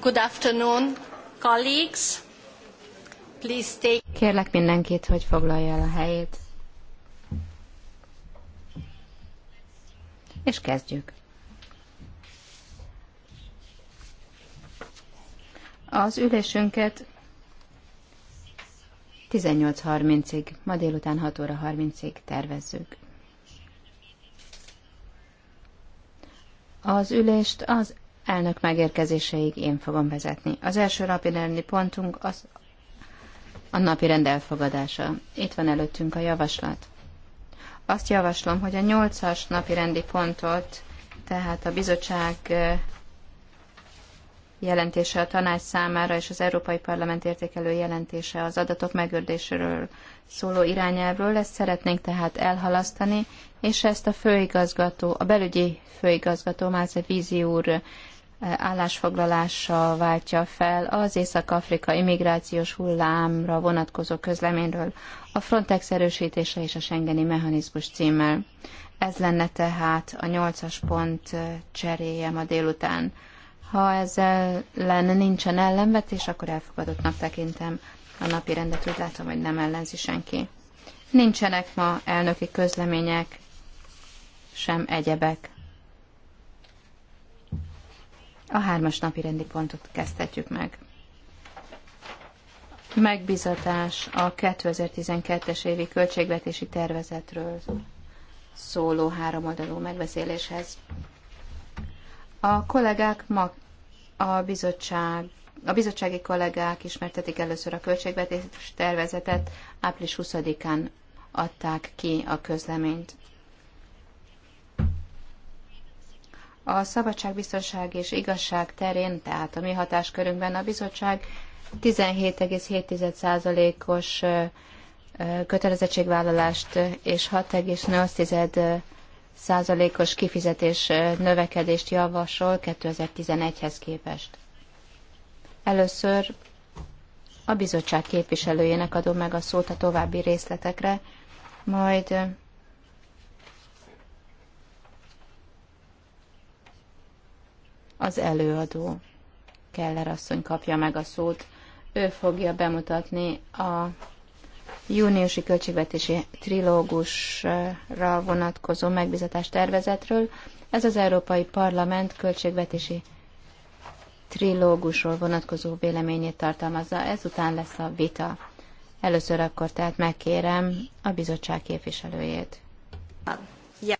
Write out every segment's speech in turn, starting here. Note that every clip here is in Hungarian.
Good afternoon, colleagues. Please take... Kérlek mindenkit, hogy foglalja el a helyét. És kezdjük. Az ülésünket 18.30-ig, ma délután 6 óra 30-ig tervezzük. Az ülést az elnök megérkezéséig én fogom vezetni. Az első napi rendi pontunk az a napi rend elfogadása. Itt van előttünk a javaslat. Azt javaslom, hogy a nyolcas napi rendi pontot, tehát a bizottság jelentése a tanács számára és az Európai Parlament értékelő jelentése az adatok megőrzéséről szóló irányelvről. Ezt szeretnénk tehát elhalasztani, és ezt a főigazgató, a belügyi főigazgató Máze Vízi úr állásfoglalása váltja fel az észak-afrika immigrációs hullámra vonatkozó közleményről a Frontex erősítése és a Schengeni mechanizmus címmel. Ez lenne tehát a nyolcas pont cseréje ma délután. Ha ezzel lenne nincsen ellenvetés, akkor elfogadottnak tekintem. A napi rendet úgy látom, hogy nem ellenzi senki. Nincsenek ma elnöki közlemények, sem egyebek. A hármas napi rendi pontot kezdhetjük meg. Megbizatás a 2012-es évi költségvetési tervezetről szóló háromoldalú megbeszéléshez. A kollégák ma a bizottság a bizottsági kollégák ismertetik először a költségvetési tervezetet, április 20-án adták ki a közleményt. A szabadság biztonság és igazság terén, tehát a mi hatáskörünkben a bizottság 17,7%-os kötelezettségvállalást és 6,8%-os kifizetés növekedést javasol 2011-hez képest. Először a bizottság képviselőjének adom meg a szót a további részletekre, majd Az előadó Keller asszony kapja meg a szót. Ő fogja bemutatni a júniusi költségvetési trilógusra vonatkozó megbizatás tervezetről. Ez az Európai Parlament költségvetési trilógusról vonatkozó véleményét tartalmazza. Ezután lesz a vita. Először akkor tehát megkérem a bizottság képviselőjét.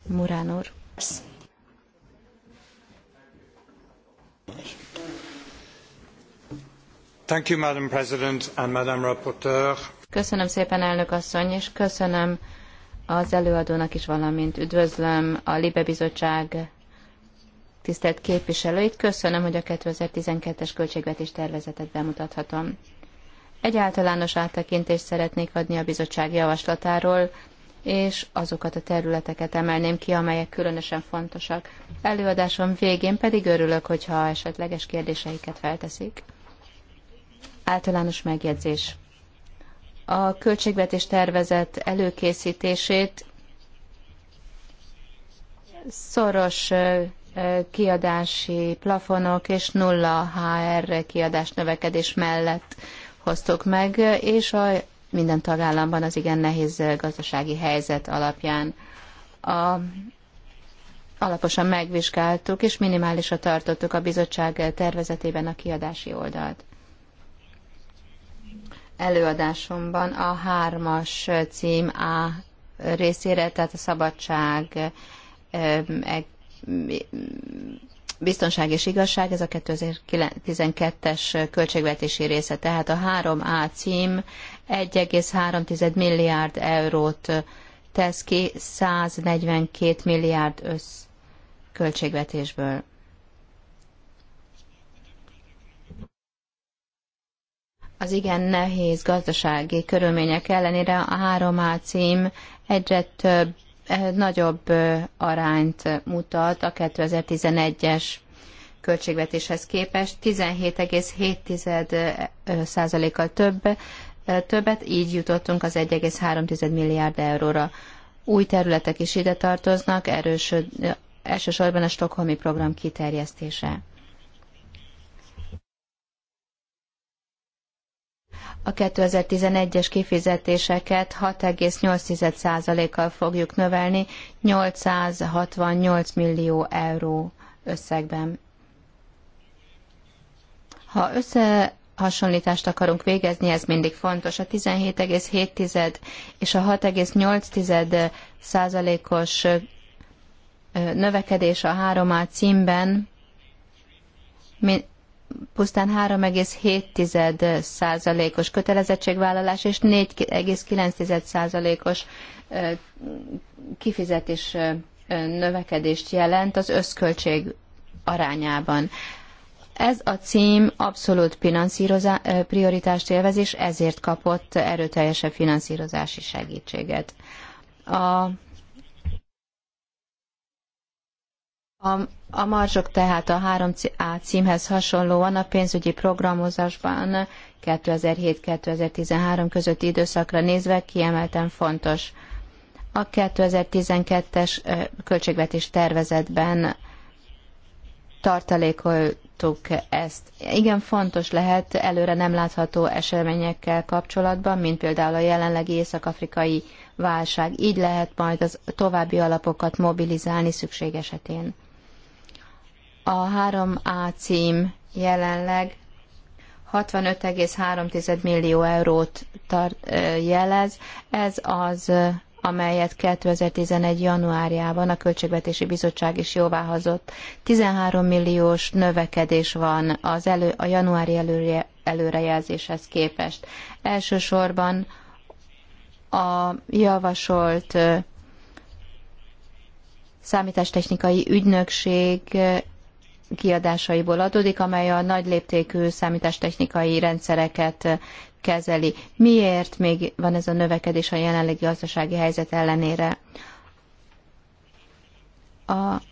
Murán úr. Madam President and Madam Rapporteur. Köszönöm szépen, elnök asszony, és köszönöm az előadónak is, valamint üdvözlöm a Libe Bizottság tisztelt képviselőit. Köszönöm, hogy a 2012-es költségvetés tervezetet bemutathatom. Egy általános áttekintést szeretnék adni a bizottság javaslatáról, és azokat a területeket emelném ki, amelyek különösen fontosak. Előadásom végén pedig örülök, hogyha esetleges kérdéseiket felteszik. Általános megjegyzés. A költségvetés tervezet előkészítését szoros kiadási plafonok és nulla HR kiadás növekedés mellett hoztuk meg, és a minden tagállamban az igen nehéz gazdasági helyzet alapján. A, alaposan megvizsgáltuk, és minimálisra tartottuk a bizottság tervezetében a kiadási oldalt. Előadásomban a hármas cím A részére, tehát a szabadság, e, biztonság és igazság, ez a 2012-es költségvetési része. Tehát a 3A cím 1,3 milliárd eurót tesz ki 142 milliárd össz költségvetésből. Az igen nehéz gazdasági körülmények ellenére a 3A cím egyre több, eh, nagyobb eh, arányt mutat a 2011-es költségvetéshez képest 17,7%-kal eh, több, többet, így jutottunk az 1,3 milliárd euróra. Új területek is ide tartoznak, erős, elsősorban a Stockholmi program kiterjesztése. A 2011-es kifizetéseket 6,8%-kal fogjuk növelni 868 millió euró összegben. Ha össze hasonlítást akarunk végezni, ez mindig fontos. A 17,7 és a 6,8 százalékos növekedés a 3A címben pusztán 3,7 százalékos kötelezettségvállalás és 4,9 százalékos kifizetés növekedést jelent az összköltség arányában. Ez a cím abszolút prioritást élvez, és ezért kapott erőteljesebb finanszírozási segítséget. A A, a marzsok tehát a 3A címhez hasonlóan a pénzügyi programozásban 2007-2013 közötti időszakra nézve kiemelten fontos. A 2012-es költségvetés tervezetben tartalékoltuk ezt. Igen, fontos lehet előre nem látható eseményekkel kapcsolatban, mint például a jelenlegi észak-afrikai válság. Így lehet majd az további alapokat mobilizálni szükség esetén. A 3A cím jelenleg 65,3 millió eurót tar- jelez. Ez az amelyet 2011. januárjában a Költségvetési Bizottság is jóváhozott. 13 milliós növekedés van az elő, a januári előre, előrejelzéshez képest. Elsősorban a javasolt számítástechnikai ügynökség kiadásaiból adódik, amely a nagy léptékű számítástechnikai rendszereket kezeli. Miért még van ez a növekedés a jelenlegi gazdasági helyzet ellenére? A,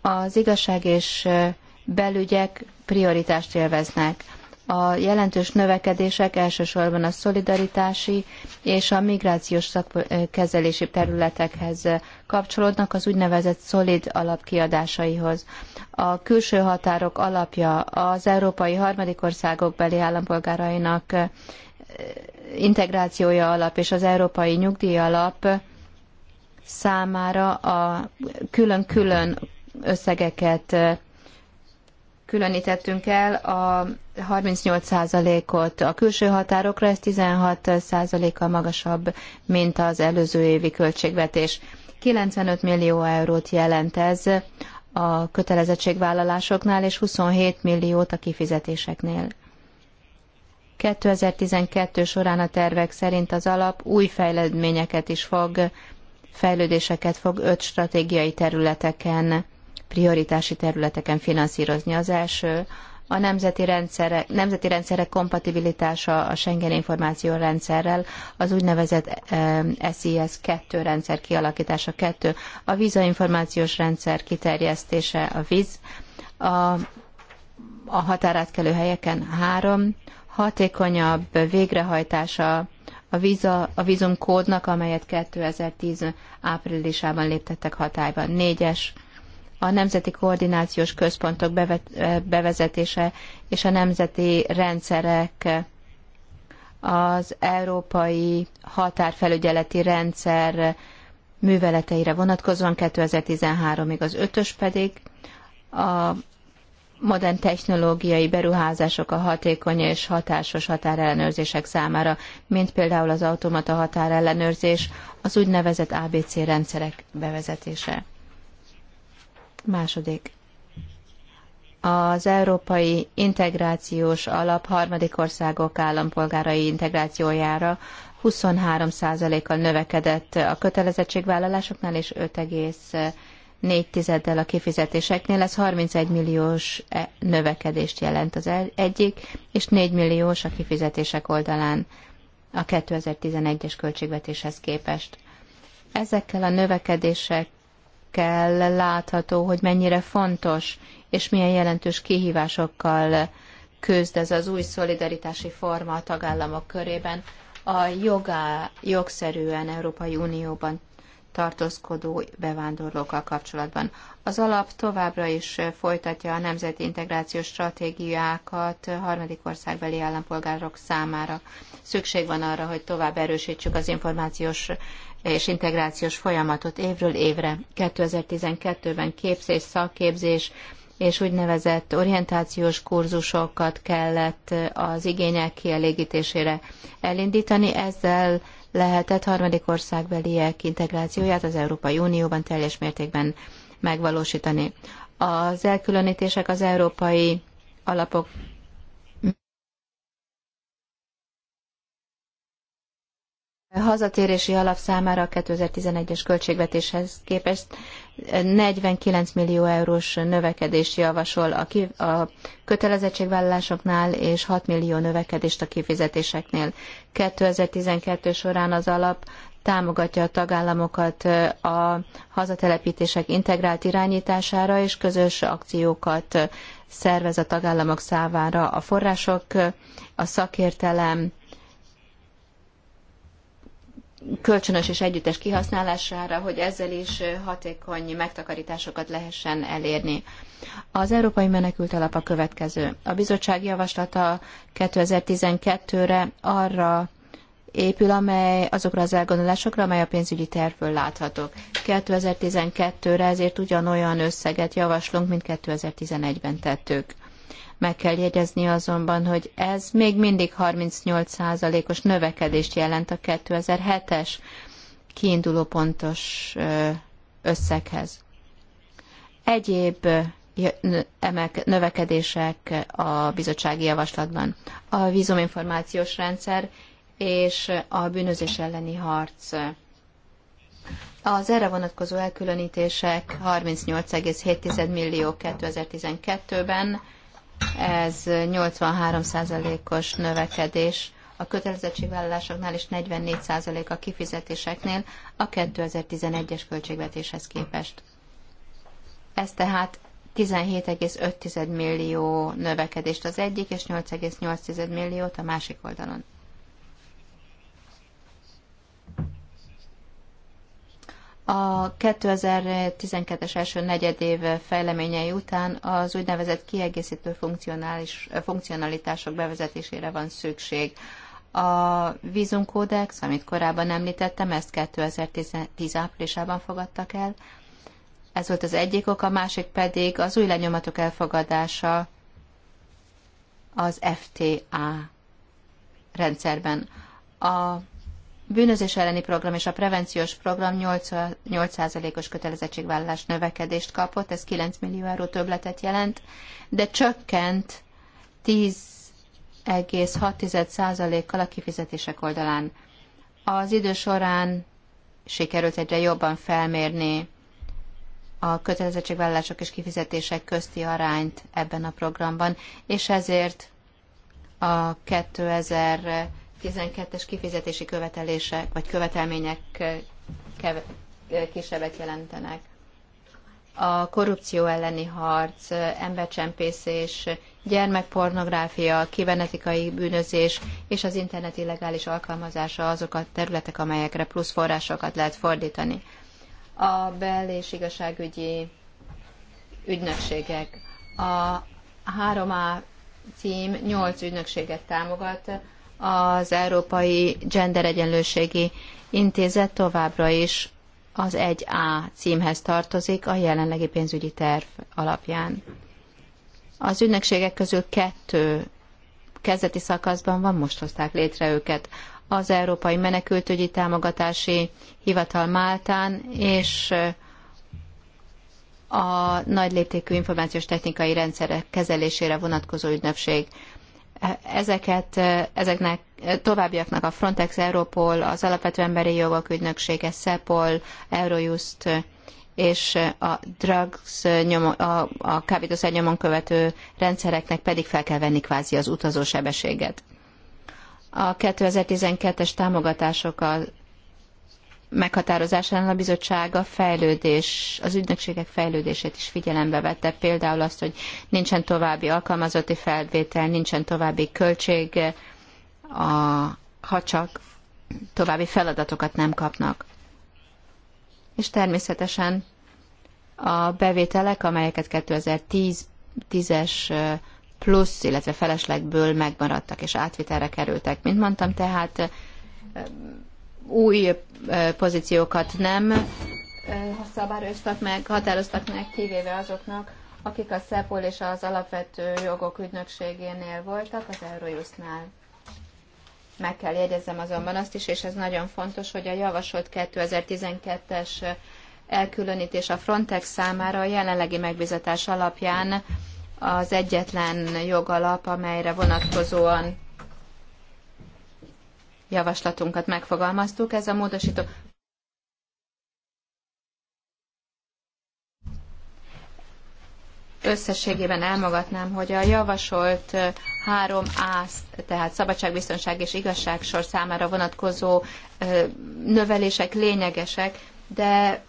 az igazság és belügyek prioritást élveznek a jelentős növekedések elsősorban a szolidaritási és a migrációs kezelési területekhez kapcsolódnak az úgynevezett szolid alapkiadásaihoz. A külső határok alapja az európai harmadik országok beli állampolgárainak eh, integrációja alap és az európai nyugdíj alap számára a külön-külön összegeket eh, különítettünk el a 38%-ot a külső határokra, ez 16%-kal magasabb, mint az előző évi költségvetés. 95 millió eurót jelent ez a kötelezettségvállalásoknál, és 27 milliót a kifizetéseknél. 2012 során a tervek szerint az alap új fejlődményeket is fog, fejlődéseket fog öt stratégiai területeken prioritási területeken finanszírozni. Az első a nemzeti rendszerek, nemzeti rendszerek kompatibilitása a Schengen információ rendszerrel, az úgynevezett SIS 2 rendszer kialakítása 2, a vízainformációs rendszer kiterjesztése a víz, a, a határátkelő helyeken 3, hatékonyabb végrehajtása a, víza, a vízumkódnak, amelyet 2010 áprilisában léptettek hatályban. Négyes, a nemzeti koordinációs központok bevezetése és a nemzeti rendszerek az európai határfelügyeleti rendszer műveleteire vonatkozóan 2013-ig az ötös pedig a modern technológiai beruházások a hatékony és hatásos határellenőrzések számára, mint például az automata határellenőrzés, az úgynevezett ABC rendszerek bevezetése. Második. Az európai integrációs alap harmadik országok állampolgárai integrációjára 23%-kal növekedett a kötelezettségvállalásoknál, és 5,4-del a kifizetéseknél. Ez 31 milliós e, növekedést jelent az egyik, és 4 milliós a kifizetések oldalán a 2011-es költségvetéshez képest. Ezekkel a növekedések szemekkel látható, hogy mennyire fontos és milyen jelentős kihívásokkal küzd ez az új szolidaritási forma a tagállamok körében a jogá, jogszerűen Európai Unióban tartózkodó bevándorlókkal kapcsolatban. Az alap továbbra is folytatja a nemzeti integrációs stratégiákat harmadik országbeli állampolgárok számára. Szükség van arra, hogy tovább erősítsük az információs és integrációs folyamatot évről évre. 2012-ben képzés, szakképzés és úgynevezett orientációs kurzusokat kellett az igények kielégítésére elindítani. Ezzel lehetett harmadik országbeliek integrációját az Európai Unióban teljes mértékben megvalósítani. Az elkülönítések az európai alapok hazatérési alap számára a 2011-es költségvetéshez képest 49 millió eurós növekedést javasol a, ki, a kötelezettségvállalásoknál és 6 millió növekedést a kifizetéseknél. 2012 során az alap támogatja a tagállamokat a hazatelepítések integrált irányítására és közös akciókat szervez a tagállamok számára. A források, a szakértelem, kölcsönös és együttes kihasználására, hogy ezzel is hatékony megtakarításokat lehessen elérni. Az Európai Menekült Alap a következő. A bizottság javaslata 2012-re arra épül, amely azokra az elgondolásokra, amely a pénzügyi tervből láthatók. 2012-re ezért ugyanolyan összeget javaslunk, mint 2011-ben tettük. Meg kell jegyezni azonban, hogy ez még mindig 38%-os növekedést jelent a 2007-es kiinduló pontos összeghez. Egyéb növekedések a bizottsági javaslatban. A vízuminformációs rendszer és a bűnözés elleni harc. Az erre vonatkozó elkülönítések 38,7 millió 2012-ben, ez 83%-os növekedés a kötelezettségvállalásoknál és 44% a kifizetéseknél a 2011-es költségvetéshez képest. Ez tehát 17,5 millió növekedést az egyik, és 8,8 milliót a másik oldalon. A 2012-es első negyedév fejleményei után az úgynevezett kiegészítő funkcionális, funkcionalitások bevezetésére van szükség. A vízunkódex, amit korábban említettem, ezt 2010 áprilisában fogadtak el. Ez volt az egyik ok, a másik pedig az új lenyomatok elfogadása az FTA rendszerben. A bűnözés elleni program és a prevenciós program 8%-os kötelezettségvállalás növekedést kapott, ez 9 millió euró többletet jelent, de csökkent 10,6%-kal a kifizetések oldalán. Az idő során sikerült egyre jobban felmérni a kötelezettségvállalások és kifizetések közti arányt ebben a programban, és ezért a 2000 12 es kifizetési követelések vagy követelmények eh, eh, kisebbet jelentenek. A korrupció elleni harc, eh, embercsempészés, gyermekpornográfia, kibernetikai bűnözés és az internet illegális alkalmazása azok a területek, amelyekre plusz forrásokat lehet fordítani. A bel- és igazságügyi ügynökségek. A 3A cím 8 ügynökséget támogat, az Európai Gender Egyenlőségi Intézet továbbra is az 1A címhez tartozik a jelenlegi pénzügyi terv alapján. Az ünnepségek közül kettő kezdeti szakaszban van, most hozták létre őket. Az Európai Menekültügyi Támogatási Hivatal Máltán és eh, a nagy léptékű információs technikai rendszerek kezelésére vonatkozó ügynökség ezeket, ezeknek továbbiaknak a Frontex, Europol, az Alapvető Emberi Jogok Ügynöksége, SEPOL, Eurojust és a drugs, nyomo, a, a kábítószer nyomon követő rendszereknek pedig fel kell venni kvázi az utazó sebességet. A 2012-es támogatások a meghatározásánál a bizottság a fejlődés, az ügynökségek fejlődését is figyelembe vette, például azt, hogy nincsen további alkalmazotti felvétel, nincsen további költség, a, ha csak további feladatokat nem kapnak. És természetesen a bevételek, amelyeket 2010-es plusz, illetve feleslegből megmaradtak és átvitelre kerültek. Mint mondtam, tehát új eh, pozíciókat nem eh, szabályoztak meg, határoztak meg, kivéve azoknak, akik a SZEPOL és az Alapvető Jogok Ügynökségénél voltak, az Eurojustnál. Meg kell jegyezzem azonban azt is, és ez nagyon fontos, hogy a javasolt 2012-es elkülönítés a Frontex számára a jelenlegi megbizatás alapján az egyetlen jogalap, amelyre vonatkozóan javaslatunkat megfogalmaztuk. Ez a módosító. Összességében elmagatnám, hogy a javasolt 3A, tehát szabadságbiztonság és igazságsor számára vonatkozó növelések lényegesek, de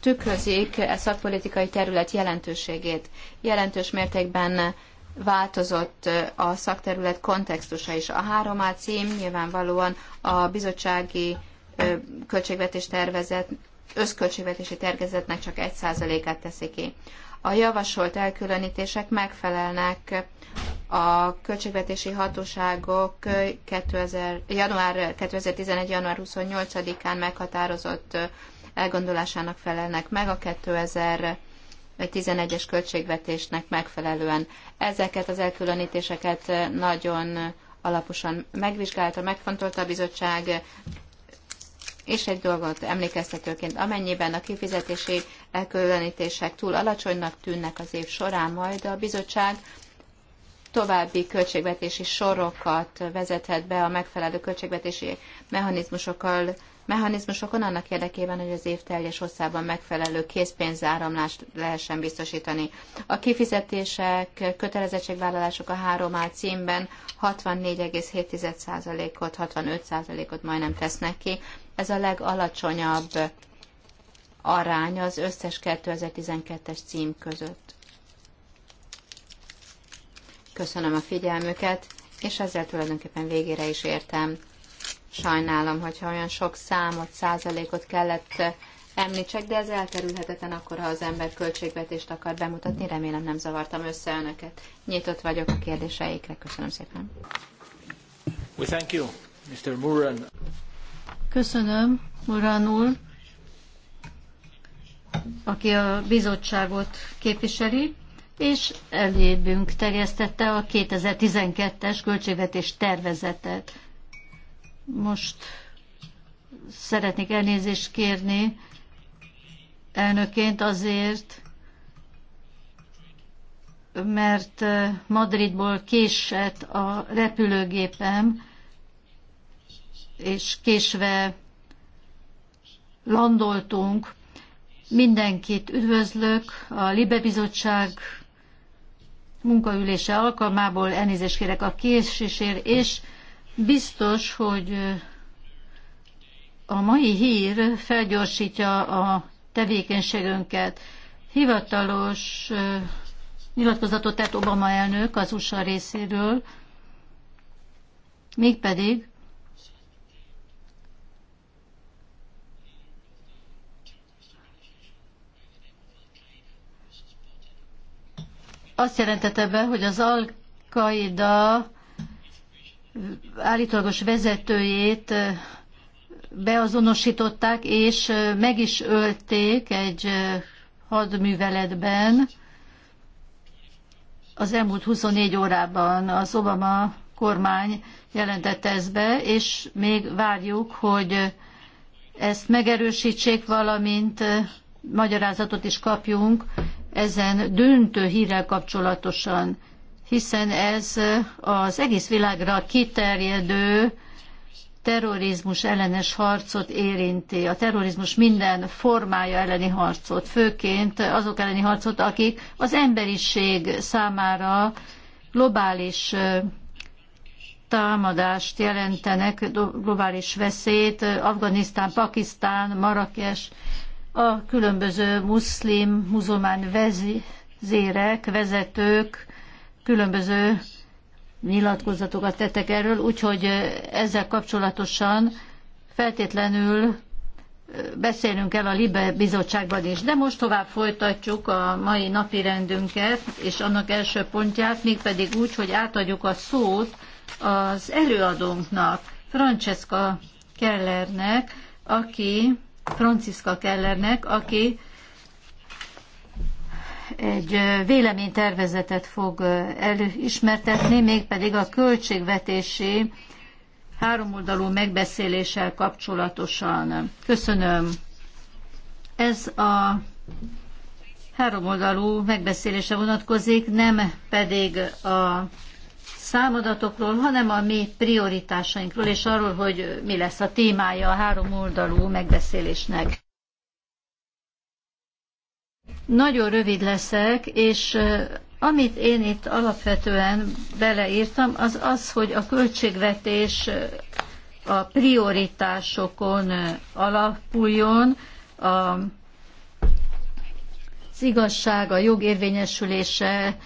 tükrözik a e szakpolitikai terület jelentőségét. Jelentős mértékben változott a szakterület kontextusa is. A 3A cím nyilvánvalóan a bizottsági költségvetés tervezet, összköltségvetési tervezetnek csak 1%-át teszi ki. A javasolt elkülönítések megfelelnek a költségvetési hatóságok 2000, január, 2011. január 28-án meghatározott elgondolásának felelnek meg a 2000 11-es költségvetésnek megfelelően. Ezeket az elkülönítéseket nagyon alaposan megvizsgálta, megfontolta a bizottság, és egy dolgot emlékeztetőként, amennyiben a kifizetési elkülönítések túl alacsonynak tűnnek az év során, majd a bizottság további költségvetési sorokat vezethet be a megfelelő költségvetési mechanizmusokkal mechanizmusokon annak érdekében, hogy az év teljes hosszában megfelelő készpénzáramlást lehessen biztosítani. A kifizetések, kötelezettségvállalások a 3A címben 64,7%-ot, 65%-ot majdnem tesznek ki. Ez a legalacsonyabb arány az összes 2012-es cím között. Köszönöm a figyelmüket, és ezzel tulajdonképpen végére is értem Sajnálom, hogyha olyan sok számot, százalékot kellett eh, említsek, de ez elkerülhetetlen akkor, ha az ember költségvetést akar bemutatni. Remélem nem zavartam össze önöket. Nyitott vagyok a kérdéseikre. Köszönöm szépen. We thank you, Mr. Köszönöm, Muran úr, aki a bizottságot képviseli, és elébünk terjesztette a 2012-es költségvetés tervezetet. Most szeretnék elnézést kérni elnöként azért, mert Madridból késett a repülőgépem, és késve landoltunk. Mindenkit üdvözlök a Libe Bizottság munkaülése alkalmából, elnézést kérek a késésért, és Biztos, hogy a mai hír felgyorsítja a tevékenységünket. Hivatalos nyilatkozatot tett Obama elnök az USA részéről, mégpedig azt jelentette be, hogy az Al-Qaida állítólagos vezetőjét beazonosították, és meg is ölték egy hadműveletben az elmúlt 24 órában az Obama kormány jelentette ezt be, és még várjuk, hogy ezt megerősítsék, valamint magyarázatot is kapjunk ezen döntő hírrel kapcsolatosan hiszen ez az egész világra kiterjedő terrorizmus ellenes harcot érinti, a terrorizmus minden formája elleni harcot, főként azok elleni harcot, akik az emberiség számára globális támadást jelentenek, globális veszélyt, Afganisztán, Pakisztán, Marrakes, a különböző muszlim, muzulmán vezérek, vezetők különböző nyilatkozatokat tettek erről, úgyhogy ezzel kapcsolatosan feltétlenül beszélünk el a Libe bizottságban is. De most tovább folytatjuk a mai napi rendünket, és annak első pontját, mégpedig úgy, hogy átadjuk a szót az előadónknak, Francesca Kellernek, aki, Franciska Kellernek, aki egy véleménytervezetet fog elismertetni, mégpedig a költségvetési háromoldalú megbeszéléssel kapcsolatosan. Köszönöm. Ez a háromoldalú megbeszélése vonatkozik, nem pedig a számadatokról, hanem a mi prioritásainkról, és arról, hogy mi lesz a témája a háromoldalú megbeszélésnek. Nagyon rövid leszek, és amit én itt alapvetően beleírtam, az az, hogy a költségvetés a prioritásokon alapuljon, a, az igazság, a jog érvényesülése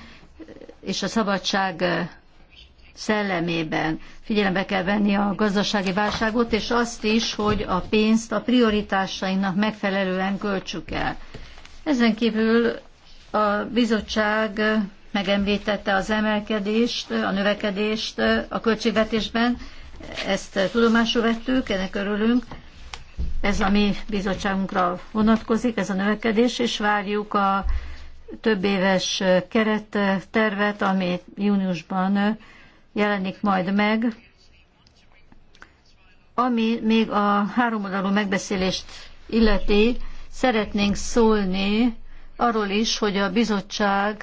és a szabadság szellemében. Figyelembe kell venni a gazdasági válságot, és azt is, hogy a pénzt a prioritásainknak megfelelően költsük el. Ezen kívül a bizottság megemlítette az emelkedést, a növekedést a költségvetésben, ezt tudomásul vettük, ennek örülünk. Ez a mi bizottságunkra vonatkozik, ez a növekedés, és várjuk a több éves kerettervet, ami júniusban jelenik majd meg, ami még a háromoldalú megbeszélést illeti, Szeretnénk szólni arról is, hogy a bizottság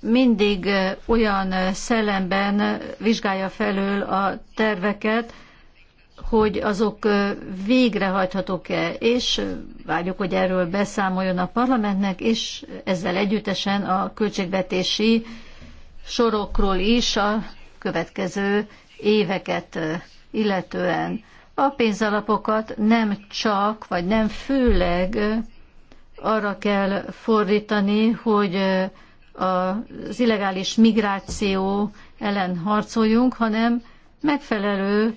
mindig olyan szellemben vizsgálja felül a terveket, hogy azok végrehajthatók-e, és várjuk, hogy erről beszámoljon a parlamentnek, és ezzel együttesen a költségvetési sorokról is a következő éveket illetően. A pénzalapokat nem csak, vagy nem főleg arra kell fordítani, hogy az illegális migráció ellen harcoljunk, hanem megfelelő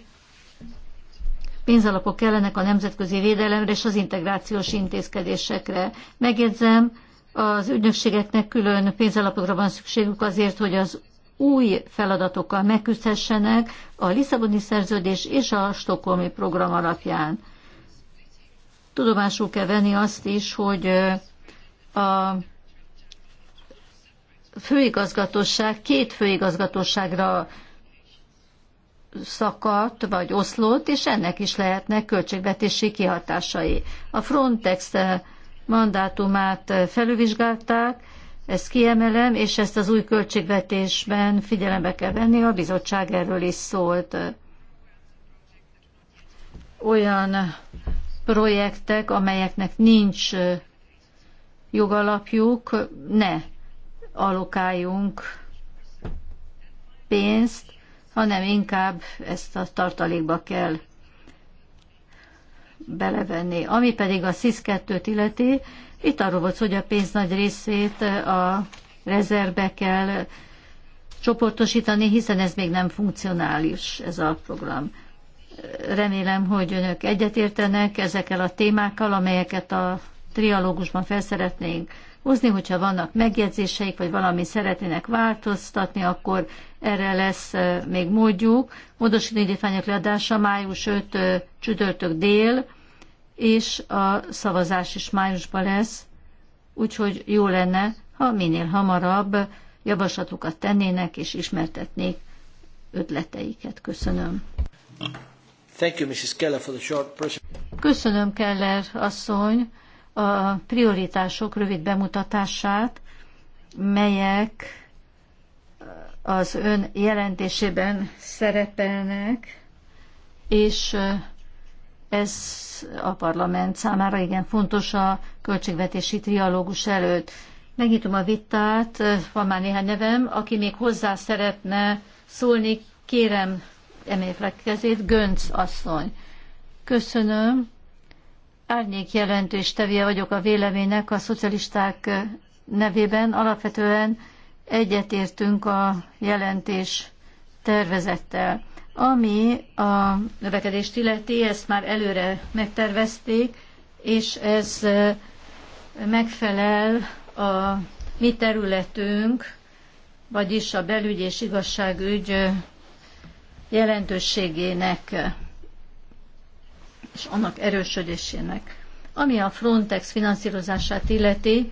pénzalapok kellenek a nemzetközi védelemre és az integrációs intézkedésekre. Megjegyzem, az ügynökségeknek külön pénzalapokra van szükségük azért, hogy az új feladatokkal megküzdhessenek a Lisszaboni szerződés és a Stokholmi program alapján. Tudomásul kell venni azt is, hogy a főigazgatóság két főigazgatóságra szakadt vagy oszlott, és ennek is lehetnek költségvetési kihatásai. A Frontex mandátumát felülvizsgálták, ezt kiemelem, és ezt az új költségvetésben figyelembe kell venni, a bizottság erről is szólt. Olyan projektek, amelyeknek nincs jogalapjuk, ne alokáljunk pénzt, hanem inkább ezt a tartalékba kell belevenni. Ami pedig a SZIS-2-t illeti, itt arról volt hogy a pénz nagy részét a rezervbe kell csoportosítani, hiszen ez még nem funkcionális, ez a program. Remélem, hogy önök egyetértenek ezekkel a témákkal, amelyeket a trialógusban felszeretnénk hozni, hogyha vannak megjegyzéseik, vagy valami szeretnének változtatni, akkor erre lesz még módjuk. Módosító indítványok leadása május 5 csütörtök dél, és a szavazás is májusban lesz, úgyhogy jó lenne, ha minél hamarabb javaslatukat tennének és ismertetnék ötleteiket. Köszönöm. Thank you, Mrs. Keller, for the short Köszönöm, Keller asszony, a prioritások rövid bemutatását, melyek az ön jelentésében szerepelnek, és ez a parlament számára igen fontos a költségvetési trialógus előtt. Megnyitom a vitát, van már néhány nevem, aki még hozzá szeretne szólni, kérem emeljék kezét, Gönc asszony. Köszönöm. Árnyék jelentős tevje vagyok a véleménynek a szocialisták nevében. Alapvetően egyetértünk a jelentés tervezettel. Ami a növekedést illeti, ezt már előre megtervezték, és ez megfelel a mi területünk, vagyis a belügy és igazságügy jelentőségének és annak erősödésének. Ami a Frontex finanszírozását illeti,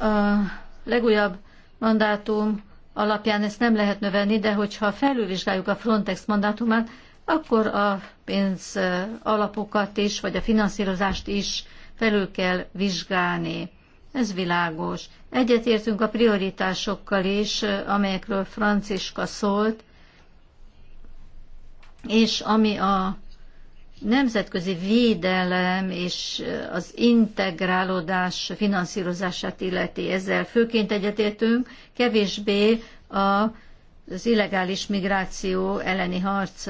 a legújabb mandátum alapján ezt nem lehet növelni, de hogyha felülvizsgáljuk a Frontex mandátumát, akkor a pénz alapokat is, vagy a finanszírozást is felül kell vizsgálni. Ez világos. Egyetértünk a prioritásokkal is, amelyekről Franciska szólt, és ami a nemzetközi védelem és az integrálódás finanszírozását illeti. Ezzel főként egyetértünk, kevésbé a, az illegális migráció elleni harc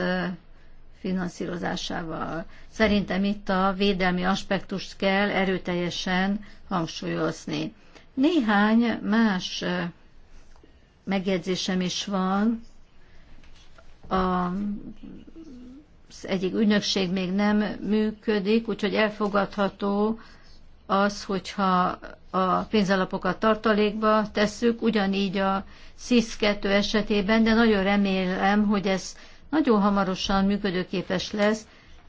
finanszírozásával. Szerintem itt a védelmi aspektust kell erőteljesen hangsúlyozni. Néhány más megjegyzésem is van a az egyik ügynökség még nem működik, úgyhogy elfogadható az, hogyha a pénzalapokat tartalékba tesszük, ugyanígy a sis 2 esetében, de nagyon remélem, hogy ez nagyon hamarosan működőképes lesz,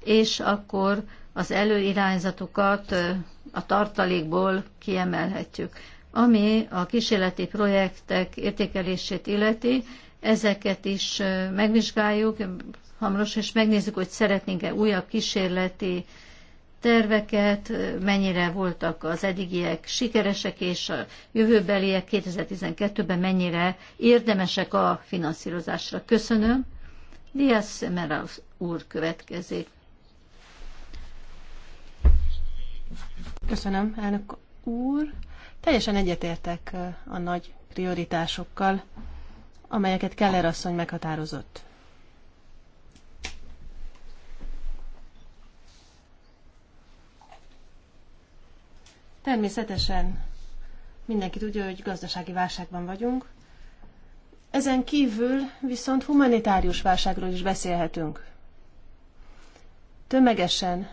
és akkor az előirányzatokat a tartalékból kiemelhetjük. Ami a kísérleti projektek értékelését illeti, ezeket is megvizsgáljuk, hamaros, és megnézzük, hogy szeretnénk-e újabb kísérleti terveket, mennyire voltak az eddigiek sikeresek, és a jövőbeliek 2012-ben mennyire érdemesek a finanszírozásra. Köszönöm. Diaz Meral úr következik. Köszönöm, elnök úr. Teljesen egyetértek a nagy prioritásokkal, amelyeket Keller asszony meghatározott. Természetesen mindenki tudja, hogy gazdasági válságban vagyunk. Ezen kívül viszont humanitárius válságról is beszélhetünk. Tömegesen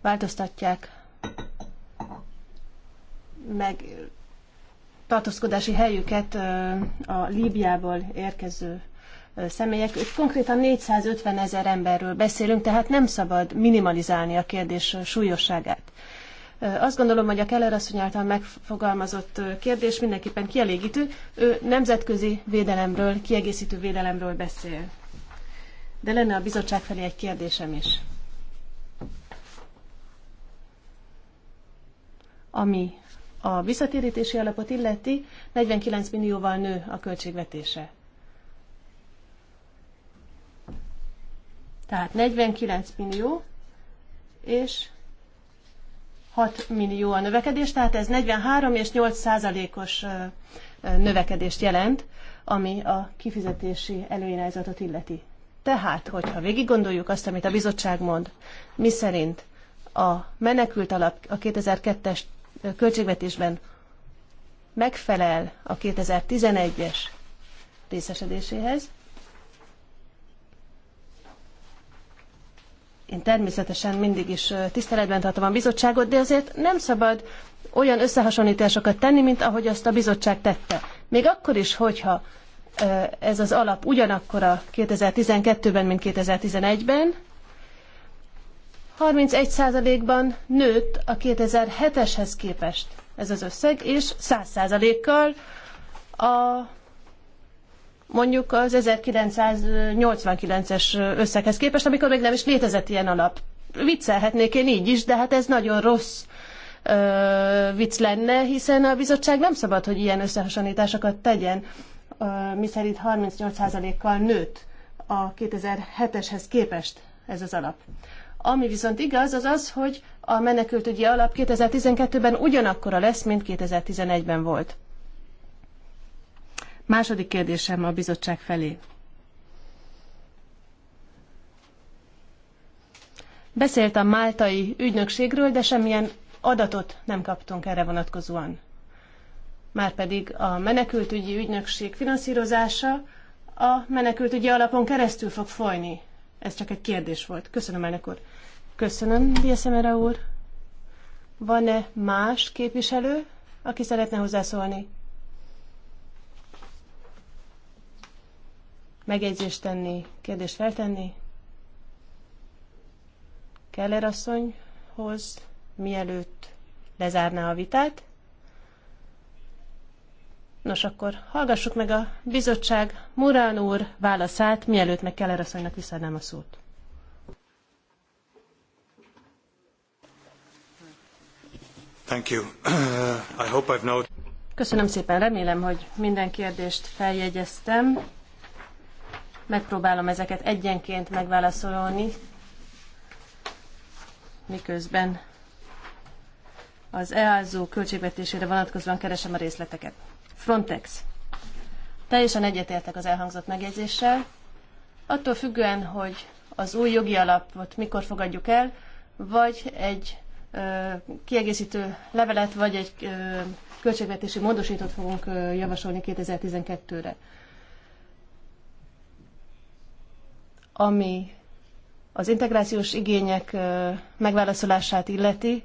változtatják meg tartózkodási helyüket a Líbiából érkező személyek. Itt konkrétan 450 ezer emberről beszélünk, tehát nem szabad minimalizálni a kérdés súlyosságát. Azt gondolom, hogy a Keller asszony által megfogalmazott kérdés mindenképpen kielégítő. Ő nemzetközi védelemről, kiegészítő védelemről beszél. De lenne a bizottság felé egy kérdésem is. Ami a visszatérítési alapot illeti, 49 millióval nő a költségvetése. Tehát 49 millió, és 6 millió a növekedés, tehát ez 43 és 8 százalékos növekedést jelent, ami a kifizetési előirányzatot illeti. Tehát, hogyha végig gondoljuk azt, amit a bizottság mond, mi szerint a menekült alap a 2002-es költségvetésben megfelel a 2011-es részesedéséhez, Én természetesen mindig is tiszteletben tartom a bizottságot, de azért nem szabad olyan összehasonlításokat tenni, mint ahogy azt a bizottság tette. Még akkor is, hogyha ez az alap ugyanakkora 2012-ben, mint 2011-ben, 31%-ban nőtt a 2007-eshez képest ez az összeg, és 100%-kal a mondjuk az 1989-es összeghez képest, amikor még nem is létezett ilyen alap. Viccelhetnék én így is, de hát ez nagyon rossz ö, vicc lenne, hiszen a bizottság nem szabad, hogy ilyen összehasonlításokat tegyen, ö, miszerint 38%-kal nőtt a 2007-eshez képest ez az alap. Ami viszont igaz, az az, hogy a menekültügyi alap 2012-ben ugyanakkora lesz, mint 2011-ben volt. Második kérdésem a bizottság felé. Beszélt a máltai ügynökségről, de semmilyen adatot nem kaptunk erre vonatkozóan. Márpedig a menekültügyi ügynökség finanszírozása a menekültügyi alapon keresztül fog folyni. Ez csak egy kérdés volt. Köszönöm, elnök úr. Köszönöm, Diaszemera úr. Van-e más képviselő, aki szeretne hozzászólni? megjegyzést tenni, kérdést feltenni? Keller asszonyhoz, mielőtt lezárná a vitát. Nos, akkor hallgassuk meg a bizottság Murán úr válaszát, mielőtt meg Keller asszonynak visszaadnám a szót. Thank you. I hope I've not... Köszönöm szépen, remélem, hogy minden kérdést feljegyeztem Megpróbálom ezeket egyenként megválaszolni, miközben az EASO költségvetésére vonatkozóan keresem a részleteket. Frontex. Teljesen egyetértek az elhangzott megjegyzéssel. Attól függően, hogy az új jogi alapot mikor fogadjuk el, vagy egy ö, kiegészítő levelet, vagy egy ö, költségvetési módosítót fogunk ö, javasolni 2012-re. ami az integrációs igények megválaszolását illeti,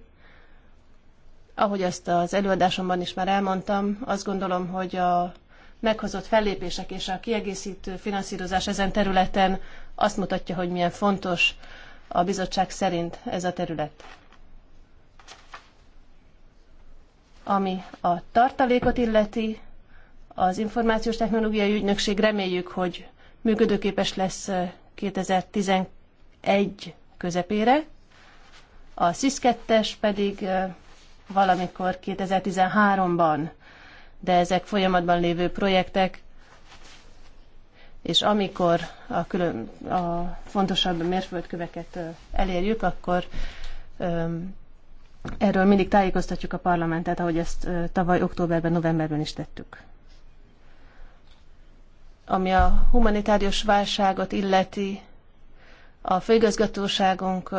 ahogy azt az előadásomban is már elmondtam, azt gondolom, hogy a meghozott fellépések és a kiegészítő finanszírozás ezen területen azt mutatja, hogy milyen fontos a bizottság szerint ez a terület. Ami a tartalékot illeti, az információs technológiai ügynökség reméljük, hogy működőképes lesz 2011 közepére, a sis pedig valamikor 2013-ban, de ezek folyamatban lévő projektek, és amikor a, külön, a fontosabb mérföldköveket elérjük, akkor erről mindig tájékoztatjuk a parlamentet, ahogy ezt tavaly októberben, novemberben is tettük ami a humanitárius válságot illeti, a főigazgatóságunk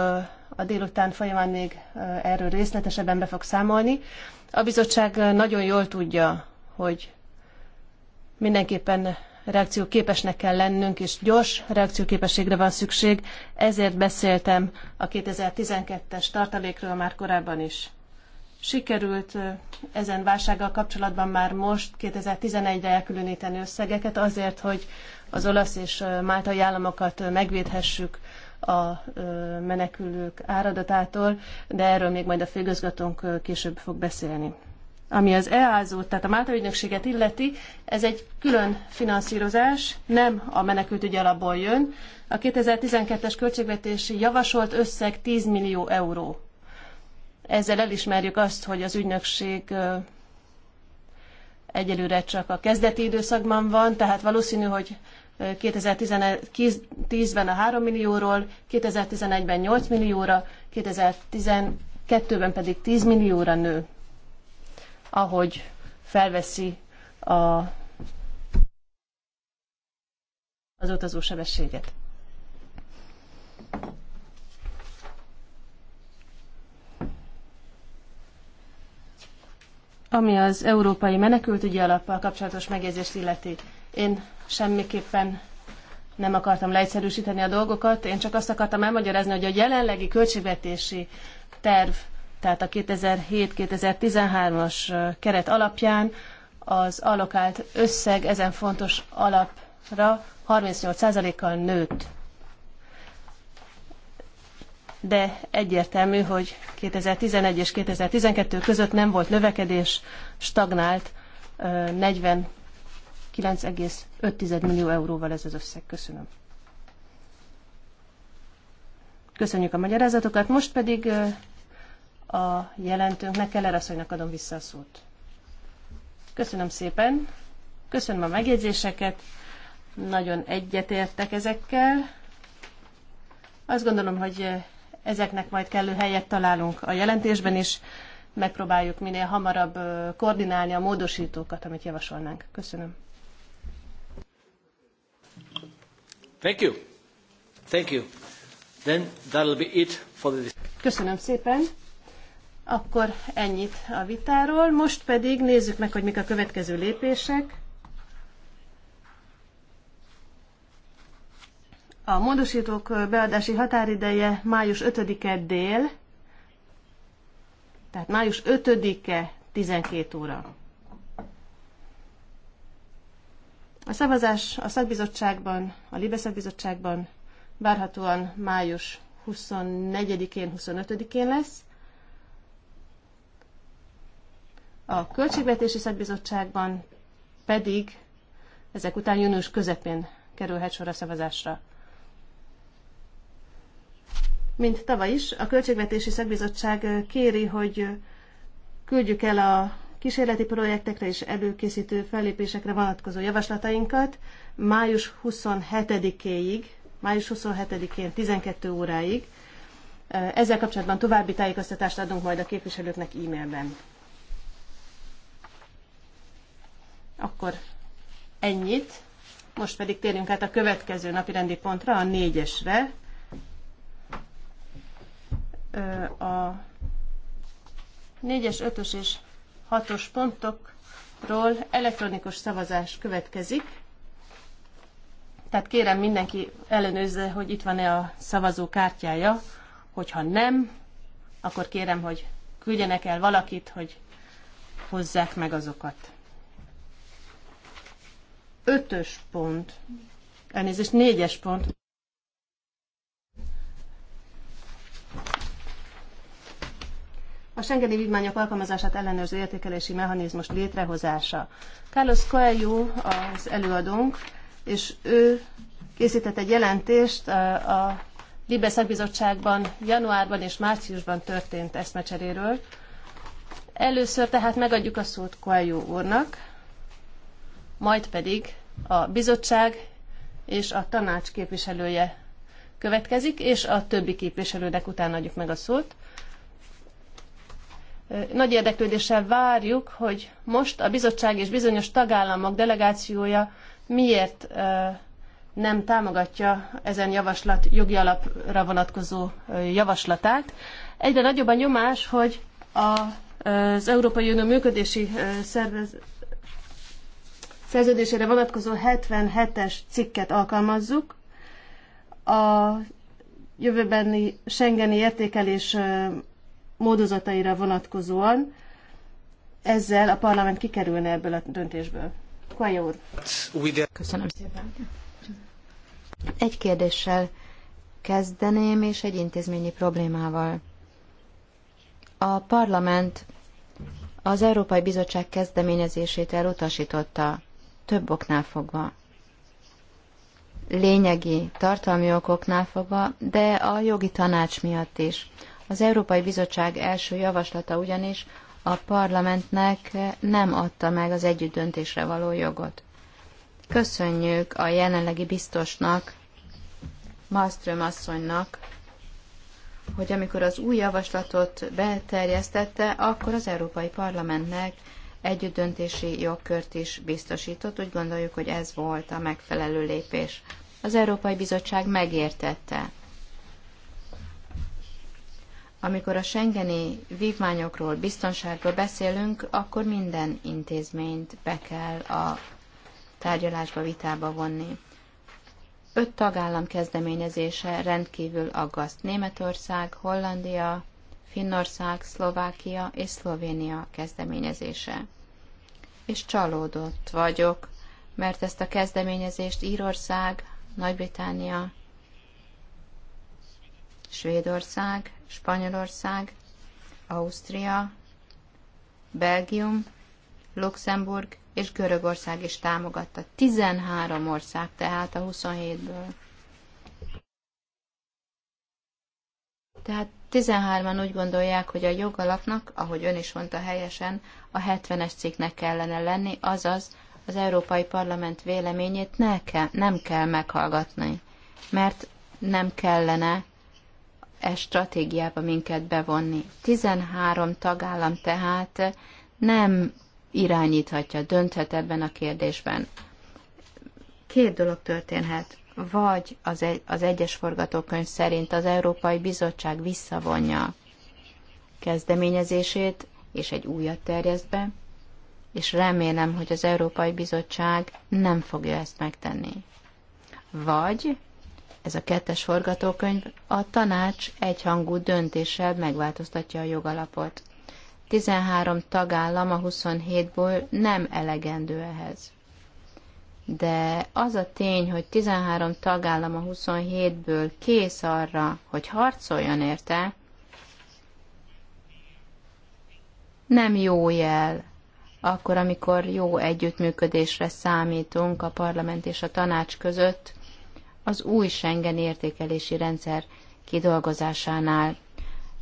a délután folyamán még erről részletesebben be fog számolni. A bizottság nagyon jól tudja, hogy mindenképpen reakcióképesnek kell lennünk, és gyors reakcióképességre van szükség. Ezért beszéltem a 2012-es tartalékről már korábban is sikerült ezen válsággal kapcsolatban már most 2011-re elkülöníteni összegeket azért, hogy az olasz és máltai államokat megvédhessük a menekülők áradatától, de erről még majd a főgözgatónk később fog beszélni. Ami az EASO, tehát a Málta ügynökséget illeti, ez egy külön finanszírozás, nem a ügy alapból jön. A 2012-es költségvetési javasolt összeg 10 millió euró ezzel elismerjük azt, hogy az ügynökség egyelőre csak a kezdeti időszakban van, tehát valószínű, hogy 2010-ben a 3 millióról, 2011-ben 8 millióra, 2012-ben pedig 10 millióra nő, ahogy felveszi a, az utazó sebességet. Ami az Európai Menekültügyi Alappal kapcsolatos megjegyzést illeti, én semmiképpen nem akartam leegyszerűsíteni a dolgokat, én csak azt akartam elmagyarázni, hogy a jelenlegi költségvetési terv, tehát a 2007-2013-as keret alapján az alokált összeg ezen fontos alapra 38%-kal nőtt de egyértelmű, hogy 2011 és 2012 között nem volt növekedés, stagnált 49,5 millió euróval ez az összeg. Köszönöm. Köszönjük a magyarázatokat, most pedig a jelentőnknek, Keller asszonynak adom vissza a szót. Köszönöm szépen, köszönöm a megjegyzéseket, nagyon egyetértek ezekkel. Azt gondolom, hogy Ezeknek majd kellő helyet találunk a jelentésben is. Megpróbáljuk minél hamarabb koordinálni a módosítókat, amit javasolnánk. Köszönöm. Thank you. Thank you. Then that'll be it for the... Köszönöm szépen. Akkor ennyit a vitáról. Most pedig nézzük meg, hogy mik a következő lépések. A módosítók beadási határideje május 5-e dél, tehát május 5-e 12 óra. A szavazás a szakbizottságban, a Libe szakbizottságban várhatóan május 24-én, 25-én lesz. A Költségvetési Szakbizottságban pedig ezek után június közepén kerülhet sor a szavazásra mint tavaly is, a Költségvetési Szakbizottság kéri, hogy küldjük el a kísérleti projektekre és előkészítő fellépésekre vonatkozó javaslatainkat május 27-éig, május 27-én 12 óráig. Ezzel kapcsolatban további tájékoztatást adunk majd a képviselőknek e-mailben. Akkor ennyit. Most pedig térjünk át a következő napi rendi pontra, a négyesre a 4-es, 5-ös és 6-os pontokról elektronikus szavazás következik. Tehát kérem mindenki ellenőrizze, hogy itt van-e a szavazó kártyája. Hogyha nem, akkor kérem, hogy küldjenek el valakit, hogy hozzák meg azokat. 5-ös pont. Elnézést, 4-es pont. a Schengeni vívmányok alkalmazását ellenőrző értékelési mechanizmus létrehozása. Carlos Coelho az előadónk, és ő készített egy jelentést a Libe szakbizottságban januárban és márciusban történt eszmecseréről. Először tehát megadjuk a szót Coelho úrnak, majd pedig a bizottság és a tanács képviselője következik, és a többi képviselőnek utána adjuk meg a szót nagy érdeklődéssel várjuk, hogy most a bizottság és bizonyos tagállamok delegációja miért nem támogatja ezen javaslat jogi alapra vonatkozó javaslatát. Egyre nagyobb a nyomás, hogy a, az Európai Unió működési szervez, szerződésére vonatkozó 77-es cikket alkalmazzuk. A jövőbeni Schengeni értékelés módozataira vonatkozóan, ezzel a parlament kikerülne ebből a döntésből. Kaja úr. Köszönöm szépen. Egy kérdéssel kezdeném, és egy intézményi problémával. A parlament az Európai Bizottság kezdeményezését elutasította, több oknál fogva. Lényegi, tartalmi okoknál fogva, de a jogi tanács miatt is. Az Európai Bizottság első javaslata ugyanis a parlamentnek nem adta meg az együttdöntésre való jogot. Köszönjük a jelenlegi biztosnak, Malmström asszonynak, hogy amikor az új javaslatot beterjesztette, akkor az Európai Parlamentnek együttdöntési jogkört is biztosított. Úgy gondoljuk, hogy ez volt a megfelelő lépés. Az Európai Bizottság megértette amikor a Schengeni vívmányokról, biztonságról beszélünk, akkor minden intézményt be kell a tárgyalásba, vitába vonni. Öt tagállam kezdeményezése rendkívül aggaszt. Németország, Hollandia, Finnország, Szlovákia és Szlovénia kezdeményezése. És csalódott vagyok, mert ezt a kezdeményezést Írország, Nagy-Britannia Svédország, Spanyolország, Ausztria, Belgium, Luxemburg és Görögország is támogatta. 13 ország tehát a 27-ből. Tehát 13-an úgy gondolják, hogy a jogalapnak, ahogy ön is mondta helyesen, a 70-es cikknek kellene lenni, azaz az Európai Parlament véleményét ne kell, nem kell meghallgatni, mert nem kellene e stratégiába minket bevonni. 13 tagállam tehát nem irányíthatja, dönthet ebben a kérdésben. Két dolog történhet. Vagy az, egy, az egyes forgatókönyv szerint az Európai Bizottság visszavonja kezdeményezését, és egy újat terjeszt be, és remélem, hogy az Európai Bizottság nem fogja ezt megtenni. Vagy ez a kettes forgatókönyv, a tanács egyhangú döntéssel megváltoztatja a jogalapot. 13 tagállam a 27-ből nem elegendő ehhez. De az a tény, hogy 13 tagállam a 27-ből kész arra, hogy harcoljon érte, nem jó jel, akkor, amikor jó együttműködésre számítunk a parlament és a tanács között, az új Schengen értékelési rendszer kidolgozásánál.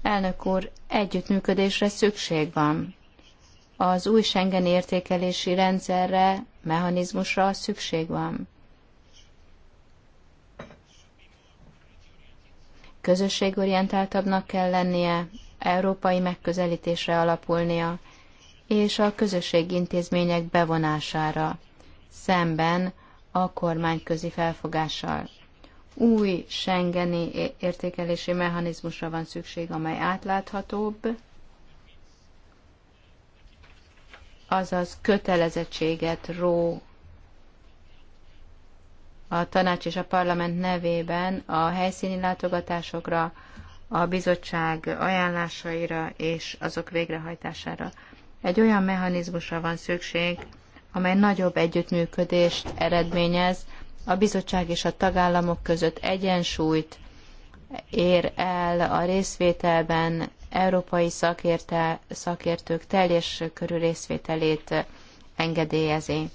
Elnök úr, együttműködésre szükség van. Az új Schengen értékelési rendszerre, mechanizmusra szükség van. Közösségorientáltabbnak kell lennie, európai megközelítésre alapulnia, és a közösség intézmények bevonására, szemben a kormányközi felfogással. Új Schengeni értékelési mechanizmusra van szükség, amely átláthatóbb, azaz kötelezettséget ró a tanács és a parlament nevében a helyszíni látogatásokra, a bizottság ajánlásaira és azok végrehajtására. Egy olyan mechanizmusra van szükség, amely nagyobb együttműködést eredményez a bizottság és a tagállamok között egyensúlyt ér el a részvételben európai szakérte, szakértők teljes körű részvételét engedélyezi.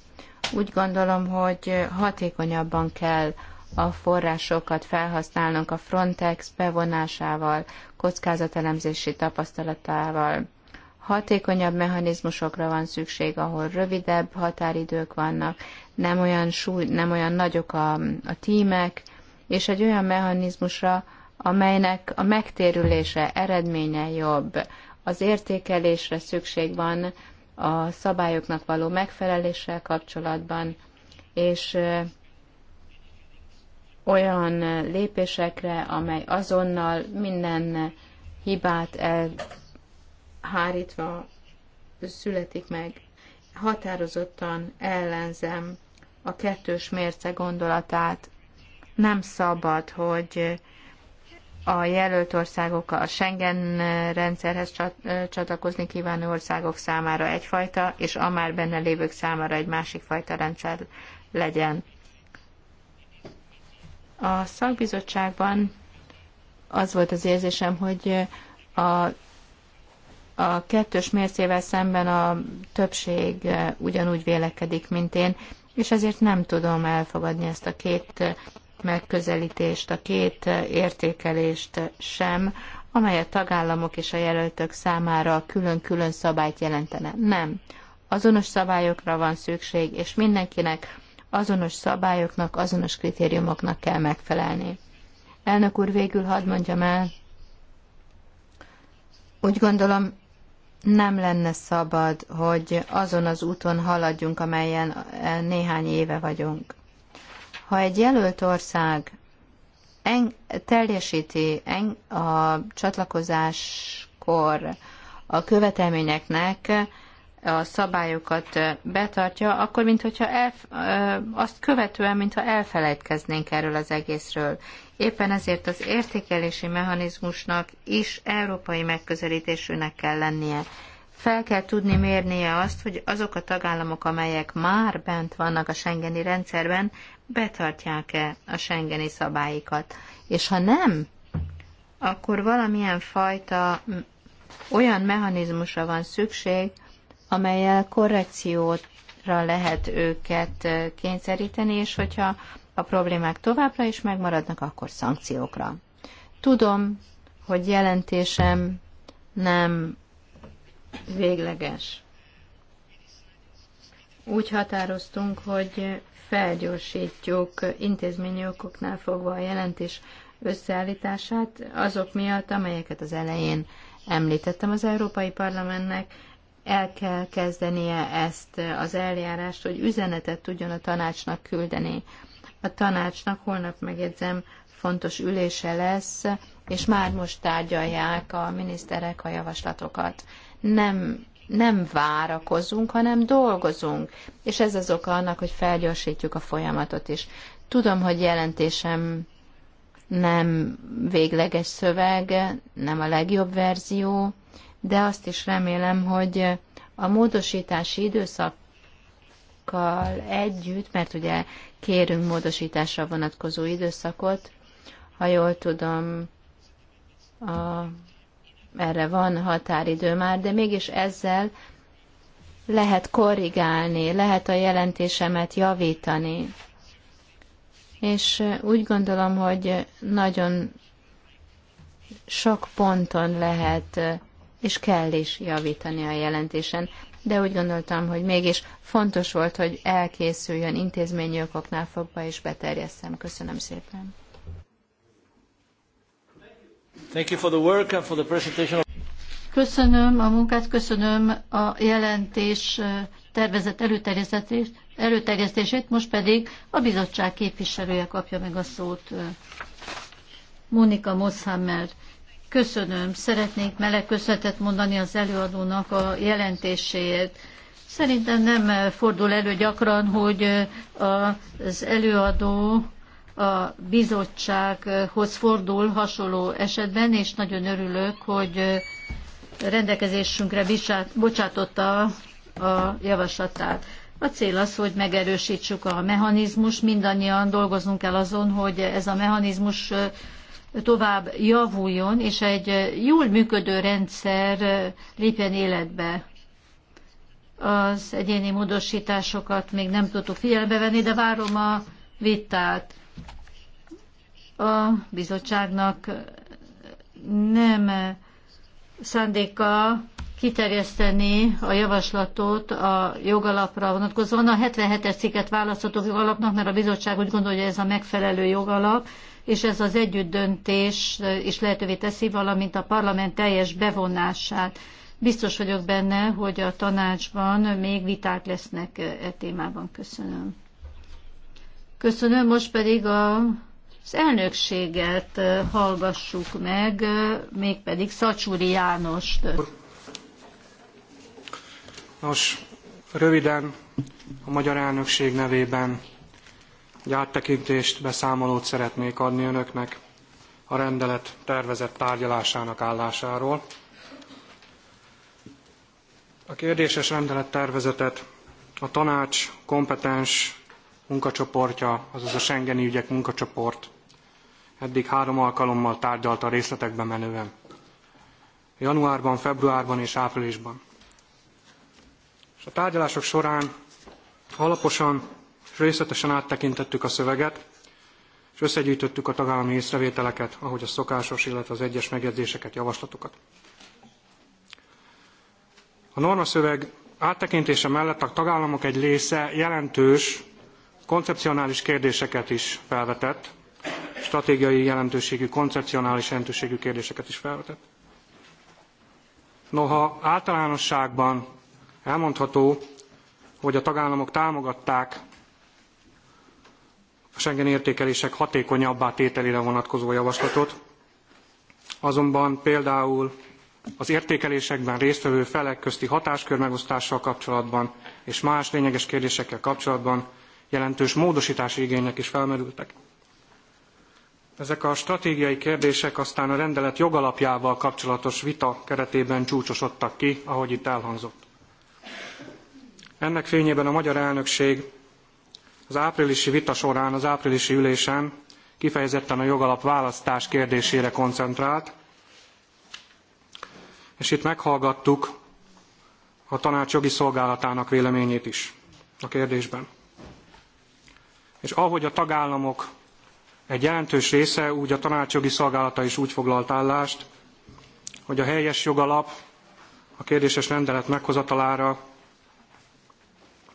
Úgy gondolom, hogy hatékonyabban kell a forrásokat felhasználnunk a Frontex bevonásával, kockázatelemzési tapasztalatával. Hatékonyabb mechanizmusokra van szükség, ahol rövidebb határidők vannak, nem olyan, súly, nem olyan nagyok a, a tímek, és egy olyan mechanizmusra, amelynek a megtérülése, eredménye jobb. Az értékelésre szükség van a szabályoknak való megfeleléssel kapcsolatban, és olyan lépésekre, amely azonnal minden hibát el hárítva születik meg. Határozottan ellenzem a kettős mérce gondolatát. Nem szabad, hogy a jelölt országok a Schengen rendszerhez csatlakozni kívánó országok számára egyfajta, és a már benne lévők számára egy másik fajta rendszer legyen. A szakbizottságban az volt az érzésem, hogy a a kettős mércével szemben a többség eh, ugyanúgy vélekedik, mint én, és ezért nem tudom elfogadni ezt a két eh, megközelítést, a két eh, értékelést sem, amely a tagállamok és a jelöltök számára külön-külön szabályt jelentene. Nem. Azonos szabályokra van szükség, és mindenkinek azonos szabályoknak, azonos kritériumoknak kell megfelelni. Elnök úr, végül hadd mondjam el, úgy gondolom, nem lenne szabad, hogy azon az úton haladjunk, amelyen néhány éve vagyunk. Ha egy jelölt ország en, teljesíti en, a csatlakozáskor a követelményeknek a szabályokat betartja, akkor mintha el azt követően, mintha elfelejtkeznénk erről az egészről. Éppen ezért az értékelési mechanizmusnak is európai megközelítésűnek kell lennie. Fel kell tudni mérnie azt, hogy azok a tagállamok, amelyek már bent vannak a Schengeni rendszerben, betartják-e a Schengeni szabályikat. És ha nem, akkor valamilyen fajta olyan mechanizmusra van szükség, amelyel korrekcióra lehet őket kényszeríteni, és hogyha a problémák továbbra is megmaradnak, akkor szankciókra. Tudom, hogy jelentésem nem végleges. Úgy határoztunk, hogy felgyorsítjuk intézményi okoknál fogva a jelentés összeállítását azok miatt, amelyeket az elején említettem az Európai Parlamentnek, el kell kezdenie ezt az eljárást, hogy üzenetet tudjon a tanácsnak küldeni. A tanácsnak holnap megjegyzem, fontos ülése lesz, és már most tárgyalják a miniszterek a javaslatokat. Nem, nem várakozunk, hanem dolgozunk, és ez az oka annak, hogy felgyorsítjuk a folyamatot is. Tudom, hogy jelentésem nem végleges szöveg, nem a legjobb verzió, de azt is remélem, hogy a módosítási időszakkal együtt, mert ugye kérünk módosításra vonatkozó időszakot, ha jól tudom, a, erre van határidő már, de mégis ezzel lehet korrigálni, lehet a jelentésemet javítani. És úgy gondolom, hogy nagyon sok ponton lehet és kell is javítani a jelentésen. De úgy gondoltam, hogy mégis fontos volt, hogy elkészüljön intézményi okoknál fogva, és beterjesszem. Köszönöm szépen. Thank you for the work and for the presentation. Köszönöm a munkát, köszönöm a jelentés eh, tervezett előterjesztését, most pedig a bizottság képviselője kapja meg a szót. Eh, Monika Moshammer. Köszönöm. Szeretnék meleg köszönetet mondani az előadónak a jelentéséért. Szerintem nem fordul elő gyakran, hogy az előadó a bizottsághoz fordul hasonló esetben, és nagyon örülök, hogy rendelkezésünkre bocsátotta a javaslatát. A cél az, hogy megerősítsük a mechanizmus, mindannyian dolgozunk el azon, hogy ez a mechanizmus tovább javuljon, és egy jól működő rendszer lépjen életbe. Az egyéni módosításokat még nem tudtuk figyelembe venni, de várom a vitát. A bizottságnak nem szándéka kiterjeszteni a javaslatot a jogalapra vonatkozóan. A 77-es cikket választhatók jogalapnak, mert a bizottság úgy gondolja, hogy ez a megfelelő jogalap, és ez az együtt döntés eh, is lehetővé teszi, valamint a parlament teljes bevonását. Biztos vagyok benne, hogy a tanácsban még viták lesznek eh, e témában. Köszönöm. Köszönöm, most pedig a, az elnökséget eh, hallgassuk meg, mégpedig Szacsúri Jánost. Nos, röviden a magyar elnökség nevében áttekintést, beszámolót szeretnék adni önöknek a rendelet tervezett tárgyalásának állásáról. A kérdéses rendelettervezetet a tanács kompetens munkacsoportja, azaz a Schengeni ügyek munkacsoport eddig három alkalommal tárgyalta a részletekbe menően. Januárban, februárban és áprilisban. És a tárgyalások során alaposan Részletesen áttekintettük a szöveget, és összegyűjtöttük a tagállami észrevételeket, ahogy a szokásos, illetve az egyes megjegyzéseket, javaslatokat. A normaszöveg áttekintése mellett a tagállamok egy része jelentős, koncepcionális kérdéseket is felvetett, stratégiai jelentőségű, koncepcionális jelentőségű kérdéseket is felvetett. Noha általánosságban elmondható, hogy a tagállamok támogatták a Schengen értékelések hatékonyabbá tételére vonatkozó javaslatot, azonban például az értékelésekben résztvevő felek közti hatáskör megosztással kapcsolatban és más lényeges kérdésekkel kapcsolatban jelentős módosítási igények is felmerültek. Ezek a stratégiai kérdések aztán a rendelet jogalapjával kapcsolatos vita keretében csúcsosodtak ki, ahogy itt elhangzott. Ennek fényében a magyar elnökség az áprilisi vita során az áprilisi ülésen kifejezetten a jogalap választás kérdésére koncentrált, és itt meghallgattuk a tanács jogi szolgálatának véleményét is a kérdésben. És ahogy a tagállamok egy jelentős része, úgy a tanács jogi szolgálata is úgy foglalt állást, hogy a helyes jogalap a kérdéses rendelet meghozatalára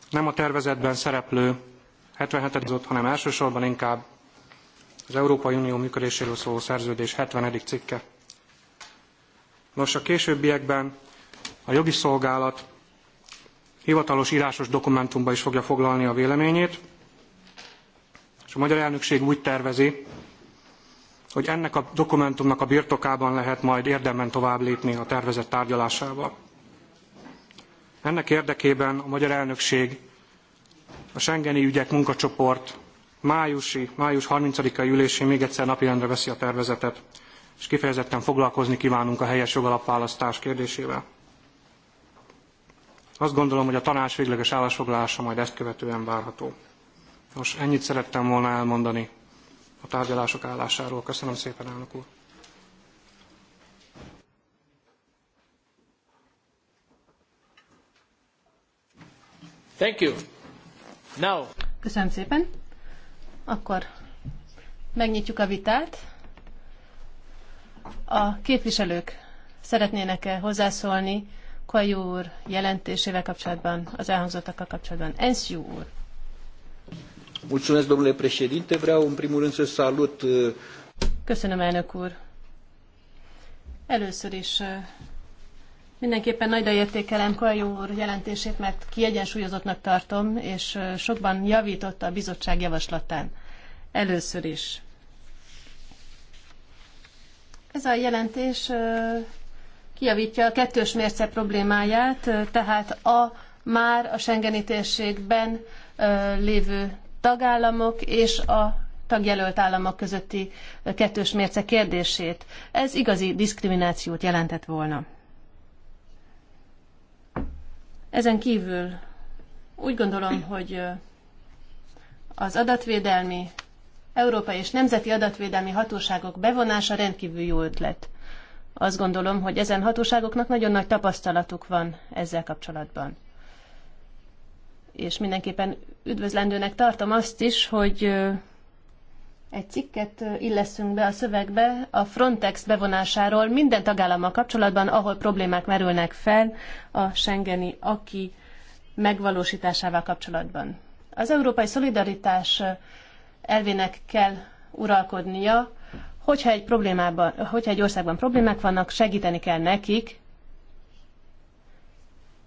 nem a tervezetben szereplő 77. hanem elsősorban inkább az Európai Unió működéséről szóló szerződés 70. cikke. Nos, a későbbiekben a jogi szolgálat hivatalos írásos dokumentumban is fogja foglalni a véleményét, és a magyar elnökség úgy tervezi, hogy ennek a dokumentumnak a birtokában lehet majd érdemben tovább lépni a tervezett tárgyalásával. Ennek érdekében a magyar elnökség a Schengeni ügyek munkacsoport májusi, május 30-ai ülésén még egyszer napirendre veszi a tervezetet, és kifejezetten foglalkozni kívánunk a helyes jogalapválasztás kérdésével. Azt gondolom, hogy a tanács végleges állásfoglalása majd ezt követően várható. Nos, ennyit szerettem volna elmondani a tárgyalások állásáról. Köszönöm szépen, elnök úr! Thank you. Now. Köszönöm szépen. Akkor megnyitjuk a vitát. A képviselők szeretnének-e hozzászólni Kajú úr jelentésével kapcsolatban, az elhangzottakkal kapcsolatban? Enszjú úr. Mulțumesc, domnule președinte. Vreau, în primul uh, Köszönöm, elnök úr. Először is uh, Mindenképpen nagyra értékelem Kajó úr jelentését, mert kiegyensúlyozottnak tartom, és sokban javította a bizottság javaslatán. Először is. Ez a jelentés kijavítja a kettős mérce problémáját, tehát a már a Schengeni térségben lévő tagállamok és a tagjelölt államok közötti kettős mérce kérdését. Ez igazi diszkriminációt jelentett volna. Ezen kívül úgy gondolom, hogy az adatvédelmi, európai és nemzeti adatvédelmi hatóságok bevonása rendkívül jó ötlet. Azt gondolom, hogy ezen hatóságoknak nagyon nagy tapasztalatuk van ezzel kapcsolatban. És mindenképpen üdvözlendőnek tartom azt is, hogy egy cikket illeszünk be a szövegbe a Frontex bevonásáról minden tagállammal kapcsolatban, ahol problémák merülnek fel a Schengeni aki megvalósításával kapcsolatban. Az európai szolidaritás elvének kell uralkodnia, hogyha egy, problémában, hogyha egy országban problémák vannak, segíteni kell nekik,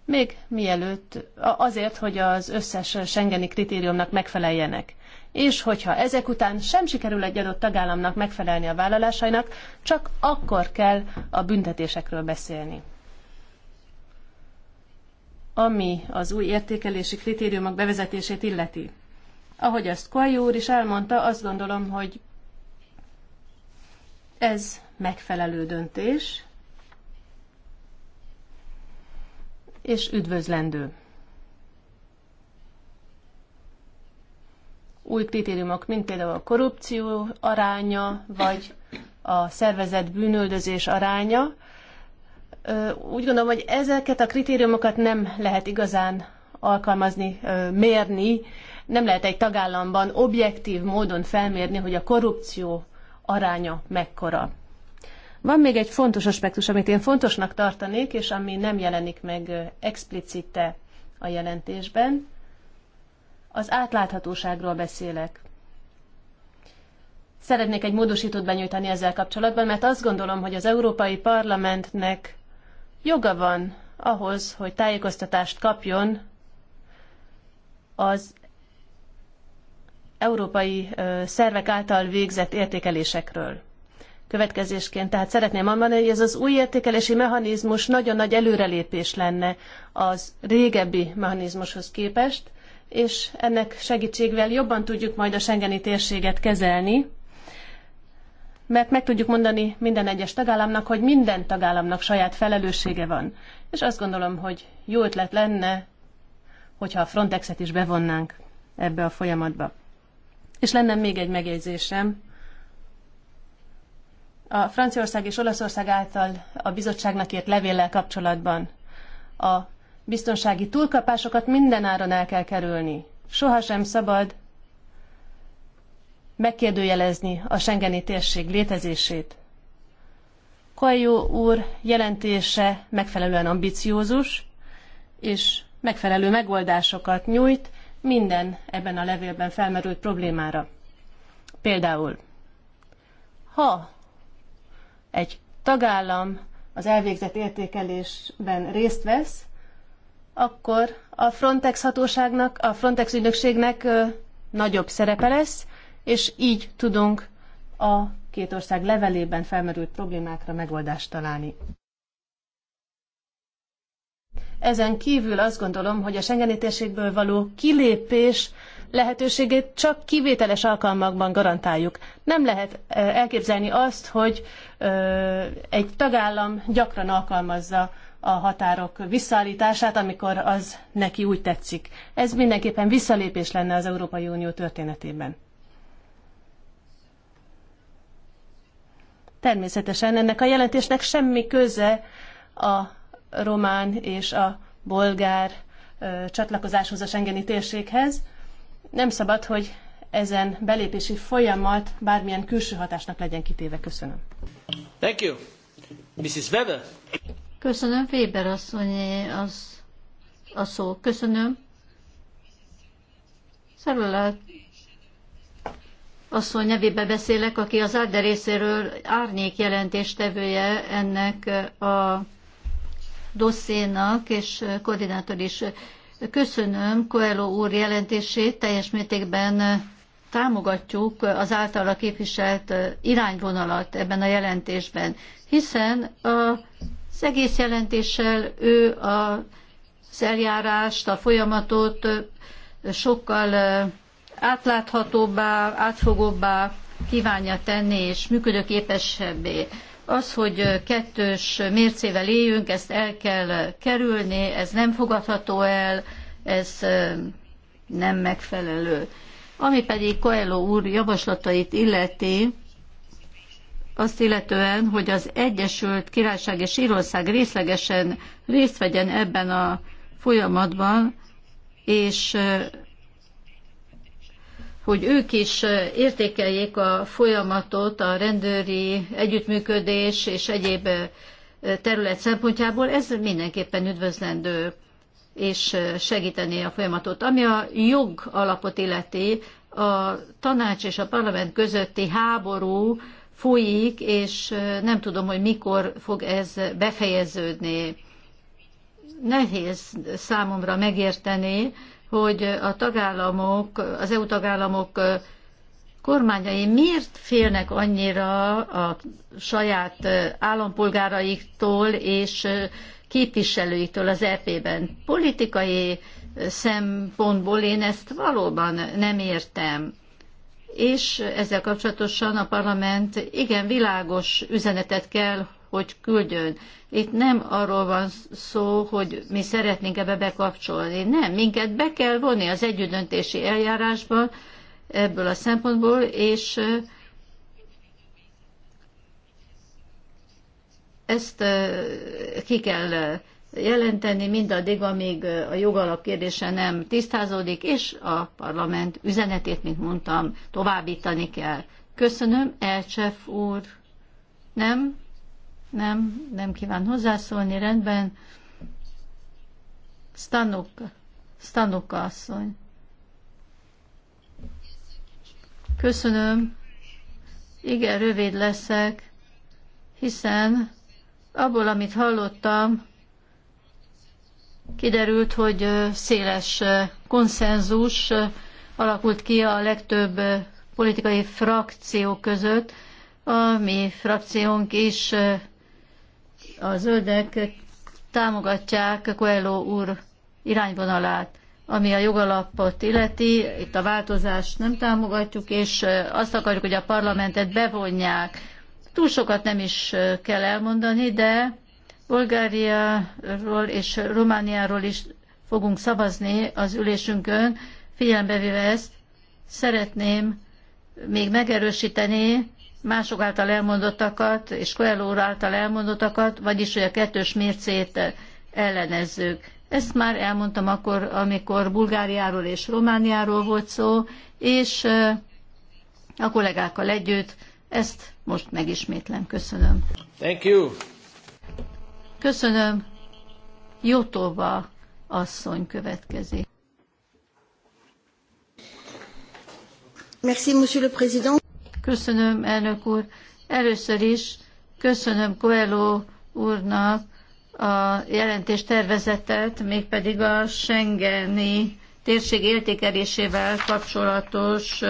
még mielőtt, azért, hogy az összes Schengeni kritériumnak megfeleljenek és hogyha ezek után sem sikerül egy adott tagállamnak megfelelni a vállalásainak, csak akkor kell a büntetésekről beszélni. Ami az új értékelési kritériumok bevezetését illeti. Ahogy azt Kajó úr is elmondta, azt gondolom, hogy ez megfelelő döntés, és üdvözlendő. új kritériumok, mint például a korrupció aránya, vagy a szervezet bűnöldözés aránya. Úgy gondolom, hogy ezeket a kritériumokat nem lehet igazán alkalmazni, mérni. Nem lehet egy tagállamban objektív módon felmérni, hogy a korrupció aránya mekkora. Van még egy fontos aspektus, amit én fontosnak tartanék, és ami nem jelenik meg explicite a jelentésben. Az átláthatóságról beszélek. Szeretnék egy módosítót benyújtani ezzel kapcsolatban, mert azt gondolom, hogy az Európai Parlamentnek joga van ahhoz, hogy tájékoztatást kapjon az európai szervek által végzett értékelésekről. Következésként, tehát szeretném mondani, hogy ez az új értékelési mechanizmus nagyon nagy előrelépés lenne az régebbi mechanizmushoz képest, és ennek segítségvel jobban tudjuk majd a Schengeni térséget kezelni, mert meg tudjuk mondani minden egyes tagállamnak, hogy minden tagállamnak saját felelőssége van. És azt gondolom, hogy jó ötlet lenne, hogyha a Frontexet is bevonnánk ebbe a folyamatba. És lenne még egy megjegyzésem. A Franciaország és Olaszország által a bizottságnak írt levéllel kapcsolatban a biztonsági túlkapásokat minden áron el kell kerülni. Sohasem szabad megkérdőjelezni a Schengeni térség létezését. Kajó úr jelentése megfelelően ambiciózus, és megfelelő megoldásokat nyújt minden ebben a levélben felmerült problémára. Például, ha egy tagállam az elvégzett értékelésben részt vesz, akkor a Frontex hatóságnak, a Frontex ügynökségnek nagyobb szerepe lesz, és így tudunk a két ország levelében felmerült problémákra megoldást találni. Ezen kívül azt gondolom, hogy a Schengeni térségből való kilépés lehetőségét csak kivételes alkalmakban garantáljuk. Nem lehet elképzelni azt, hogy egy tagállam gyakran alkalmazza a határok visszaállítását, amikor az neki úgy tetszik. Ez mindenképpen visszalépés lenne az Európai Unió történetében. Természetesen ennek a jelentésnek semmi köze a román és a bolgár csatlakozáshoz a Schengeni térséghez. Nem szabad, hogy ezen belépési folyamat bármilyen külső hatásnak legyen kitéve. Köszönöm. Thank you. Mrs. Weber. Köszönöm, Weber asszony, az a szó. Köszönöm. Szerület asszony nevébe beszélek, aki az Áder részéről árnyék jelentéstevője ennek a dosszénak, és koordinátor is. Köszönöm Coelho úr jelentését, teljes mértékben támogatjuk az általa képviselt irányvonalat ebben a jelentésben, hiszen a az egész jelentéssel ő a az eljárást, a folyamatot sokkal átláthatóbbá, átfogóbbá kívánja tenni, és működőképesebbé. Az, hogy kettős mércével éljünk, ezt el kell kerülni, ez nem fogadható el, ez nem megfelelő. Ami pedig Coelho úr javaslatait illeti, azt illetően, hogy az Egyesült Királyság és Írország részlegesen részt vegyen ebben a folyamatban, és hogy ők is értékeljék a folyamatot, a rendőri együttműködés és egyéb terület szempontjából, ez mindenképpen üdvözlendő és segíteni a folyamatot. Ami a jog alapot illeti, a tanács és a parlament közötti háború folyik, és nem tudom, hogy mikor fog ez befejeződni. Nehéz számomra megérteni, hogy a tagállamok, az EU tagállamok kormányai miért félnek annyira a saját állampolgáraiktól és képviselőiktől az EP-ben. Politikai szempontból én ezt valóban nem értem és ezzel kapcsolatosan a parlament igen világos üzenetet kell, hogy küldjön. Itt nem arról van szó, hogy mi szeretnénk ebbe bekapcsolni. Nem, minket be kell vonni az együttdöntési eljárásba ebből a szempontból, és eh, ezt eh, ki kell eh, jelenteni, mindaddig, amíg a jogalap kérdése nem tisztázódik, és a parlament üzenetét, mint mondtam, továbbítani kell. Köszönöm, Elcsef úr. Nem? Nem, nem kíván hozzászólni, rendben. Stanuk, Stanuk asszony. Köszönöm. Igen, rövid leszek, hiszen abból, amit hallottam, kiderült, hogy széles konszenzus alakult ki a legtöbb politikai frakció között. A mi frakciónk is, a zöldek támogatják Coelho úr irányvonalát, ami a jogalapot illeti, itt a változást nem támogatjuk, és azt akarjuk, hogy a parlamentet bevonják. Túl sokat nem is kell elmondani, de Bulgáriáról és Romániáról is fogunk szavazni az ülésünkön. Figyelembe véve ezt, szeretném még megerősíteni mások által elmondottakat és Coelho úr által elmondottakat, vagyis hogy a kettős mércét ellenezzük. Ezt már elmondtam akkor, amikor Bulgáriáról és Romániáról volt szó, és a kollégákkal együtt ezt most megismétlem. Köszönöm. Thank you. Köszönöm. Jotova asszony következik. Merci, monsieur le président. Köszönöm, elnök úr. Először is köszönöm Coelho úrnak a jelentés tervezetet, mégpedig a Schengeni térség értékelésével kapcsolatos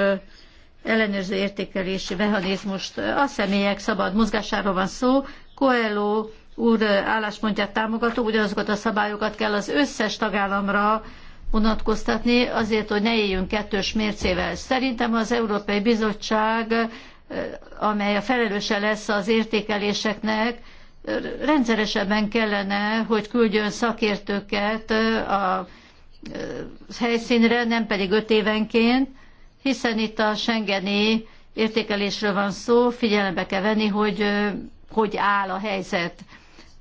ellenőrző értékelési mechanizmust. A személyek szabad mozgásáról van szó. Coelho úr álláspontját támogatom, ugyanazokat a szabályokat kell az összes tagállamra vonatkoztatni, azért, hogy ne éljünk kettős mércével. Szerintem az Európai Bizottság, amely a felelőse lesz az értékeléseknek, rendszeresebben kellene, hogy küldjön szakértőket a helyszínre, nem pedig öt évenként, hiszen itt a Schengeni értékelésről van szó, figyelembe kell venni, hogy hogy áll a helyzet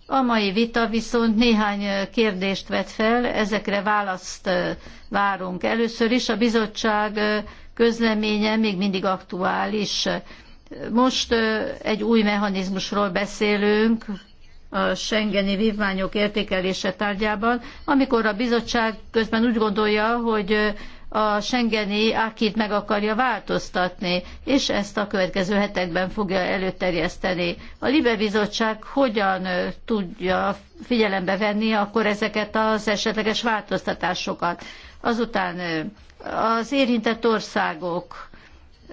a mai vita viszont néhány kérdést vet fel, ezekre választ várunk. Először is a bizottság közleménye még mindig aktuális. Most egy új mechanizmusról beszélünk, a Schengeni vívmányok értékelése tárgyában, amikor a bizottság közben úgy gondolja, hogy a Schengeni Akit meg akarja változtatni, és ezt a következő hetekben fogja előterjeszteni. A Libe Bizottság hogyan tudja figyelembe venni akkor ezeket az esetleges változtatásokat? Azután az érintett országok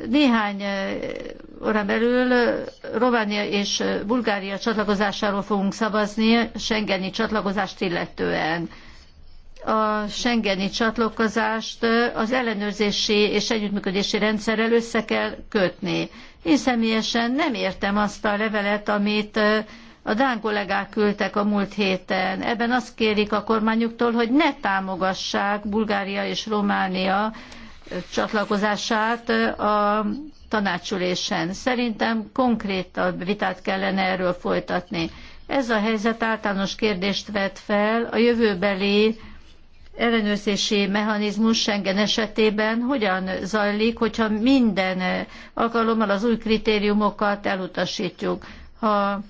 néhány órán belül Románia és Bulgária csatlakozásáról fogunk szavazni, Schengeni csatlakozást illetően a Schengeni csatlakozást az ellenőrzési és együttműködési rendszerrel össze kell kötni. Én személyesen nem értem azt a levelet, amit eh, a Dán kollégák küldtek a múlt héten. Ebben azt kérik a kormányuktól, hogy ne támogassák Bulgária és Románia eh, csatlakozását eh, a tanácsülésen. Szerintem konkrétabb vitát kellene erről folytatni. Ez a helyzet általános kérdést vet fel a jövőbeli ellenőrzési mechanizmus Schengen esetében hogyan zajlik, hogyha minden alkalommal az új kritériumokat elutasítjuk. Ha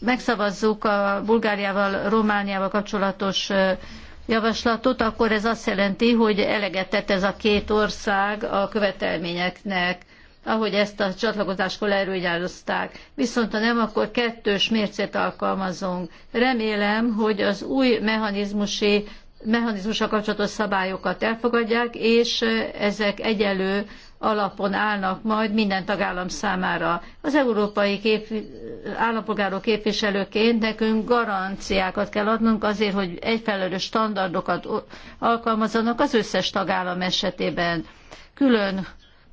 megszavazzuk a Bulgáriával, Romániával kapcsolatos javaslatot, akkor ez azt jelenti, hogy eleget tett ez a két ország a követelményeknek ahogy ezt a csatlakozáskor előnyelozták. Viszont ha nem, akkor kettős mércét alkalmazunk. Remélem, hogy az új mechanizmusi mechanizmusra kapcsolatos szabályokat elfogadják, és ezek egyelő alapon állnak majd minden tagállam számára. Az európai kép, állampolgárok képviselőként nekünk garanciákat kell adnunk azért, hogy egyfelelő standardokat alkalmazzanak az összes tagállam esetében. Külön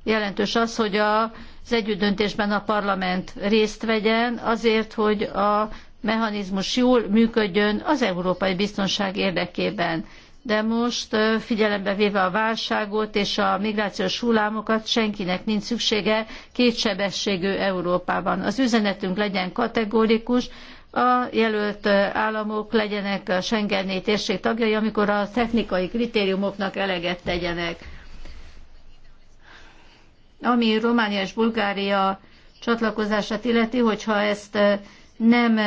jelentős az, hogy az együttdöntésben a parlament részt vegyen azért, hogy a mechanizmus jól működjön az európai biztonság érdekében. De most figyelembe véve a válságot és a migrációs hullámokat senkinek nincs szüksége kétsebességű Európában. Az üzenetünk legyen kategórikus, a jelölt államok legyenek a Schengeni térség tagjai, amikor a technikai kritériumoknak eleget tegyenek. Ami Románia és Bulgária csatlakozását illeti, hogyha ezt nem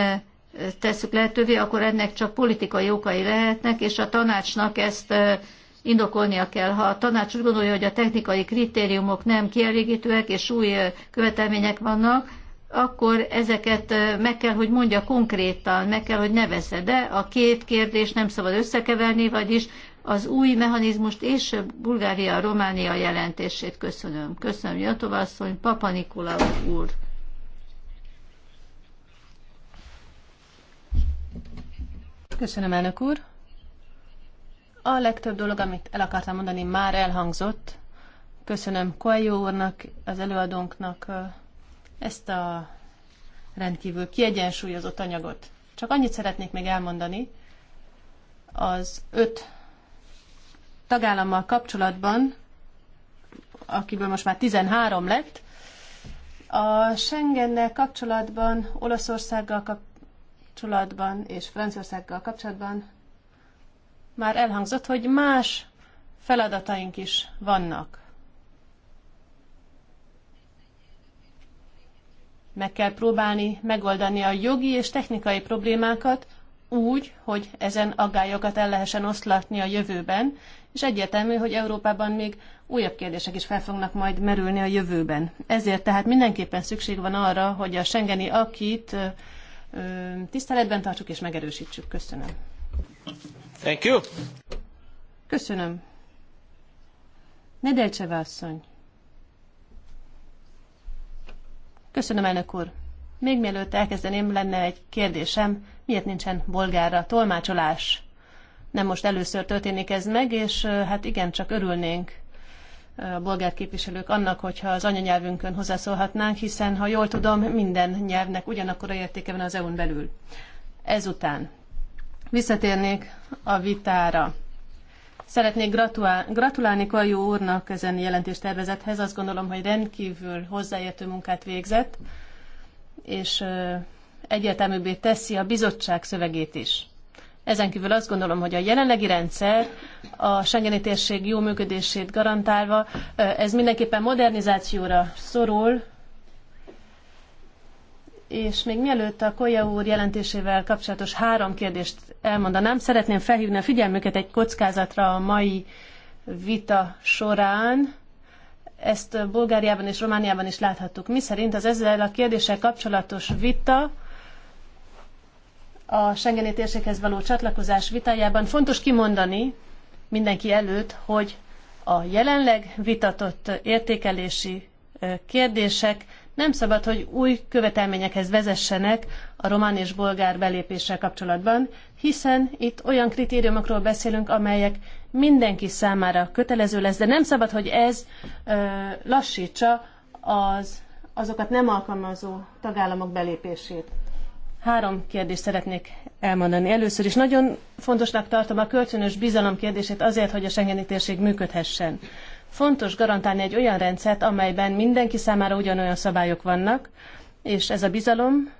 tesszük lehetővé, akkor ennek csak politikai okai lehetnek, és a tanácsnak ezt indokolnia kell. Ha a tanács úgy gondolja, hogy a technikai kritériumok nem kielégítőek, és új követelmények vannak, akkor ezeket meg kell, hogy mondja konkrétan, meg kell, hogy nevezze. De a két kérdés nem szabad összekeverni, vagyis az új mechanizmust és Bulgária-Románia jelentését köszönöm. Köszönöm Jatova asszony, Papa Nikula úr. Köszönöm, elnök úr. A legtöbb dolog, amit el akartam mondani, már elhangzott. Köszönöm Koelyó úrnak, az előadónknak ezt a rendkívül kiegyensúlyozott anyagot. Csak annyit szeretnék még elmondani, az öt tagállammal kapcsolatban, akiből most már 13 lett, a Schengennel kapcsolatban, Olaszországgal kapcsolatban és Franciaországgal kapcsolatban már elhangzott, hogy más feladataink is vannak. Meg kell próbálni megoldani a jogi és technikai problémákat, úgy, hogy ezen aggályokat el lehessen oszlatni a jövőben, és egyértelmű, hogy Európában még újabb kérdések is fel fognak majd merülni a jövőben. Ezért tehát mindenképpen szükség van arra, hogy a Schengeni akit tiszteletben tartsuk és megerősítsük. Köszönöm. Thank you. Köszönöm. Nedelcseve asszony. Köszönöm, elnök úr. Még mielőtt elkezdeném, lenne egy kérdésem, miért nincsen bolgárra tolmácsolás? Nem most először történik ez meg, és hát igen, csak örülnénk a bolgár képviselők annak, hogyha az anyanyelvünkön hozzászólhatnánk, hiszen ha jól tudom, minden nyelvnek ugyanakkor a értéke van az EU-n belül. Ezután visszatérnék a vitára. Szeretnék gratulálni Kajó úrnak ezen jelentéstervezethez. Azt gondolom, hogy rendkívül hozzáértő munkát végzett és egyértelműbbé teszi a bizottság szövegét is. Ezen kívül azt gondolom, hogy a jelenlegi rendszer a Schengeni térség jó működését garantálva, ez mindenképpen modernizációra szorul, és még mielőtt a Kolya úr jelentésével kapcsolatos három kérdést elmondanám, szeretném felhívni a figyelmüket egy kockázatra a mai vita során, ezt Bulgáriában és Romániában is láthattuk. Mi szerint az ezzel a kérdéssel kapcsolatos vita a Schengeni térséghez való csatlakozás vitájában fontos kimondani mindenki előtt, hogy a jelenleg vitatott értékelési kérdések nem szabad, hogy új követelményekhez vezessenek a román és bolgár belépéssel kapcsolatban, hiszen itt olyan kritériumokról beszélünk, amelyek mindenki számára kötelező lesz, de nem szabad, hogy ez ö, lassítsa az, azokat nem alkalmazó tagállamok belépését. Három kérdést szeretnék elmondani. Először is nagyon fontosnak tartom a kölcsönös bizalom kérdését azért, hogy a Schengeni térség működhessen. Fontos garantálni egy olyan rendszert, amelyben mindenki számára ugyanolyan szabályok vannak, és ez a bizalom,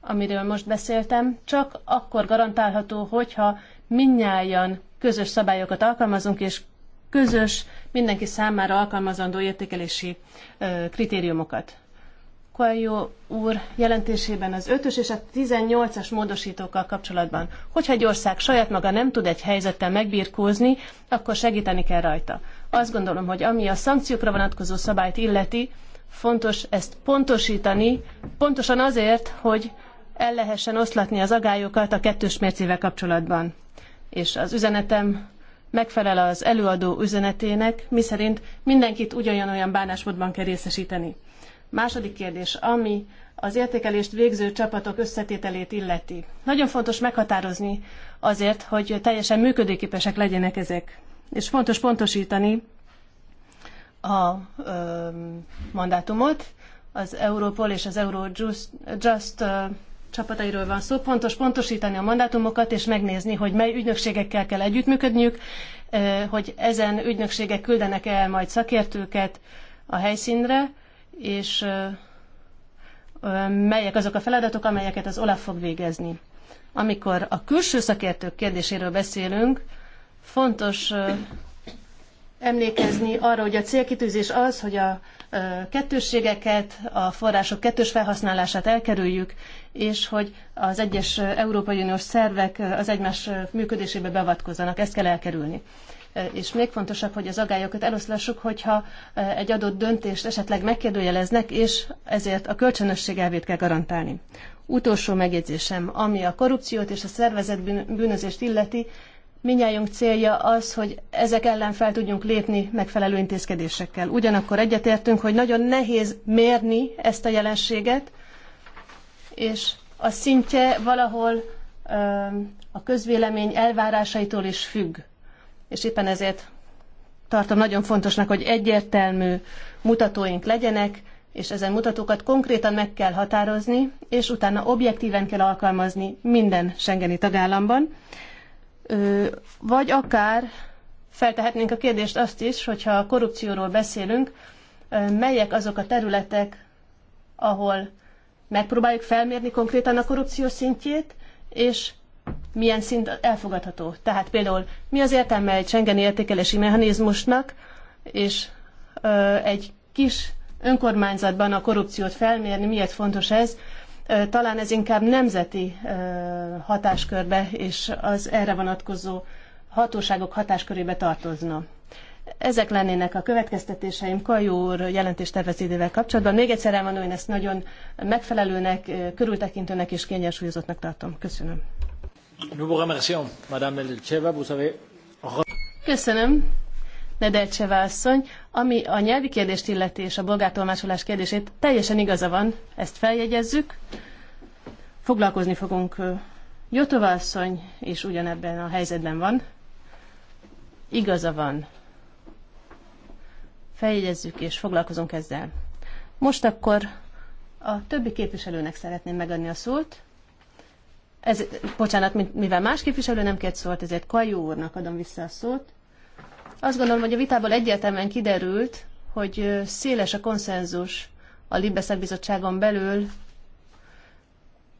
amiről most beszéltem, csak akkor garantálható, hogyha minnyáján közös szabályokat alkalmazunk, és közös, mindenki számára alkalmazandó értékelési kritériumokat. Kajó úr jelentésében az 5-ös és a 18-as módosítókkal kapcsolatban. Hogyha egy ország saját maga nem tud egy helyzettel megbírkózni, akkor segíteni kell rajta. Azt gondolom, hogy ami a szankciókra vonatkozó szabályt illeti, fontos ezt pontosítani, pontosan azért, hogy el lehessen oszlatni az agályokat a kettős mércével kapcsolatban és az üzenetem megfelel az előadó üzenetének, miszerint mindenkit ugyanolyan bánásmódban kell részesíteni. Második kérdés, ami az értékelést végző csapatok összetételét illeti. Nagyon fontos meghatározni azért, hogy teljesen működőképesek legyenek ezek. És fontos pontosítani a ö, mandátumot, az Europol és az Eurojust ö, csapatairól van szó, pontos pontosítani a mandátumokat, és megnézni, hogy mely ügynökségekkel kell együttműködniük, eh, hogy ezen ügynökségek küldenek el majd szakértőket a helyszínre, és eh, eh, melyek azok a feladatok, amelyeket az OLAF fog végezni. Amikor a külső szakértők kérdéséről beszélünk, fontos emlékezni arra, hogy a célkitűzés az, hogy a kettősségeket, a források kettős felhasználását elkerüljük, és hogy az egyes Európai Uniós szervek az egymás működésébe beavatkozzanak. Ezt kell elkerülni. És még fontosabb, hogy az agályokat eloszlassuk, hogyha egy adott döntést esetleg megkérdőjeleznek, és ezért a kölcsönösség elvét kell garantálni. Utolsó megjegyzésem, ami a korrupciót és a szervezett bűnözést illeti, Minnyájunk célja az, hogy ezek ellen fel tudjunk lépni megfelelő intézkedésekkel. Ugyanakkor egyetértünk, hogy nagyon nehéz mérni ezt a jelenséget, és a szintje valahol a közvélemény elvárásaitól is függ. És éppen ezért tartom nagyon fontosnak, hogy egyértelmű mutatóink legyenek, és ezen mutatókat konkrétan meg kell határozni, és utána objektíven kell alkalmazni minden Schengeni tagállamban, vagy akár feltehetnénk a kérdést azt is, hogyha a korrupcióról beszélünk, melyek azok a területek, ahol megpróbáljuk felmérni konkrétan a korrupció szintjét, és milyen szint elfogadható. Tehát például mi az értelme egy Schengeni értékelési mechanizmusnak, és egy kis önkormányzatban a korrupciót felmérni, miért fontos ez, talán ez inkább nemzeti hatáskörbe és az erre vonatkozó hatóságok hatáskörébe tartozna. Ezek lennének a következtetéseim Kajó úr jelentéstervezetével kapcsolatban. Még egyszer elmondom, én ezt nagyon megfelelőnek, körültekintőnek és kényesúlyozottnak tartom. Köszönöm. Köszönöm. Nedelcseve asszony, ami a nyelvi kérdést illeti és a bolgártolmásolás kérdését, teljesen igaza van, ezt feljegyezzük. Foglalkozni fogunk Jotova asszony, és ugyanebben a helyzetben van. Igaza van. Feljegyezzük és foglalkozunk ezzel. Most akkor a többi képviselőnek szeretném megadni a szót. Ez, bocsánat, mivel más képviselő nem kért szólt, ezért Kajó úrnak adom vissza a szót azt gondolom, hogy a vitából egyértelműen kiderült, hogy széles a konszenzus a Libeszek Bizottságon belül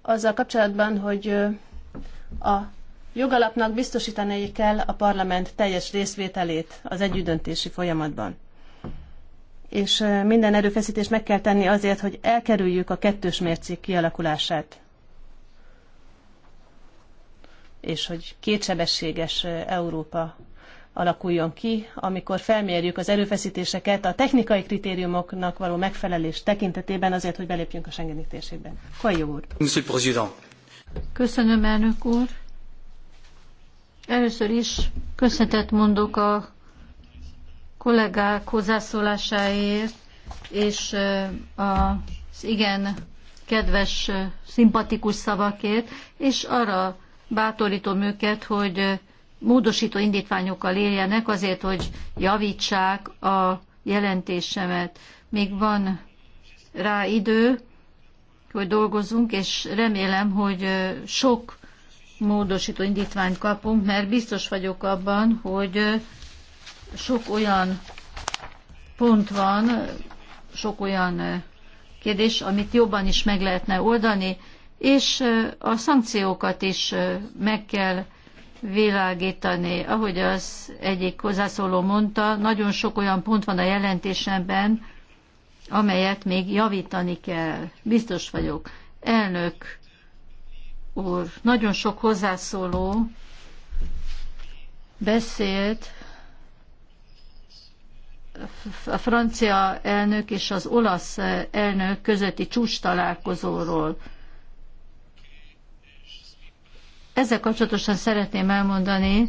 azzal kapcsolatban, hogy a jogalapnak biztosítani kell a parlament teljes részvételét az együttdöntési folyamatban. És minden erőfeszítést meg kell tenni azért, hogy elkerüljük a kettős mércék kialakulását. És hogy kétsebességes Európa alakuljon ki, amikor felmérjük az erőfeszítéseket a technikai kritériumoknak való megfelelés tekintetében azért, hogy belépjünk a Schengeni térségbe. Kajó úr! Köszönöm, elnök úr! Először is köszönetet mondok a kollégák hozzászólásáért, és az igen kedves, szimpatikus szavakért, és arra bátorítom őket, hogy módosító indítványokkal éljenek azért, hogy javítsák a jelentésemet. Még van rá idő, hogy dolgozzunk, és remélem, hogy sok módosító indítványt kapunk, mert biztos vagyok abban, hogy sok olyan pont van, sok olyan kérdés, amit jobban is meg lehetne oldani, és a szankciókat is meg kell világítani. Ahogy az egyik hozzászóló mondta, nagyon sok olyan pont van a jelentésemben, amelyet még javítani kell. Biztos vagyok. Elnök úr, nagyon sok hozzászóló beszélt a francia elnök és az olasz elnök közötti csúcs találkozóról. Ezzel kapcsolatosan szeretném elmondani,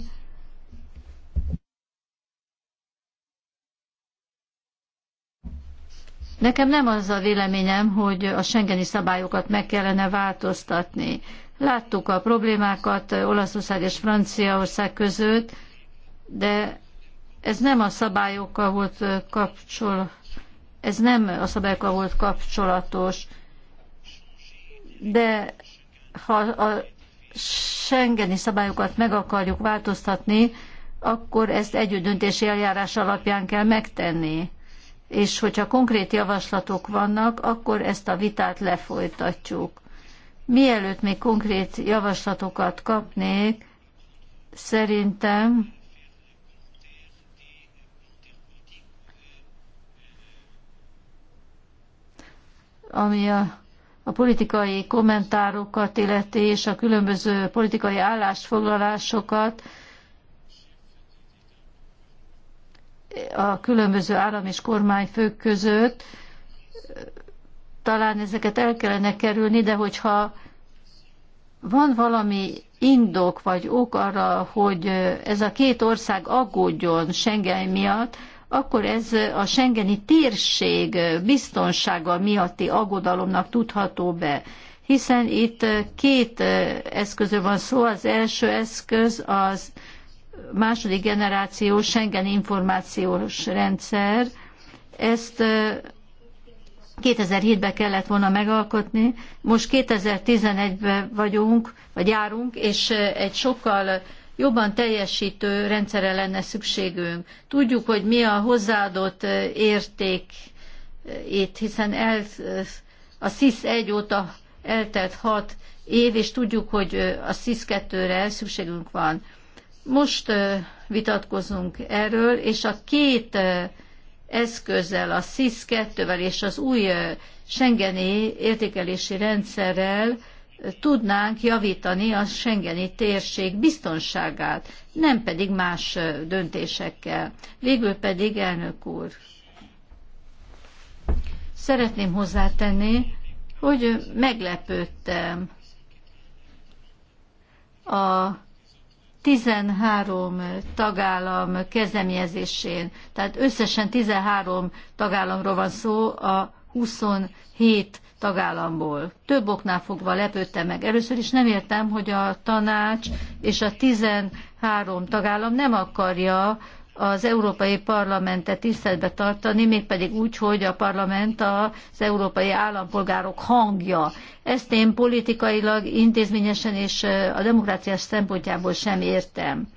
Nekem nem az a véleményem, hogy a Schengeni szabályokat meg kellene változtatni. Láttuk a problémákat Olaszország és Franciaország között, de ez nem a szabályokkal volt kapcsol, ez nem a szabályokkal volt kapcsolatos, de ha a Schengeni szabályokat meg akarjuk változtatni, akkor ezt együttdöntési eljárás alapján kell megtenni. És hogyha konkrét javaslatok vannak, akkor ezt a vitát lefolytatjuk. Mielőtt még konkrét javaslatokat kapnék, szerintem ami a a politikai kommentárokat illeti, és a különböző politikai állásfoglalásokat, a különböző állam és kormányfők között. Talán ezeket el kellene kerülni, de hogyha van valami indok vagy ok arra, hogy ez a két ország aggódjon Schengen miatt, akkor ez a Schengeni térség biztonsága miatti aggodalomnak tudható be. Hiszen itt két eszközön van szó, az első eszköz az második generációs Schengen információs rendszer. Ezt 2007-ben kellett volna megalkotni, most 2011-ben vagyunk, vagy járunk, és egy sokkal jobban teljesítő rendszerre lenne szükségünk. Tudjuk, hogy mi a hozzáadott érték itt, hiszen el, a SZISZ 1 óta eltelt 6 év, és tudjuk, hogy a SZISZ 2-re szükségünk van. Most vitatkozunk erről, és a két eszközzel, a SZISZ 2-vel és az új Schengeni értékelési rendszerrel tudnánk javítani a Schengeni térség biztonságát, nem pedig más döntésekkel. Végül pedig, elnök úr, szeretném hozzátenni, hogy meglepődtem a 13 tagállam kezdeményezésén, tehát összesen 13 tagállamról van szó a 27 tagállamból. Több oknál fogva lepődtem meg. Először is nem értem, hogy a tanács és a 13 tagállam nem akarja az Európai Parlamentet tiszteletbe tartani, mégpedig úgy, hogy a parlament az európai állampolgárok hangja. Ezt én politikailag, intézményesen és a demokráciás szempontjából sem értem.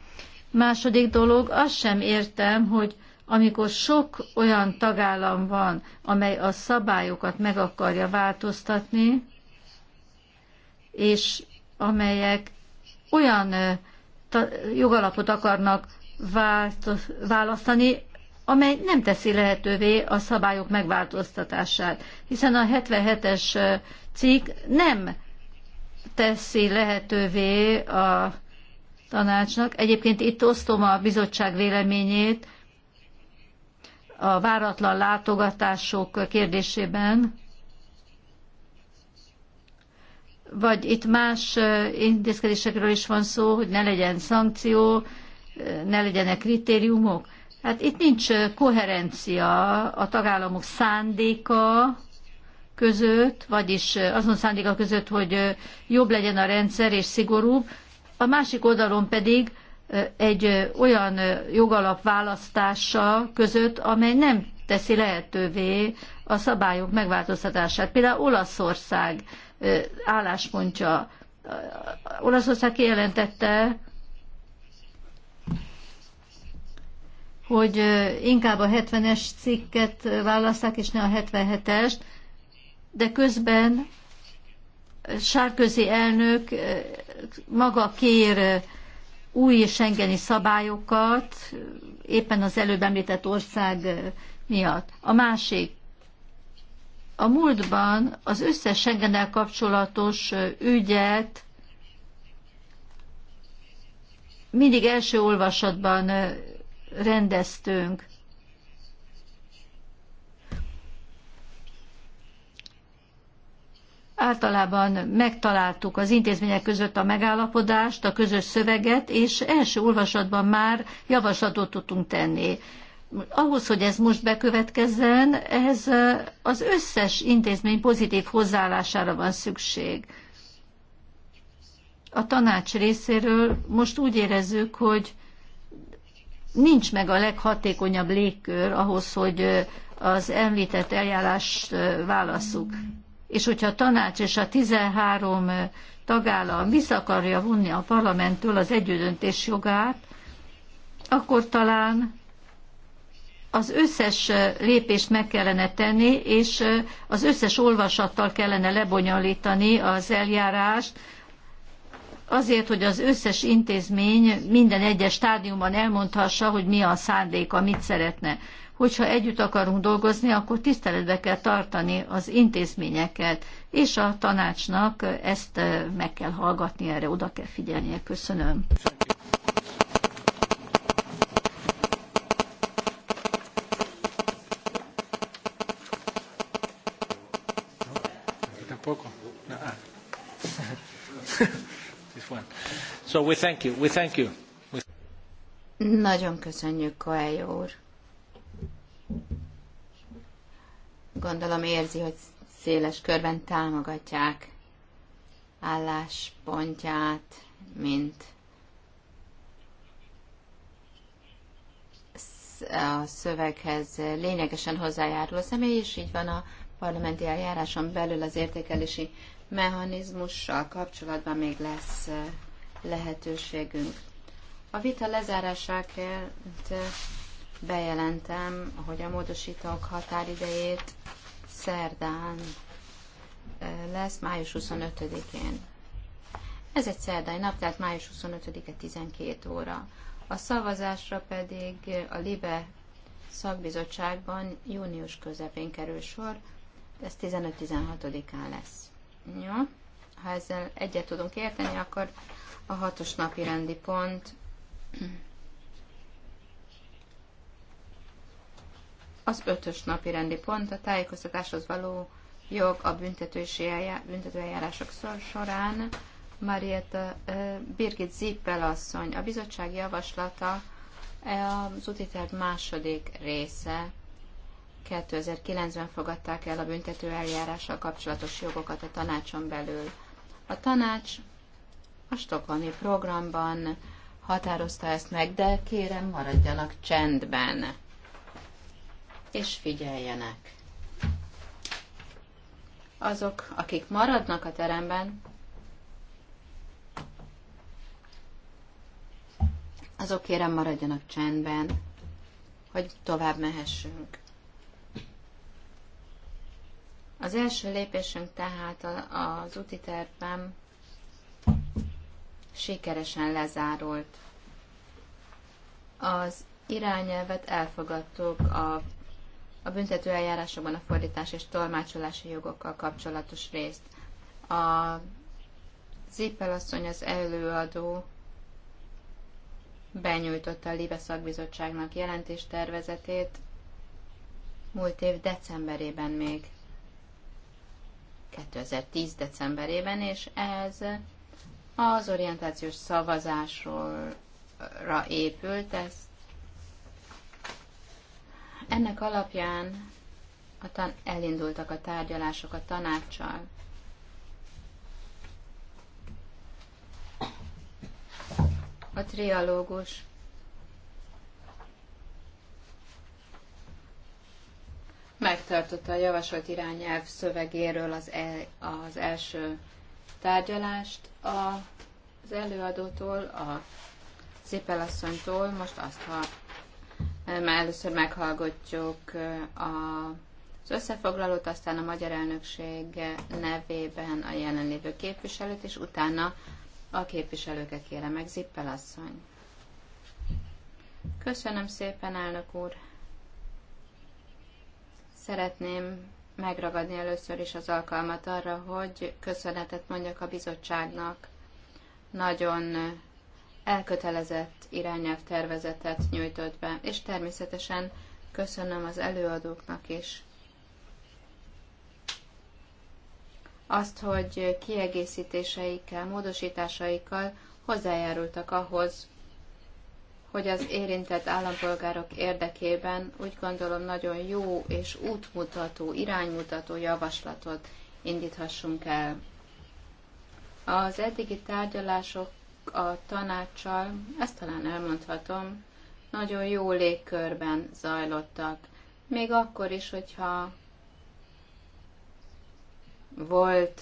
Második dolog, azt sem értem, hogy amikor sok olyan tagállam van, amely a szabályokat meg akarja változtatni, és amelyek olyan jogalapot akarnak választani, amely nem teszi lehetővé a szabályok megváltoztatását, hiszen a 77-es cikk nem teszi lehetővé a tanácsnak. Egyébként itt osztom a bizottság véleményét, a váratlan látogatások kérdésében, vagy itt más intézkedésekről is van szó, hogy ne legyen szankció, ne legyenek kritériumok. Hát itt nincs koherencia a tagállamok szándéka között, vagyis azon szándéka között, hogy jobb legyen a rendszer és szigorúbb, a másik oldalon pedig egy olyan jogalap választása között, amely nem teszi lehetővé a szabályok megváltoztatását. Például Olaszország álláspontja. Olaszország kijelentette, hogy inkább a 70-es cikket választák, és ne a 77-est, de közben Sárközi elnök maga kér új Schengeni szabályokat, éppen az előbb említett ország miatt. A másik, a múltban az összes Schengennel kapcsolatos ügyet mindig első olvasatban rendeztünk. általában megtaláltuk az intézmények között a megállapodást, a közös szöveget, és első olvasatban már javaslatot tudtunk tenni. Ahhoz, hogy ez most bekövetkezzen, ez az összes intézmény pozitív hozzáállására van szükség. A tanács részéről most úgy érezzük, hogy nincs meg a leghatékonyabb légkör ahhoz, hogy az említett eljárást válasszuk és hogyha a tanács és a 13 tagállam vissza akarja vonni a parlamenttől az együttdöntés jogát, akkor talán az összes lépést meg kellene tenni, és az összes olvasattal kellene lebonyolítani az eljárást, azért, hogy az összes intézmény minden egyes stádiumban elmondhassa, hogy mi a szándéka, mit szeretne hogyha együtt akarunk dolgozni, akkor tiszteletbe kell tartani az intézményeket, és a tanácsnak ezt meg kell hallgatni, erre oda kell figyelnie. Köszönöm. Nagyon köszönjük, Koelyó úr. Gondolom érzi, hogy széles körben támogatják álláspontját, mint a szöveghez lényegesen hozzájáruló személy, és így van a parlamenti eljáráson belül az értékelési mechanizmussal kapcsolatban még lesz eh, lehetőségünk. A vita lezárásáért eh, bejelentem, hogy a módosítók határidejét szerdán lesz, május 25-én. Ez egy szerdai nap, tehát május 25-e 12 óra. A szavazásra pedig a LIBE szakbizottságban június közepén kerül sor, ez 15-16-án lesz. Jó? Ha ezzel egyet tudunk érteni, akkor a hatos napi rendi pont Az ötös napi rendi pont a tájékoztatáshoz való jog a büntetőeljárások során. Marietta Birgit Zippel asszony, a bizottság javaslata e, az úti második része. 2009-ben fogadták el a büntető eljárással kapcsolatos jogokat a tanácson belül. A tanács a stokholmi programban határozta ezt meg, de kérem maradjanak csendben és figyeljenek. Azok, akik maradnak a teremben, azok kérem maradjanak csendben, hogy tovább mehessünk. Az első lépésünk tehát az úti tervben sikeresen lezárult. Az irányelvet elfogadtuk a a büntető eljárásokban a fordítás és tolmácsolási jogokkal kapcsolatos részt. A Zippel asszony az előadó benyújtotta a Libe szakbizottságnak jelentéstervezetét múlt év decemberében még. 2010 decemberében, és ez az orientációs szavazásra épült, ezt ennek alapján a tan- elindultak a tárgyalások a tanácssal. A trialógus megtartotta a javasolt irányelv szövegéről az, el, az első tárgyalást a, az előadótól, a szépelasszonytól. Most azt már először meghallgatjuk az összefoglalót, aztán a magyar elnökség nevében a jelenlévő képviselőt, és utána a képviselőket kérem meg, Zippel asszony. Köszönöm szépen, elnök úr. Szeretném megragadni először is az alkalmat arra, hogy köszönetet mondjak a bizottságnak. Nagyon elkötelezett irányelv tervezetet nyújtott be, és természetesen köszönöm az előadóknak is azt, hogy kiegészítéseikkel, módosításaikkal hozzájárultak ahhoz, hogy az érintett állampolgárok érdekében úgy gondolom nagyon jó és útmutató, iránymutató javaslatot indíthassunk el. Az eddigi tárgyalások a tanácssal, ezt talán elmondhatom, nagyon jó légkörben zajlottak. Még akkor is, hogyha volt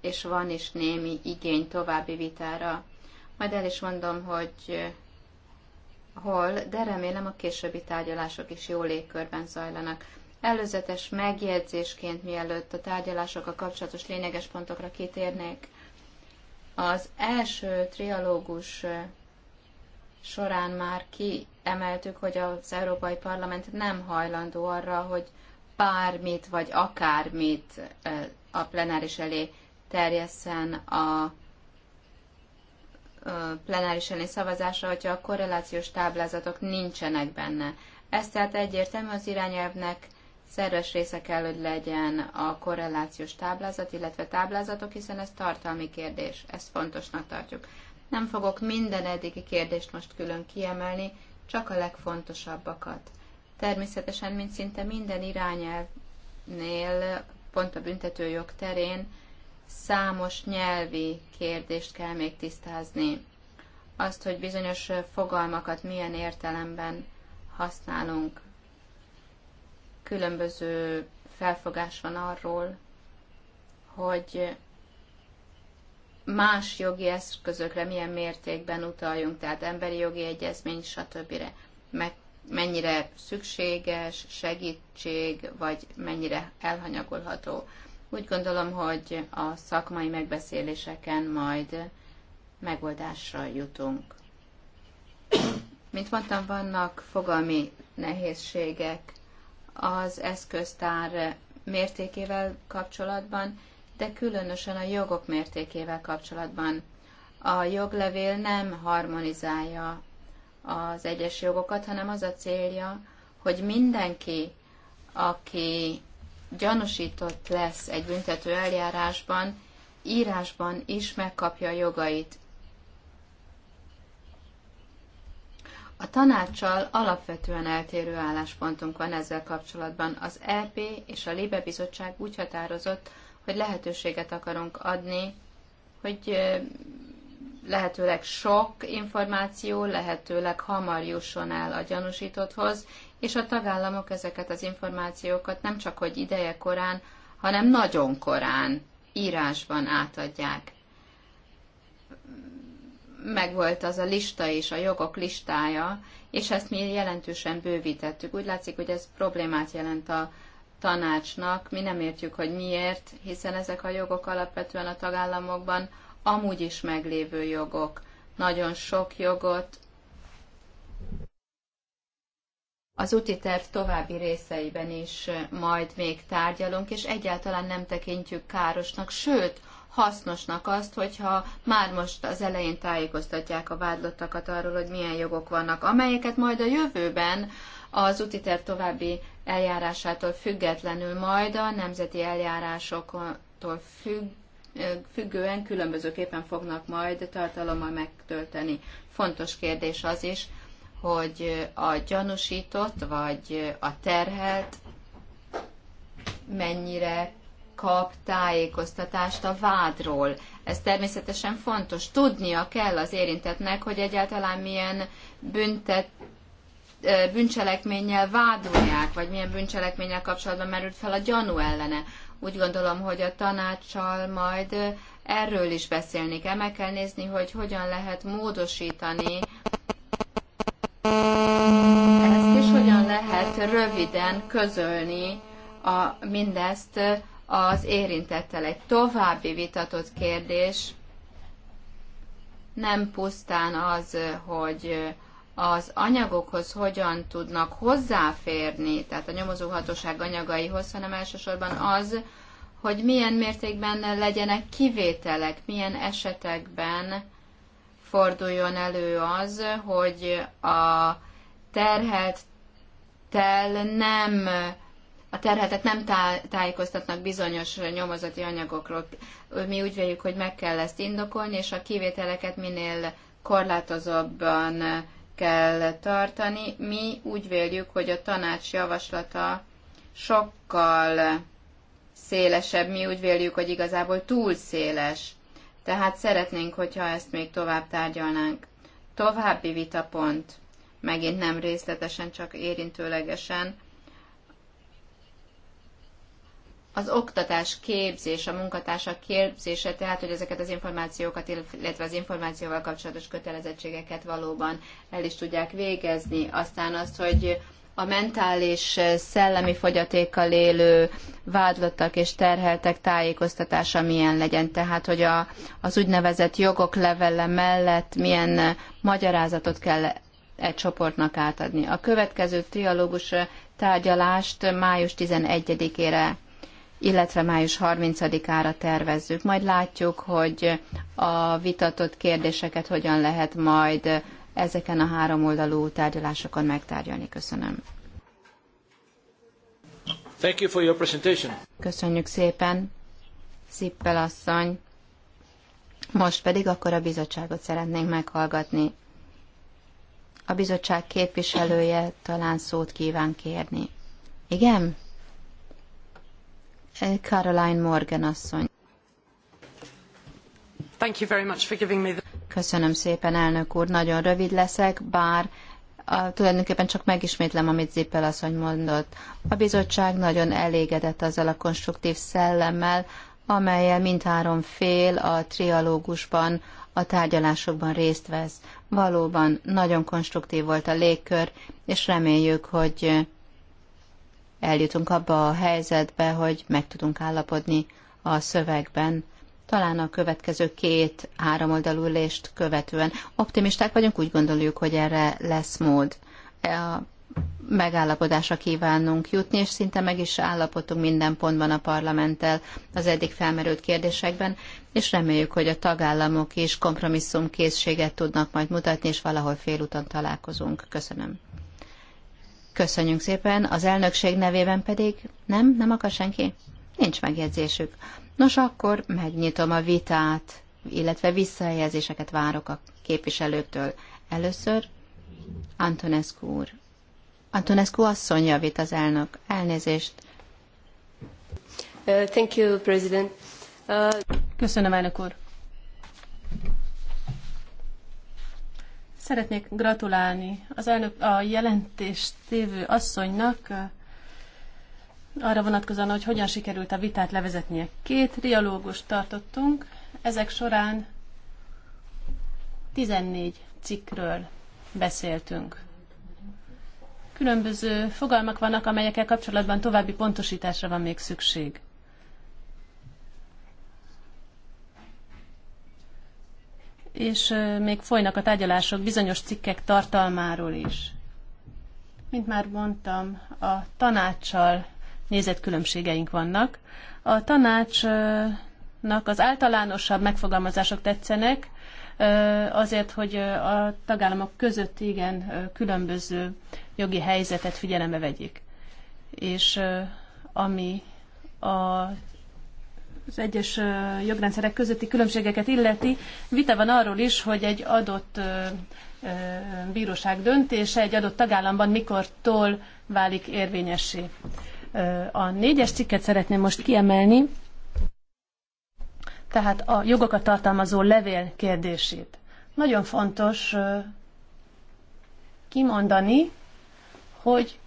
és van is némi igény további vitára. Majd el is mondom, hogy hol, de remélem a későbbi tárgyalások is jó légkörben zajlanak. Előzetes megjegyzésként, mielőtt a a kapcsolatos lényeges pontokra kitérnék, az első trialógus során már kiemeltük, hogy az Európai Parlament nem hajlandó arra, hogy bármit vagy akármit a plenáris elé terjesszen a plenáris elé szavazásra, hogyha a korrelációs táblázatok nincsenek benne. Ez tehát egyértelmű az irányelvnek szerves része kell, hogy legyen a korrelációs táblázat, illetve táblázatok, hiszen ez tartalmi kérdés, ezt fontosnak tartjuk. Nem fogok minden eddigi kérdést most külön kiemelni, csak a legfontosabbakat. Természetesen, mint szinte minden irányelvnél, pont a büntetőjog terén, számos nyelvi kérdést kell még tisztázni. Azt, hogy bizonyos fogalmakat milyen értelemben használunk különböző felfogás van arról, hogy más jogi eszközökre milyen mértékben utaljunk, tehát emberi jogi egyezmény, stb. Meg mennyire szükséges segítség, vagy mennyire elhanyagolható. Úgy gondolom, hogy a szakmai megbeszéléseken majd megoldásra jutunk. Mint mondtam, vannak fogalmi nehézségek az eszköztár mértékével kapcsolatban, de különösen a jogok mértékével kapcsolatban. A joglevél nem harmonizálja az egyes jogokat, hanem az a célja, hogy mindenki, aki gyanúsított lesz egy büntető eljárásban, írásban is megkapja a jogait, A tanácssal alapvetően eltérő álláspontunk van ezzel kapcsolatban. Az EP és a Libe Bizottság úgy határozott, hogy lehetőséget akarunk adni, hogy lehetőleg sok információ lehetőleg hamar jusson el a gyanúsítotthoz, és a tagállamok ezeket az információkat nem csak hogy ideje korán, hanem nagyon korán írásban átadják megvolt az a lista és a jogok listája, és ezt mi jelentősen bővítettük. Úgy látszik, hogy ez problémát jelent a tanácsnak. Mi nem értjük, hogy miért, hiszen ezek a jogok alapvetően a tagállamokban amúgy is meglévő jogok. Nagyon sok jogot az úti terv további részeiben is majd még tárgyalunk, és egyáltalán nem tekintjük károsnak, sőt, hasznosnak azt, hogyha már most az elején tájékoztatják a vádlottakat arról, hogy milyen jogok vannak, amelyeket majd a jövőben az utiter további eljárásától függetlenül majd a nemzeti eljárásoktól függ, függően különbözőképpen fognak majd tartalommal megtölteni. Fontos kérdés az is, hogy a gyanúsított vagy a terhelt mennyire kap tájékoztatást a vádról. Ez természetesen fontos. Tudnia kell az érintetnek, hogy egyáltalán milyen büntet, bűncselekménnyel vádolják, vagy milyen bűncselekménnyel kapcsolatban merült fel a gyanú ellene. Úgy gondolom, hogy a tanácssal majd erről is beszélni kell. Meg kell nézni, hogy hogyan lehet módosítani ezt, és hogyan lehet röviden közölni a, mindezt az érintettel. Egy további vitatott kérdés nem pusztán az, hogy az anyagokhoz hogyan tudnak hozzáférni, tehát a nyomozóhatóság anyagaihoz, hanem elsősorban az, hogy milyen mértékben legyenek kivételek, milyen esetekben forduljon elő az, hogy a terhelt tel nem a terhetek nem tájékoztatnak bizonyos nyomozati anyagokról. Mi úgy véljük, hogy meg kell ezt indokolni, és a kivételeket minél korlátozóbban kell tartani. Mi úgy véljük, hogy a tanács javaslata sokkal szélesebb, mi úgy véljük, hogy igazából túl széles. Tehát szeretnénk, hogyha ezt még tovább tárgyalnánk. További vitapont, megint nem részletesen, csak érintőlegesen, az oktatás képzés, a munkatársak képzése, tehát hogy ezeket az információkat, illetve az információval kapcsolatos kötelezettségeket valóban el is tudják végezni. Aztán azt, hogy a mentális, eh, szellemi fogyatékkal élő vádlottak és terheltek tájékoztatása milyen legyen. Tehát, hogy a, az úgynevezett jogok levele mellett milyen eh, magyarázatot kell egy csoportnak átadni. A következő trialógus eh, tárgyalást május 11-ére illetve május 30-ára tervezzük. Majd látjuk, hogy a vitatott kérdéseket hogyan lehet majd ezeken a három oldalú tárgyalásokon megtárgyalni. Köszönöm. Thank you for your presentation. Köszönjük szépen, Szippel asszony. Most pedig akkor a bizottságot szeretnénk meghallgatni. A bizottság képviselője talán szót kíván kérni. Igen? Eh, Caroline Morgan asszony. Thank you very much for giving me the... Köszönöm szépen, elnök úr. Nagyon rövid leszek, bár a, tulajdonképpen csak megismétlem, amit Zippel asszony mondott. A bizottság nagyon elégedett azzal a konstruktív szellemmel, amelyel mindhárom fél a trialógusban, a tárgyalásokban részt vesz. Valóban nagyon konstruktív volt a légkör, és reméljük, hogy eljutunk abba a helyzetbe, hogy meg tudunk állapodni a szövegben, talán a következő két háromoldalú ülést követően. Optimisták vagyunk, úgy gondoljuk, hogy erre lesz mód. E, a megállapodásra kívánunk jutni, és szinte meg is állapodtunk minden pontban a parlamenttel az eddig felmerült kérdésekben, és reméljük, hogy a tagállamok is kompromisszumkészséget tudnak majd mutatni, és valahol félúton találkozunk. Köszönöm. Köszönjük szépen, az elnökség nevében pedig nem, nem akar senki? Nincs megjegyzésük. Nos, akkor megnyitom a vitát, illetve visszajelzéseket várok a képviselőktől. Először Antonescu úr. Antonescu asszony javít az elnök. Elnézést. Uh, thank you, President. Uh... Köszönöm, elnök úr. Szeretnék gratulálni az elnök, a jelentést tévő asszonynak arra vonatkozóan, hogy hogyan sikerült a vitát levezetnie. Két dialógust tartottunk, ezek során 14 cikkről beszéltünk. Különböző fogalmak vannak, amelyekkel kapcsolatban további pontosításra van még szükség. és még folynak a tárgyalások bizonyos cikkek tartalmáról is. Mint már mondtam, a tanácssal különbségeink vannak. A tanácsnak az általánosabb megfogalmazások tetszenek, azért, hogy a tagállamok között igen különböző jogi helyzetet figyelembe vegyék. És ami a az egyes jogrendszerek közötti különbségeket illeti, vita van arról is, hogy egy adott bíróság döntése egy adott tagállamban mikortól válik érvényessé. A négyes cikket szeretném most kiemelni, tehát a jogokat tartalmazó levél kérdését. Nagyon fontos kimondani, hogy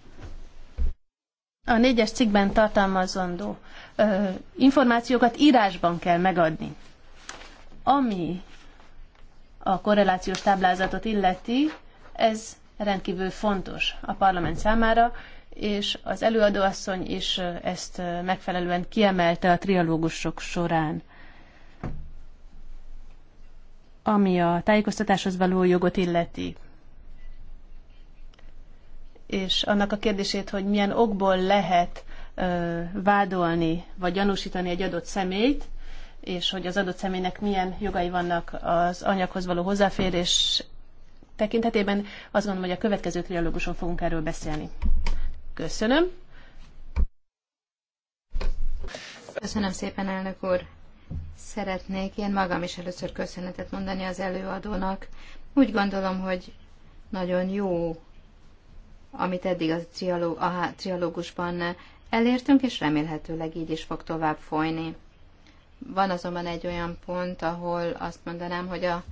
a négyes cikkben tartalmazandó ö, információkat írásban kell megadni. Ami a korrelációs táblázatot illeti, ez rendkívül fontos a parlament számára, és az előadóasszony is ezt megfelelően kiemelte a trialógusok során. Ami a tájékoztatáshoz való jogot illeti, és annak a kérdését, hogy milyen okból lehet vádolni vagy gyanúsítani egy adott személyt, és hogy az adott személynek milyen jogai vannak az anyaghoz való hozzáférés tekintetében. Azt gondolom, hogy a következő trialóguson fogunk erről beszélni. Köszönöm. Köszönöm szépen, elnök úr. Szeretnék én magam is először köszönetet mondani az előadónak. Úgy gondolom, hogy nagyon jó amit eddig a, trialóg, a trialógusban elértünk, és remélhetőleg így is fog tovább folyni. Van azonban egy olyan pont, ahol azt mondanám, hogy a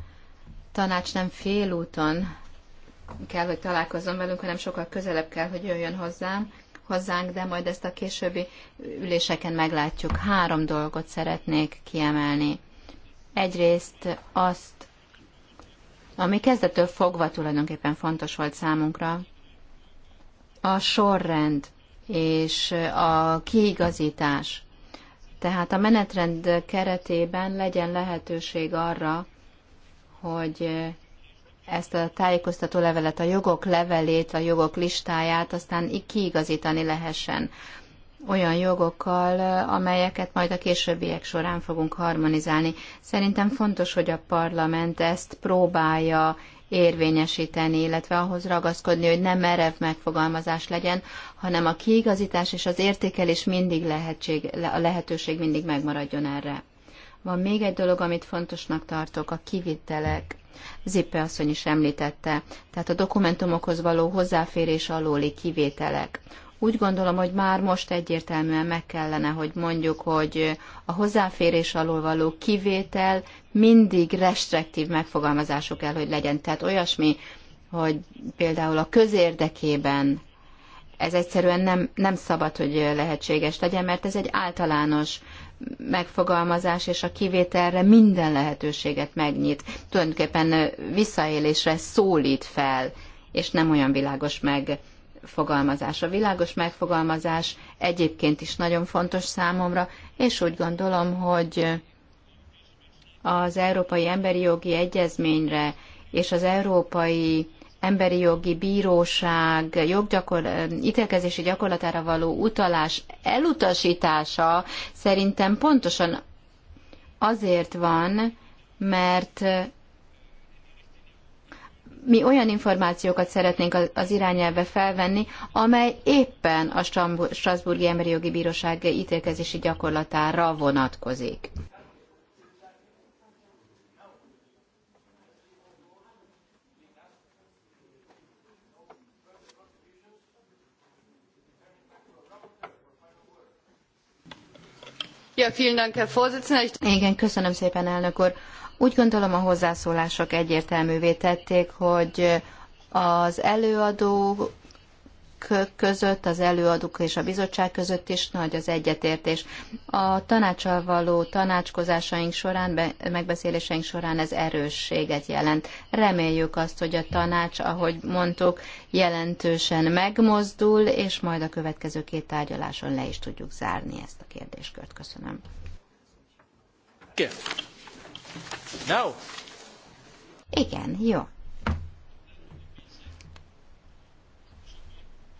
tanács nem félúton kell, hogy találkozzon velünk, hanem sokkal közelebb kell, hogy jöjjön hozzám, hozzánk, de majd ezt a későbbi üléseken meglátjuk. Három dolgot szeretnék kiemelni. Egyrészt azt, ami kezdetől fogva tulajdonképpen fontos volt számunkra, a sorrend és a kiigazítás. Tehát a menetrend keretében legyen lehetőség arra, hogy ezt a tájékoztató levelet, a jogok levelét, a jogok listáját aztán kiigazítani lehessen olyan jogokkal, amelyeket majd a későbbiek során fogunk harmonizálni. Szerintem fontos, hogy a parlament ezt próbálja érvényesíteni, illetve ahhoz ragaszkodni, hogy nem merev megfogalmazás legyen, hanem a kiigazítás és az értékelés mindig lehetség, a lehetőség mindig megmaradjon erre. Van még egy dolog, amit fontosnak tartok, a kivitelek. Zippe asszony is említette, tehát a dokumentumokhoz való hozzáférés alóli kivételek. Úgy gondolom, hogy már most egyértelműen meg kellene, hogy mondjuk, hogy a hozzáférés alól való kivétel mindig restriktív megfogalmazások kell, hogy legyen. Tehát olyasmi, hogy például a közérdekében ez egyszerűen nem, nem szabad, hogy lehetséges legyen, mert ez egy általános megfogalmazás, és a kivételre minden lehetőséget megnyit. Tulajdonképpen visszaélésre szólít fel, és nem olyan világos meg fogalmazás. A világos megfogalmazás egyébként is nagyon fontos számomra, és úgy gondolom, hogy az Európai Emberi Jogi Egyezményre és az Európai Emberi Jogi Bíróság joggyakor, ítélkezési gyakorlatára való utalás elutasítása szerintem pontosan azért van, mert mi olyan információkat szeretnénk az irányelve felvenni, amely éppen a Strasburgi Emberi Jogi Bíróság ítélkezési gyakorlatára vonatkozik. Ja, vielen Dank, Herr Vorsitzender. Igen, köszönöm szépen, elnök úr. Úgy gondolom a hozzászólások egyértelművé tették, hogy az előadó között, az előadók és a bizottság között is nagy az egyetértés. A tanácsal való tanácskozásaink során, megbeszéléseink során ez erősséget jelent. Reméljük azt, hogy a tanács, ahogy mondtuk, jelentősen megmozdul, és majd a következő két tárgyaláson le is tudjuk zárni ezt a kérdéskört. Köszönöm. Köszönöm. No. Igen, jó.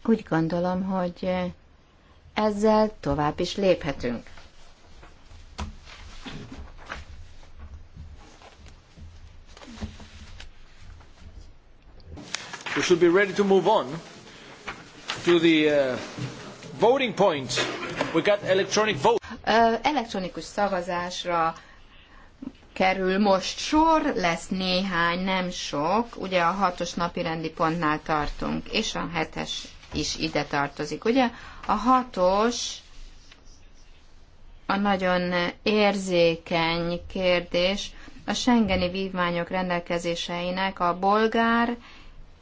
Úgy gondolom, hogy ezzel tovább is léphetünk. We should be ready to move on to the uh, voting point. We got electronic vote. Elektronikus szavazásra kerül most sor, lesz néhány, nem sok, ugye a hatos napi rendi pontnál tartunk, és a hetes is ide tartozik, ugye? A hatos a nagyon érzékeny kérdés a Schengeni vívmányok rendelkezéseinek a bolgár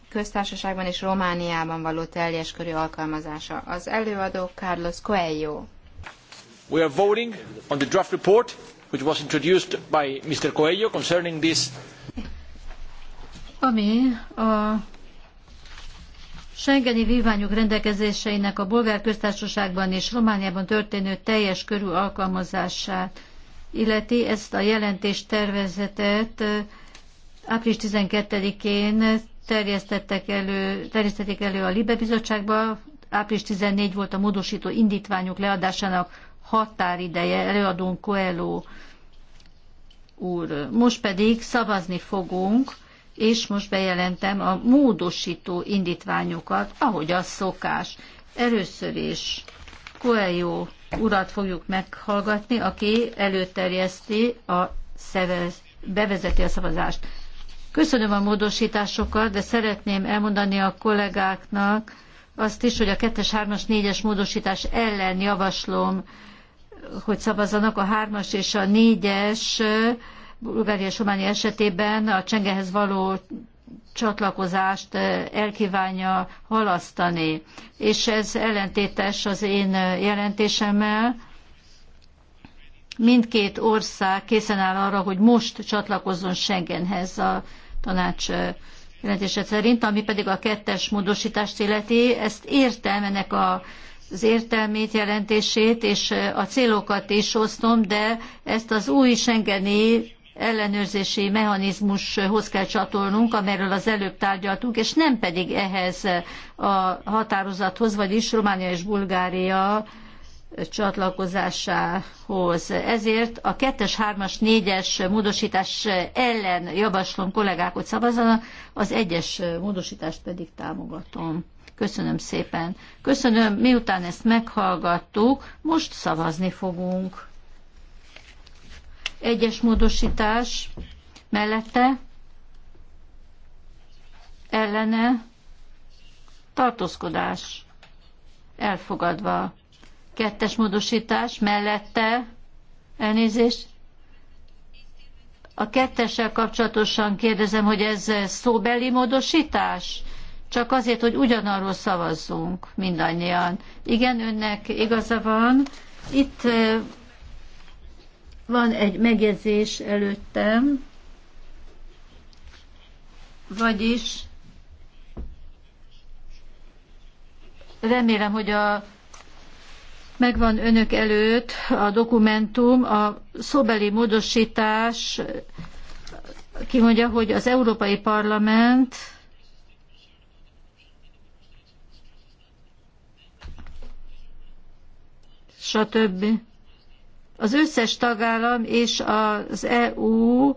köztársaságban és Romániában való teljes körű alkalmazása. Az előadó Carlos Coelho. We are voting on the draft report which was introduced by Mr. Coelho concerning this ami a Schengeni vívványok rendelkezéseinek a bolgár köztársaságban és Romániában történő teljes körű alkalmazását illeti ezt a jelentés tervezetet április 12-én terjesztettek elő, terjesztették elő a Libe Bizottságba, április 14 volt a módosító indítványok leadásának határideje előadón Coelho úr. Most pedig szavazni fogunk, és most bejelentem a módosító indítványokat, ahogy az szokás. Először is Coelho urat fogjuk meghallgatni, aki előterjeszti a szevez, bevezeti a szavazást. Köszönöm a módosításokat, de szeretném elmondani a kollégáknak azt is, hogy a 2-es, 3-as, 4-es módosítás ellen javaslom hogy szavazzanak a hármas és a négyes Bulgária és Románia esetében a Csengehez való csatlakozást eh, elkívánja halasztani. És ez ellentétes az én eh, jelentésemmel. Mindkét ország készen áll arra, hogy most csatlakozzon Schengenhez a tanács eh, jelentése szerint, ami pedig a kettes módosítást illeti. Ezt értem ennek a az értelmét, jelentését és a célokat is osztom, de ezt az új Schengeni ellenőrzési mechanizmushoz kell csatolnunk, amelyről az előbb tárgyaltunk, és nem pedig ehhez a határozathoz, vagyis Románia és Bulgária csatlakozásához. Ezért a 2-es, 3-as, 4-es módosítás ellen javaslom kollégákot hogy az 1-es módosítást pedig támogatom. Köszönöm szépen. Köszönöm, miután ezt meghallgattuk, most szavazni fogunk. Egyes módosítás mellette, ellene, tartózkodás elfogadva. Kettes módosítás mellette, elnézést, a kettessel kapcsolatosan kérdezem, hogy ez szóbeli módosítás? csak azért, hogy ugyanarról szavazzunk mindannyian. Igen, önnek igaza van. Itt van egy megjegyzés előttem, vagyis remélem, hogy a megvan önök előtt a dokumentum, a szóbeli módosítás mondja, hogy az Európai Parlament stb. Az összes tagállam és az EU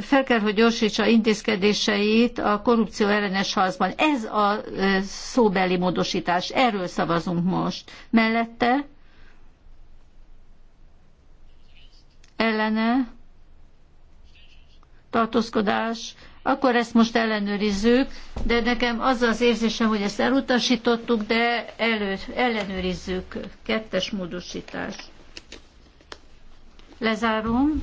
fel kell, hogy gyorsítsa intézkedéseit a korrupció ellenes harcban. Ez a szóbeli módosítás. Erről szavazunk most. Mellette ellene tartózkodás akkor ezt most ellenőrizzük, de nekem az az érzésem, hogy ezt elutasítottuk, de elő, ellenőrizzük. Kettes módosítás. Lezárom.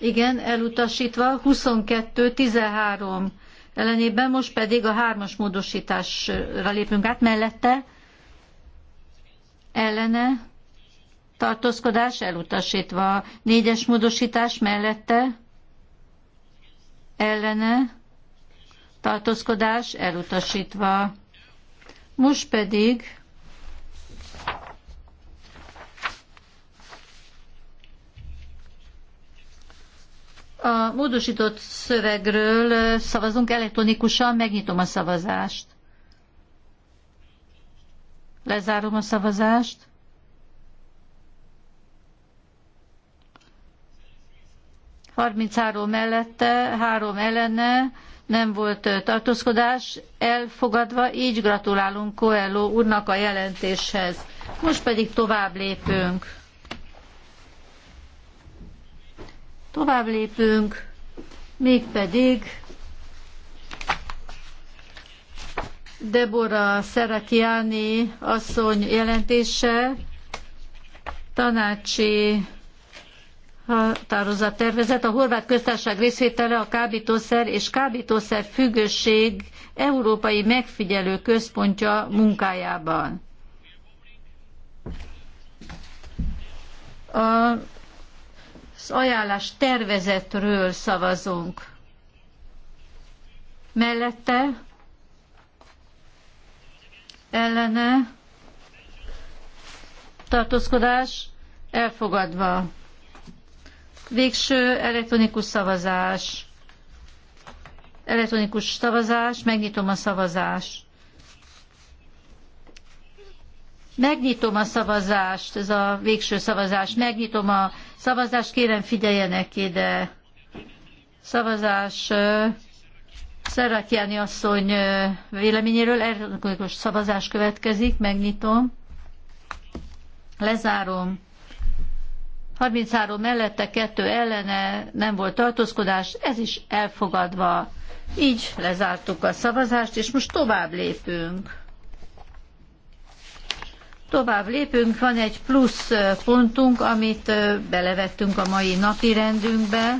Igen, elutasítva 22-13 ellenében, most pedig a hármas módosításra lépünk át mellette. Ellene tartózkodás elutasítva. Négyes módosítás mellette ellene tartózkodás elutasítva. Most pedig a módosított szövegről szavazunk elektronikusan, megnyitom a szavazást. Lezárom a szavazást. 33 mellette, 3 ellene, nem volt tartózkodás, elfogadva, így gratulálunk Coelho úrnak a jelentéshez. Most pedig tovább lépünk. Tovább lépünk, mégpedig Debora Szerakiáni asszony jelentése, tanácsi határozattervezet a horvát köztársaság részvétele a kábítószer és kábítószer függőség európai megfigyelő központja munkájában. Az ajánlás tervezetről szavazunk. Mellette ellene tartózkodás elfogadva. Végső elektronikus szavazás. Elektronikus szavazás, megnyitom a szavazást. Megnyitom a szavazást, ez a végső szavazás. Megnyitom a szavazást, kérem figyeljenek ide. Szavazás Szerrakiáni asszony véleményéről elektronikus szavazás következik, megnyitom. Lezárom. 33 mellette, 2 ellene nem volt tartózkodás, ez is elfogadva. Így lezártuk a szavazást, és most tovább lépünk. Tovább lépünk, van egy plusz pontunk, amit belevettünk a mai napi rendünkbe.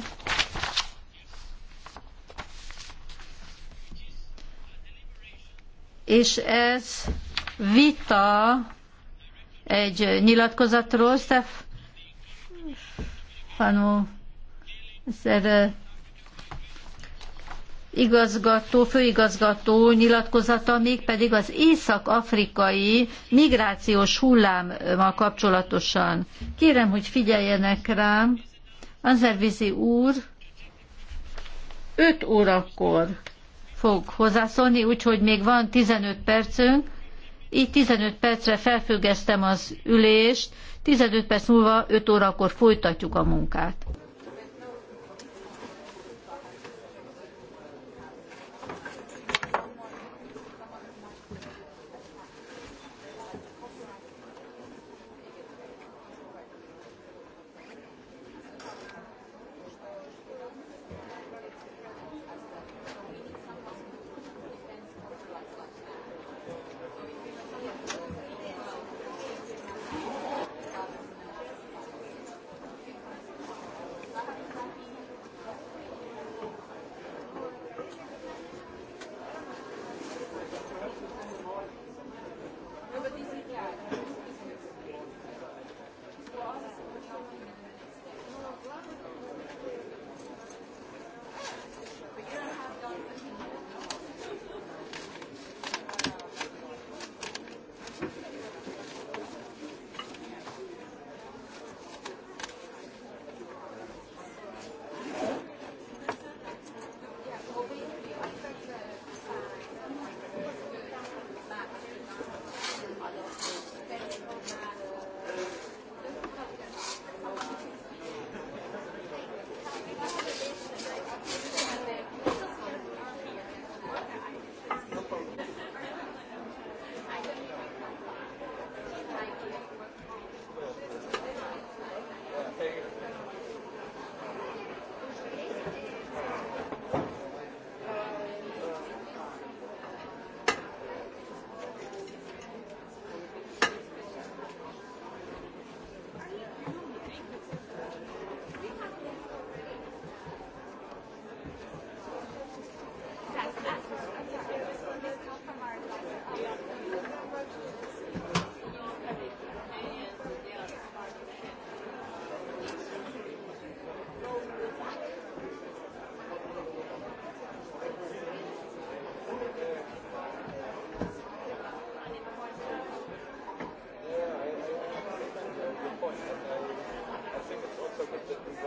És ez vita egy nyilatkozatról, Steph Alfano Szerre eh, igazgató, főigazgató nyilatkozata, pedig az észak-afrikai migrációs hullámmal kapcsolatosan. Kérem, hogy figyeljenek rám. Anzervizi úr 5 órakor fog hozzászólni, úgyhogy még van 15 percünk. Így 15 percre felfüggesztem az ülést, 15 perc múlva 5 órakor folytatjuk a munkát.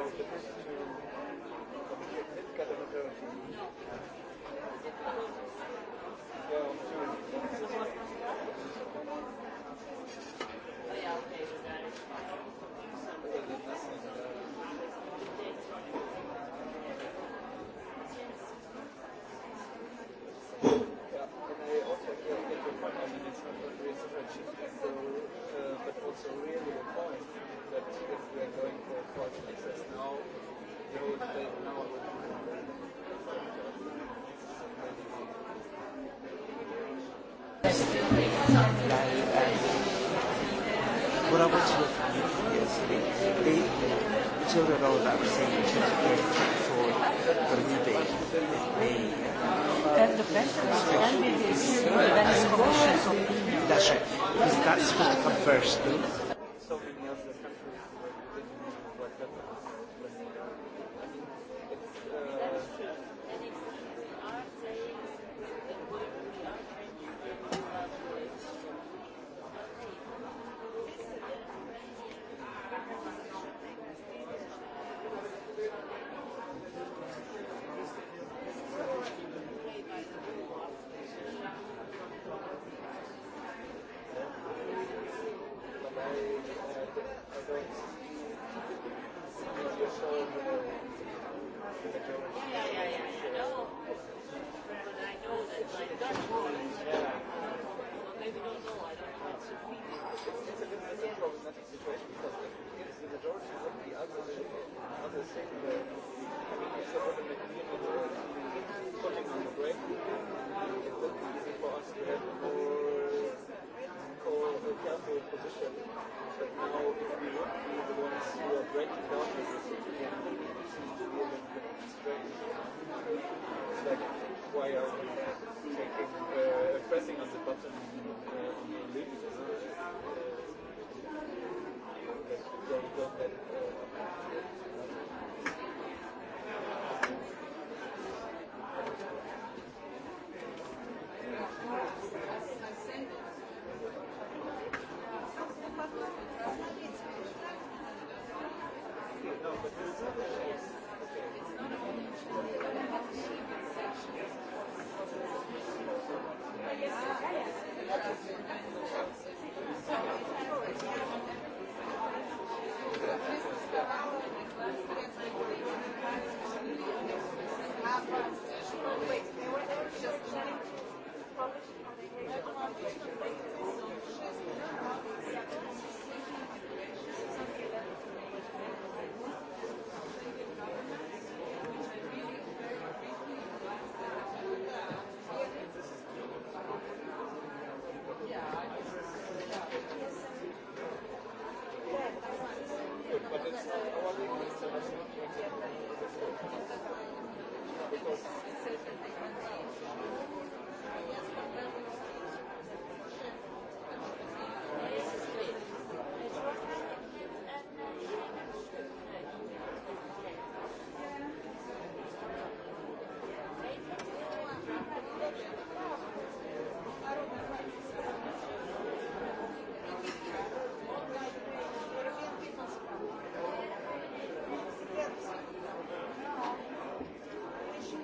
Yeah, I'm sure.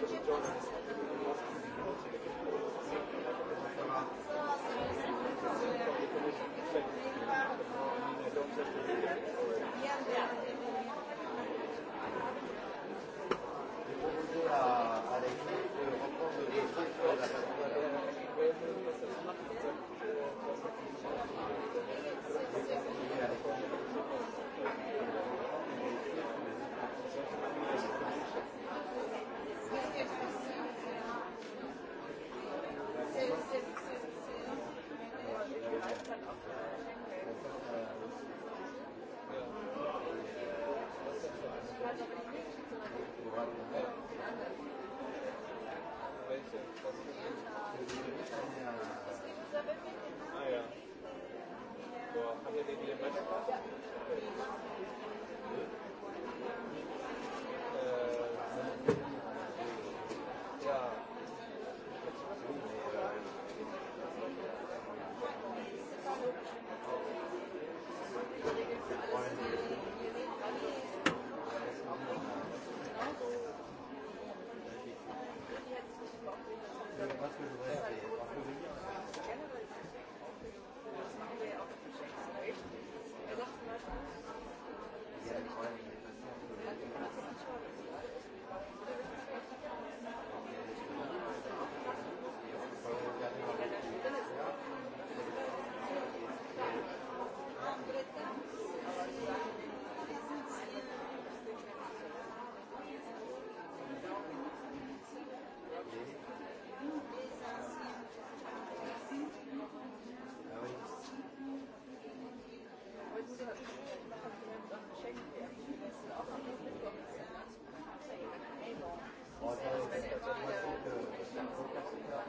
Yeah. Köszönöm.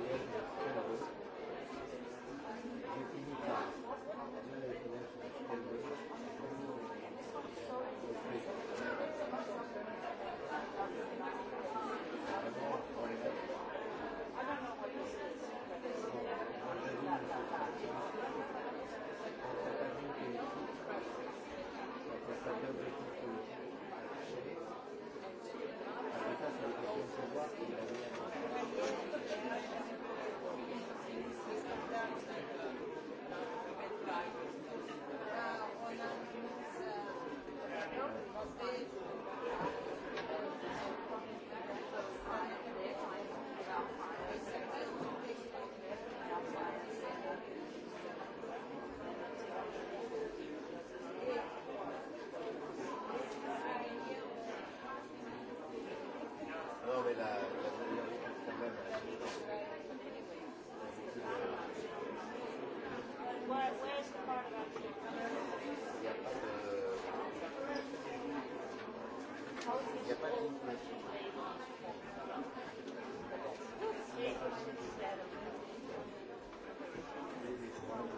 fue la,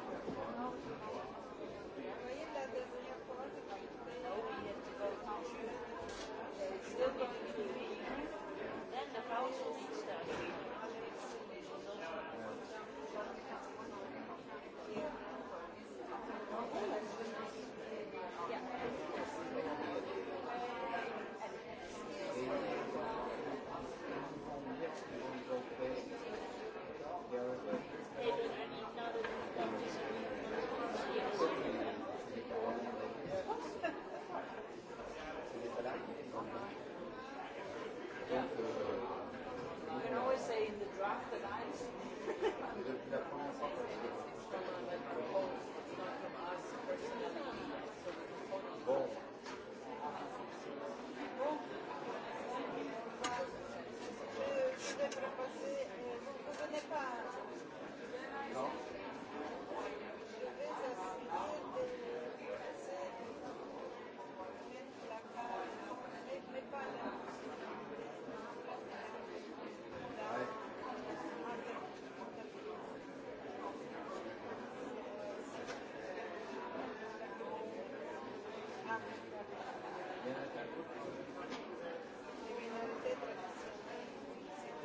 Thank you.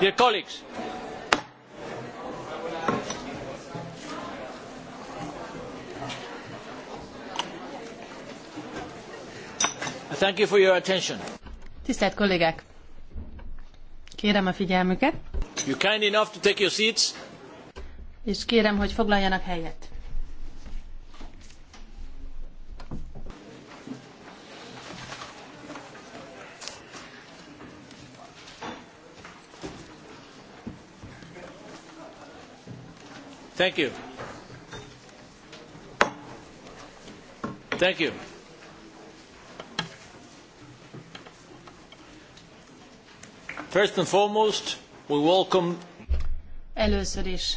Dear colleagues, thank you for your attention. Tisztelt kollégák, kérem a figyelmüket. You kind enough to take your seats. És kérem, hogy foglaljanak helyet. Thank you. Thank you. First and foremost, we welcome Először is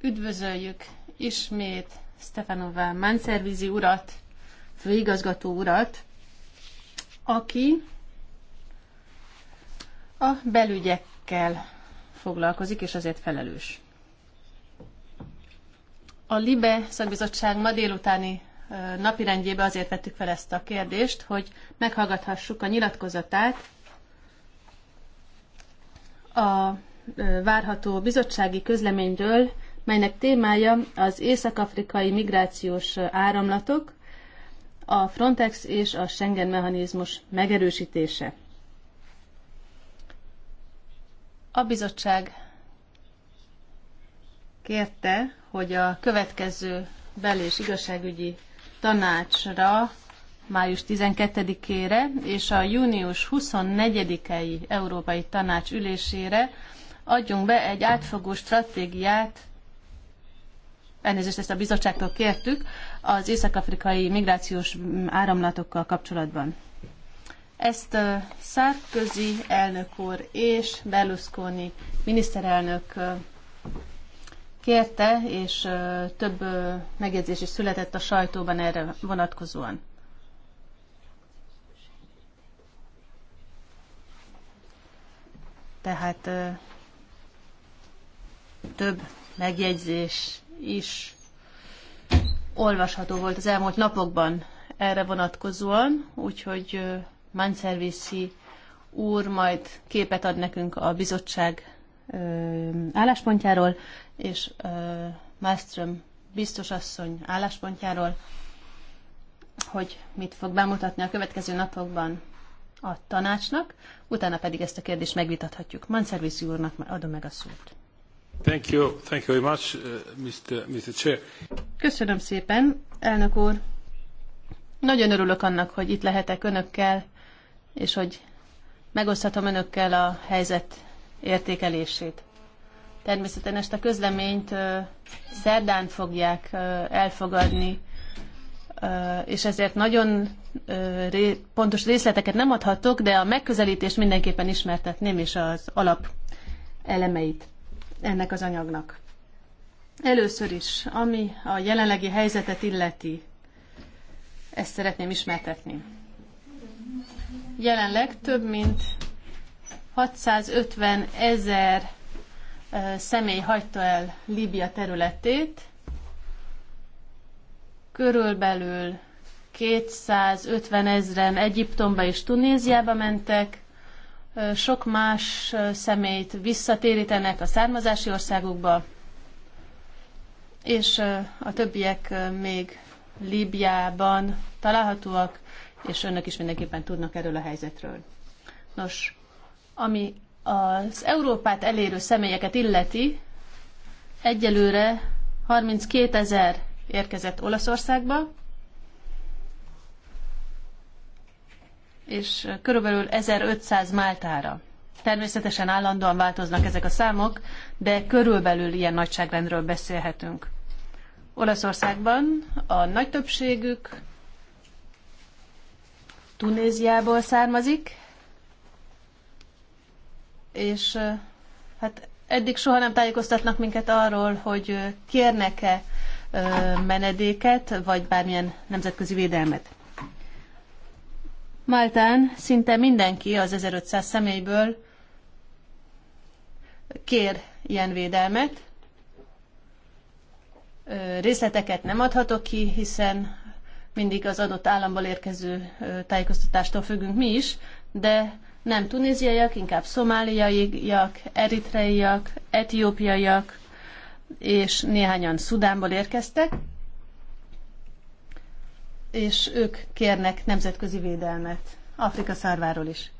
üdvözöljük ismét Stefanová Manservizi urat, főigazgató urat, aki a belügyekkel foglalkozik, és azért felelős. A LIBE szakbizottság ma délutáni napirendjébe azért vettük fel ezt a kérdést, hogy meghallgathassuk a nyilatkozatát a várható bizottsági közleményről, melynek témája az észak-afrikai migrációs áramlatok, a Frontex és a Schengen mechanizmus megerősítése. A bizottság kérte, hogy a következő bel- és igazságügyi tanácsra május 12-ére és a június 24-i Európai Tanács ülésére adjunk be egy átfogó stratégiát, elnézést ezt a bizottságtól kértük, az észak-afrikai migrációs áramlatokkal kapcsolatban. Ezt Szárközi elnök úr és Berlusconi miniszterelnök kérte, és több megjegyzés is született a sajtóban erre vonatkozóan. Tehát több megjegyzés is olvasható volt az elmúlt napokban erre vonatkozóan, úgyhogy Manservisi úr majd képet ad nekünk a bizottság álláspontjáról, és Malmström biztos asszony álláspontjáról, hogy mit fog bemutatni a következő napokban a tanácsnak, utána pedig ezt a kérdést megvitathatjuk. Manservisi úrnak adom meg a szót. Thank you, thank you very much, uh, Mr. Mr. Chair. Köszönöm szépen, elnök úr. Nagyon örülök annak, hogy itt lehetek önökkel, és hogy megoszthatom önökkel a helyzet értékelését. Természetesen ezt a közleményt szerdán fogják elfogadni, és ezért nagyon pontos részleteket nem adhatok, de a megközelítést mindenképpen ismertetném, és az alap elemeit ennek az anyagnak. Először is, ami a jelenlegi helyzetet illeti, ezt szeretném ismertetni. Jelenleg több mint 650 ezer személy hagyta el Líbia területét, körülbelül 250 ezeren Egyiptomba és Tunéziába mentek, sok más személyt visszatérítenek a származási országukba, és a többiek még Líbiában találhatóak, és önök is mindenképpen tudnak erről a helyzetről. Nos, ami az Európát elérő személyeket illeti, egyelőre 32 ezer érkezett Olaszországba, és körülbelül 1500 Máltára. Természetesen állandóan változnak ezek a számok, de körülbelül ilyen nagyságrendről beszélhetünk. Olaszországban a nagy többségük Tunéziából származik, és hát eddig soha nem tájékoztatnak minket arról, hogy kérnek-e menedéket, vagy bármilyen nemzetközi védelmet. Máltán szinte mindenki az 1500 személyből kér ilyen védelmet. Részleteket nem adhatok ki, hiszen mindig az adott államból érkező tájékoztatástól függünk mi is, de nem tunéziaiak, inkább szomáliaiak, eritreiak, etiópiaiak, és néhányan Szudánból érkeztek, és ők kérnek nemzetközi védelmet, Afrika szárváról is.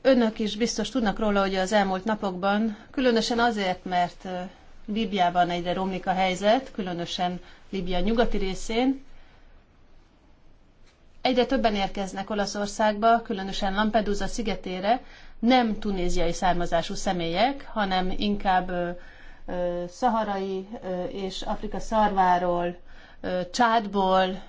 Önök is biztos tudnak róla, hogy az elmúlt napokban, különösen azért, mert Líbiában egyre romlik a helyzet, különösen Líbia nyugati részén, Egyre többen érkeznek Olaszországba, különösen Lampedusa szigetére, nem tunéziai származású személyek, hanem inkább ö, ö, szaharai ö, és Afrika szarváról, ö, csádból,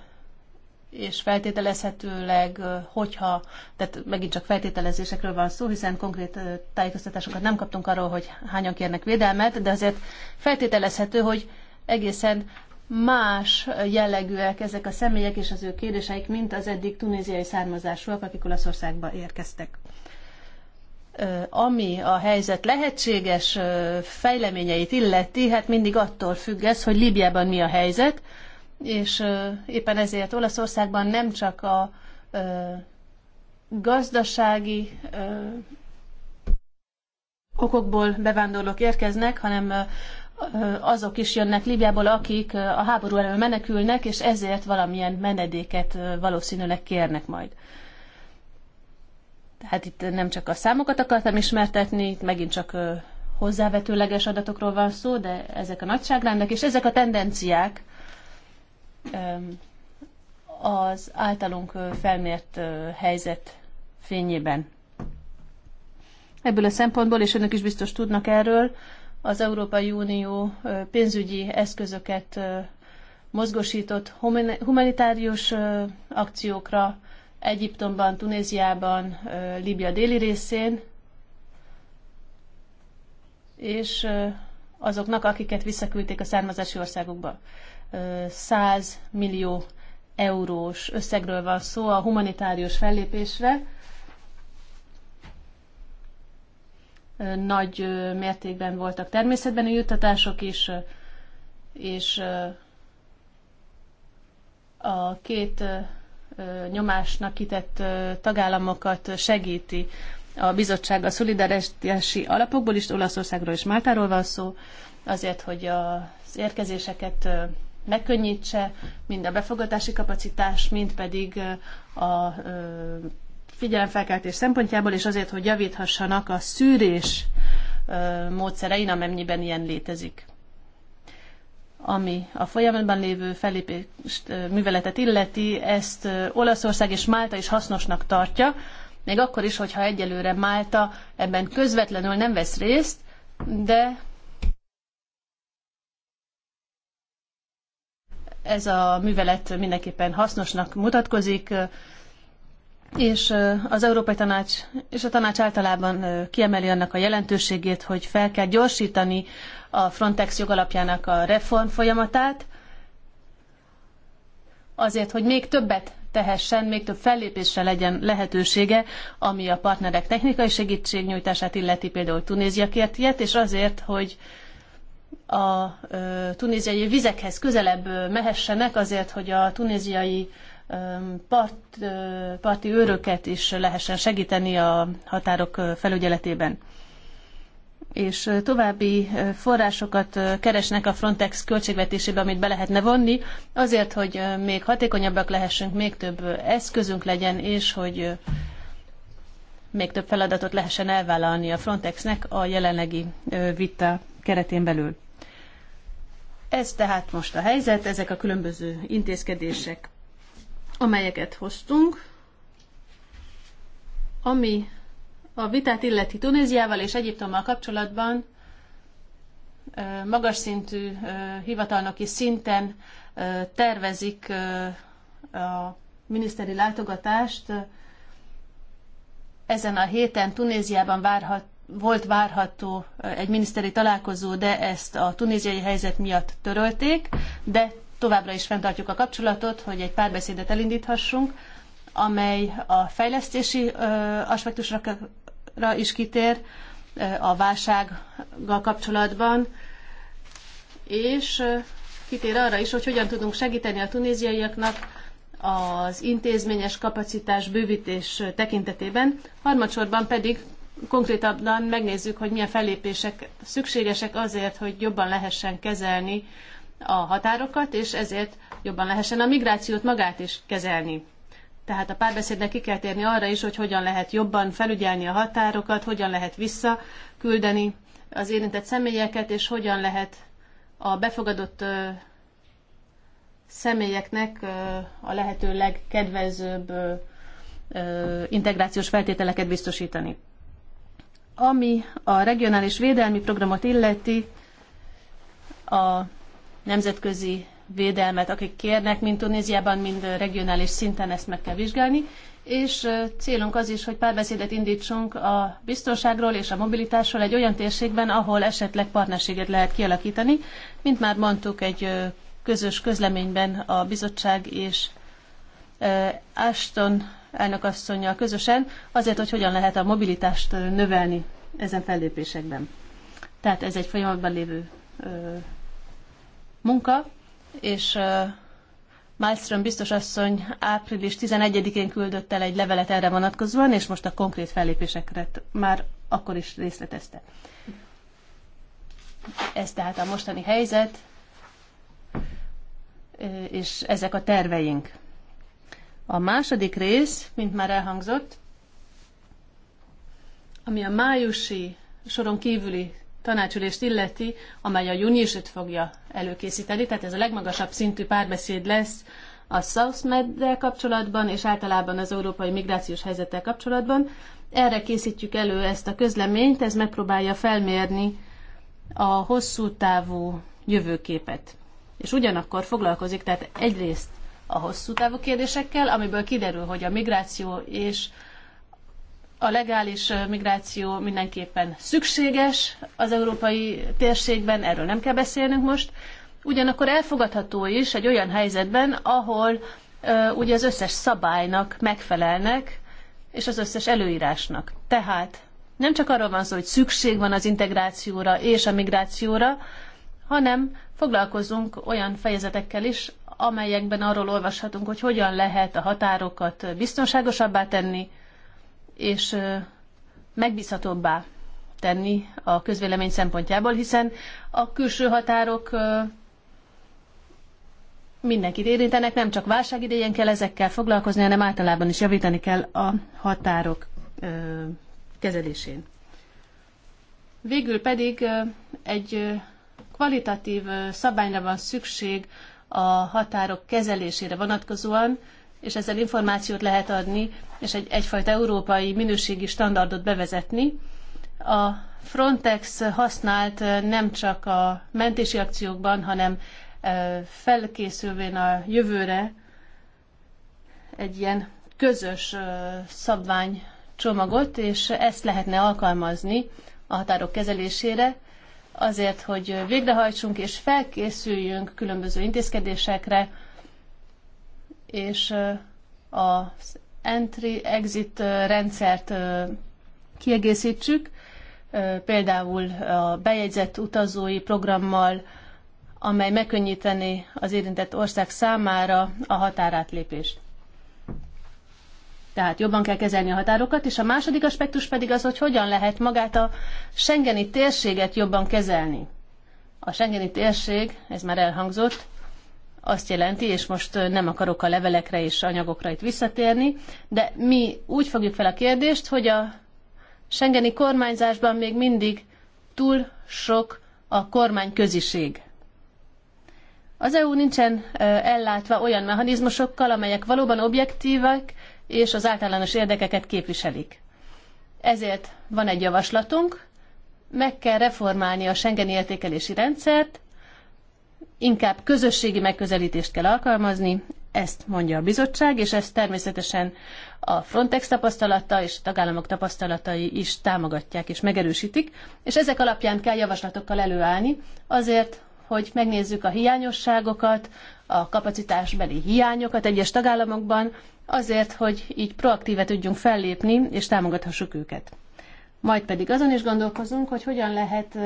és feltételezhetőleg, hogyha, tehát megint csak feltételezésekről van szó, hiszen konkrét tájékoztatásokat nem kaptunk arról, hogy hányan kérnek védelmet, de azért feltételezhető, hogy egészen más jellegűek ezek a személyek és az ő kérdéseik, mint az eddig tunéziai származásúak, akik Olaszországba érkeztek. Ami a helyzet lehetséges fejleményeit illeti, hát mindig attól függ ez, hogy Líbiában mi a helyzet, és éppen ezért Olaszországban nem csak a gazdasági okokból bevándorlók érkeznek, hanem azok is jönnek Líbiából, akik a háború elől menekülnek, és ezért valamilyen menedéket valószínűleg kérnek majd. Tehát itt nem csak a számokat akartam ismertetni, itt megint csak hozzávetőleges adatokról van szó, de ezek a nagyságrendek, és ezek a tendenciák az általunk felmért helyzet fényében. Ebből a szempontból, és önök is biztos tudnak erről, az Európai Unió pénzügyi eszközöket mozgosított humanitárius akciókra Egyiptomban, Tunéziában, Líbia déli részén, és azoknak, akiket visszaküldték a származási országokba. 100 millió eurós összegről van szó a humanitárius fellépésre, nagy mértékben voltak természetbeni juttatások is, és a két nyomásnak kitett tagállamokat segíti a bizottság a szolidaritási alapokból is, Olaszországról és Máltáról van szó, azért, hogy az érkezéseket megkönnyítse, mind a befogadási kapacitás, mind pedig a figyelemfelkeltés szempontjából, és azért, hogy javíthassanak a szűrés módszerein, amennyiben ilyen létezik. Ami a folyamatban lévő felépést, műveletet illeti, ezt Olaszország és Málta is hasznosnak tartja, még akkor is, hogyha egyelőre Málta ebben közvetlenül nem vesz részt, de ez a művelet mindenképpen hasznosnak mutatkozik, és az Európai Tanács és a tanács általában kiemeli annak a jelentőségét, hogy fel kell gyorsítani a Frontex jogalapjának a reform folyamatát, azért, hogy még többet tehessen, még több fellépésre legyen lehetősége, ami a partnerek technikai segítségnyújtását illeti, például Tunézia kért ilyet, és azért, hogy a tunéziai vizekhez közelebb mehessenek, azért, hogy a tunéziai part, parti őröket is lehessen segíteni a határok felügyeletében. És további forrásokat keresnek a Frontex költségvetésébe, amit be lehetne vonni, azért, hogy még hatékonyabbak lehessünk, még több eszközünk legyen, és hogy még több feladatot lehessen elvállalni a Frontexnek a jelenlegi vita keretén belül. Ez tehát most a helyzet, ezek a különböző intézkedések amelyeket hoztunk, ami a vitát illeti Tunéziával és Egyiptommal kapcsolatban magas szintű hivatalnoki szinten tervezik a miniszteri látogatást. Ezen a héten Tunéziában várhat, volt várható egy miniszteri találkozó, de ezt a tunéziai helyzet miatt törölték, de továbbra is fenntartjuk a kapcsolatot, hogy egy párbeszédet elindíthassunk, amely a fejlesztési aspektusra is kitér a válsággal kapcsolatban, és kitér arra is, hogy hogyan tudunk segíteni a tunéziaiaknak az intézményes kapacitás bővítés tekintetében, harmadsorban pedig konkrétabban megnézzük, hogy milyen fellépések szükségesek azért, hogy jobban lehessen kezelni a határokat, és ezért jobban lehessen a migrációt magát is kezelni. Tehát a párbeszédnek ki kell térni arra is, hogy hogyan lehet jobban felügyelni a határokat, hogyan lehet visszaküldeni az érintett személyeket, és hogyan lehet a befogadott személyeknek a lehető legkedvezőbb integrációs feltételeket biztosítani. Ami a regionális védelmi programot illeti, a nemzetközi védelmet, akik kérnek, mind Tunéziában, mind regionális szinten ezt meg kell vizsgálni, és célunk az is, hogy párbeszédet indítsunk a biztonságról és a mobilitásról egy olyan térségben, ahol esetleg partnerséget lehet kialakítani, mint már mondtuk egy közös közleményben a bizottság és Ashton elnökasszonyjal közösen, azért, hogy hogyan lehet a mobilitást növelni ezen fellépésekben. Tehát ez egy folyamatban lévő munka, és Malmström biztos asszony április 11-én küldött el egy levelet erre vonatkozóan, és most a konkrét fellépéseket már akkor is részletezte. Ez tehát a mostani helyzet, és ezek a terveink. A második rész, mint már elhangzott, ami a májusi soron kívüli tanácsülést illeti, amely a június 5 fogja előkészíteni, tehát ez a legmagasabb szintű párbeszéd lesz a SouthMed-del kapcsolatban, és általában az európai migrációs helyzettel kapcsolatban. Erre készítjük elő ezt a közleményt, ez megpróbálja felmérni a hosszú távú jövőképet. És ugyanakkor foglalkozik, tehát egyrészt a hosszú távú kérdésekkel, amiből kiderül, hogy a migráció és a legális migráció mindenképpen szükséges az európai térségben, erről nem kell beszélnünk most. Ugyanakkor elfogadható is egy olyan helyzetben, ahol uh, ugye az összes szabálynak megfelelnek, és az összes előírásnak. Tehát nem csak arról van szó, hogy szükség van az integrációra és a migrációra, hanem foglalkozunk olyan fejezetekkel is, amelyekben arról olvashatunk, hogy hogyan lehet a határokat biztonságosabbá tenni, és megbízhatóbbá tenni a közvélemény szempontjából, hiszen a külső határok mindenkit érintenek, nem csak válság idején kell ezekkel foglalkozni, hanem általában is javítani kell a határok kezelésén. Végül pedig egy kvalitatív szabályra van szükség a határok kezelésére vonatkozóan, és ezzel információt lehet adni és egy, egyfajta európai minőségi standardot bevezetni. A Frontex használt nem csak a mentési akciókban, hanem felkészülvén a jövőre egy ilyen közös szabvány csomagot, és ezt lehetne alkalmazni a határok kezelésére, azért, hogy végrehajtsunk és felkészüljünk különböző intézkedésekre, és az entry-exit rendszert kiegészítsük, például a bejegyzett utazói programmal, amely megkönnyíteni az érintett ország számára a határátlépést. Tehát jobban kell kezelni a határokat, és a második aspektus pedig az, hogy hogyan lehet magát a Schengeni térséget jobban kezelni. A Schengeni térség, ez már elhangzott, azt jelenti, és most nem akarok a levelekre és anyagokra itt visszatérni, de mi úgy fogjuk fel a kérdést, hogy a Schengeni kormányzásban még mindig túl sok a kormány köziség. Az EU nincsen ellátva olyan mechanizmusokkal, amelyek valóban objektívek és az általános érdekeket képviselik. Ezért van egy javaslatunk, meg kell reformálni a Schengeni értékelési rendszert, inkább közösségi megközelítést kell alkalmazni, ezt mondja a bizottság, és ezt természetesen a Frontex tapasztalata és a tagállamok tapasztalatai is támogatják és megerősítik, és ezek alapján kell javaslatokkal előállni azért, hogy megnézzük a hiányosságokat, a kapacitásbeli hiányokat egyes tagállamokban, azért, hogy így proaktíve tudjunk fellépni és támogathassuk őket. Majd pedig azon is gondolkozunk, hogy hogyan lehet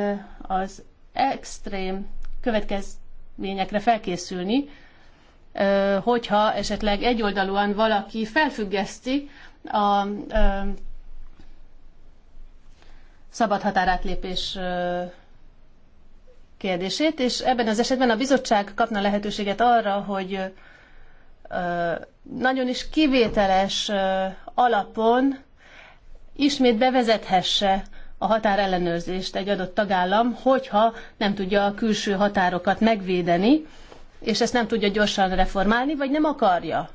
az extrém következ, eseményekre felkészülni, hogyha esetleg egyoldalúan valaki felfüggeszti a szabad határátlépés kérdését, és ebben az esetben a bizottság kapna lehetőséget arra, hogy nagyon is kivételes alapon ismét bevezethesse a határellenőrzést egy adott tagállam, hogyha nem tudja a külső határokat megvédeni, és ezt nem tudja gyorsan reformálni, vagy nem akarja.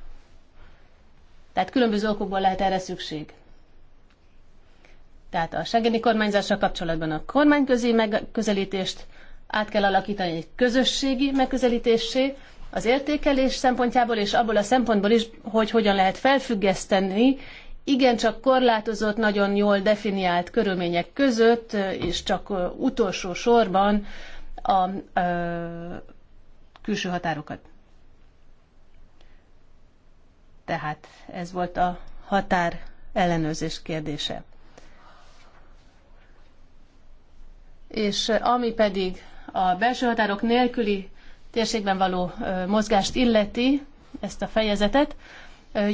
Tehát különböző okokból lehet erre szükség. Tehát a segeni kormányzással kapcsolatban a kormányközi megközelítést át kell alakítani egy közösségi megközelítésé, az értékelés szempontjából és abból a szempontból is, hogy hogyan lehet felfüggeszteni igencsak korlátozott, nagyon jól definiált körülmények között, és csak utolsó sorban a külső határokat. Tehát ez volt a határ ellenőrzés kérdése. És ami pedig a belső határok nélküli térségben való mozgást illeti, ezt a fejezetet,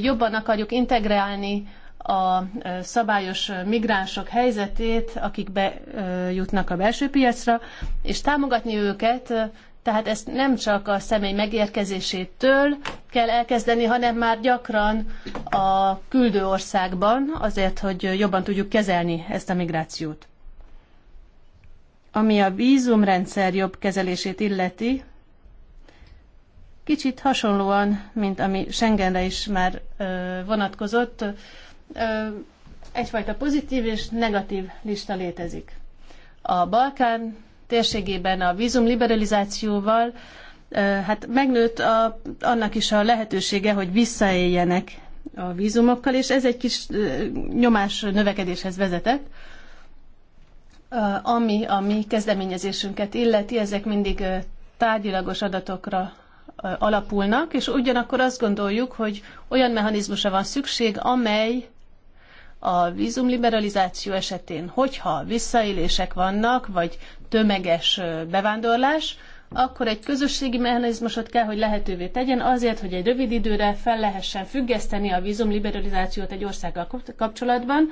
jobban akarjuk integrálni a szabályos migránsok helyzetét, akik bejutnak a belső piacra, és támogatni őket, tehát ezt nem csak a személy megérkezésétől kell elkezdeni, hanem már gyakran a küldő országban, azért, hogy jobban tudjuk kezelni ezt a migrációt. Ami a vízumrendszer jobb kezelését illeti, kicsit hasonlóan, mint ami Schengenre is már vonatkozott, egyfajta pozitív és negatív lista létezik. A Balkán térségében a vízum liberalizációval hát megnőtt a, annak is a lehetősége, hogy visszaéljenek a vízumokkal, és ez egy kis nyomás növekedéshez vezetett. Ami a mi kezdeményezésünket illeti, ezek mindig tárgyilagos adatokra alapulnak, és ugyanakkor azt gondoljuk, hogy olyan mechanizmusra van szükség, amely a vízumliberalizáció esetén, hogyha visszaélések vannak, vagy tömeges bevándorlás, akkor egy közösségi mechanizmusot kell, hogy lehetővé tegyen azért, hogy egy rövid időre fel lehessen függeszteni a vízumliberalizációt egy országgal kapcsolatban,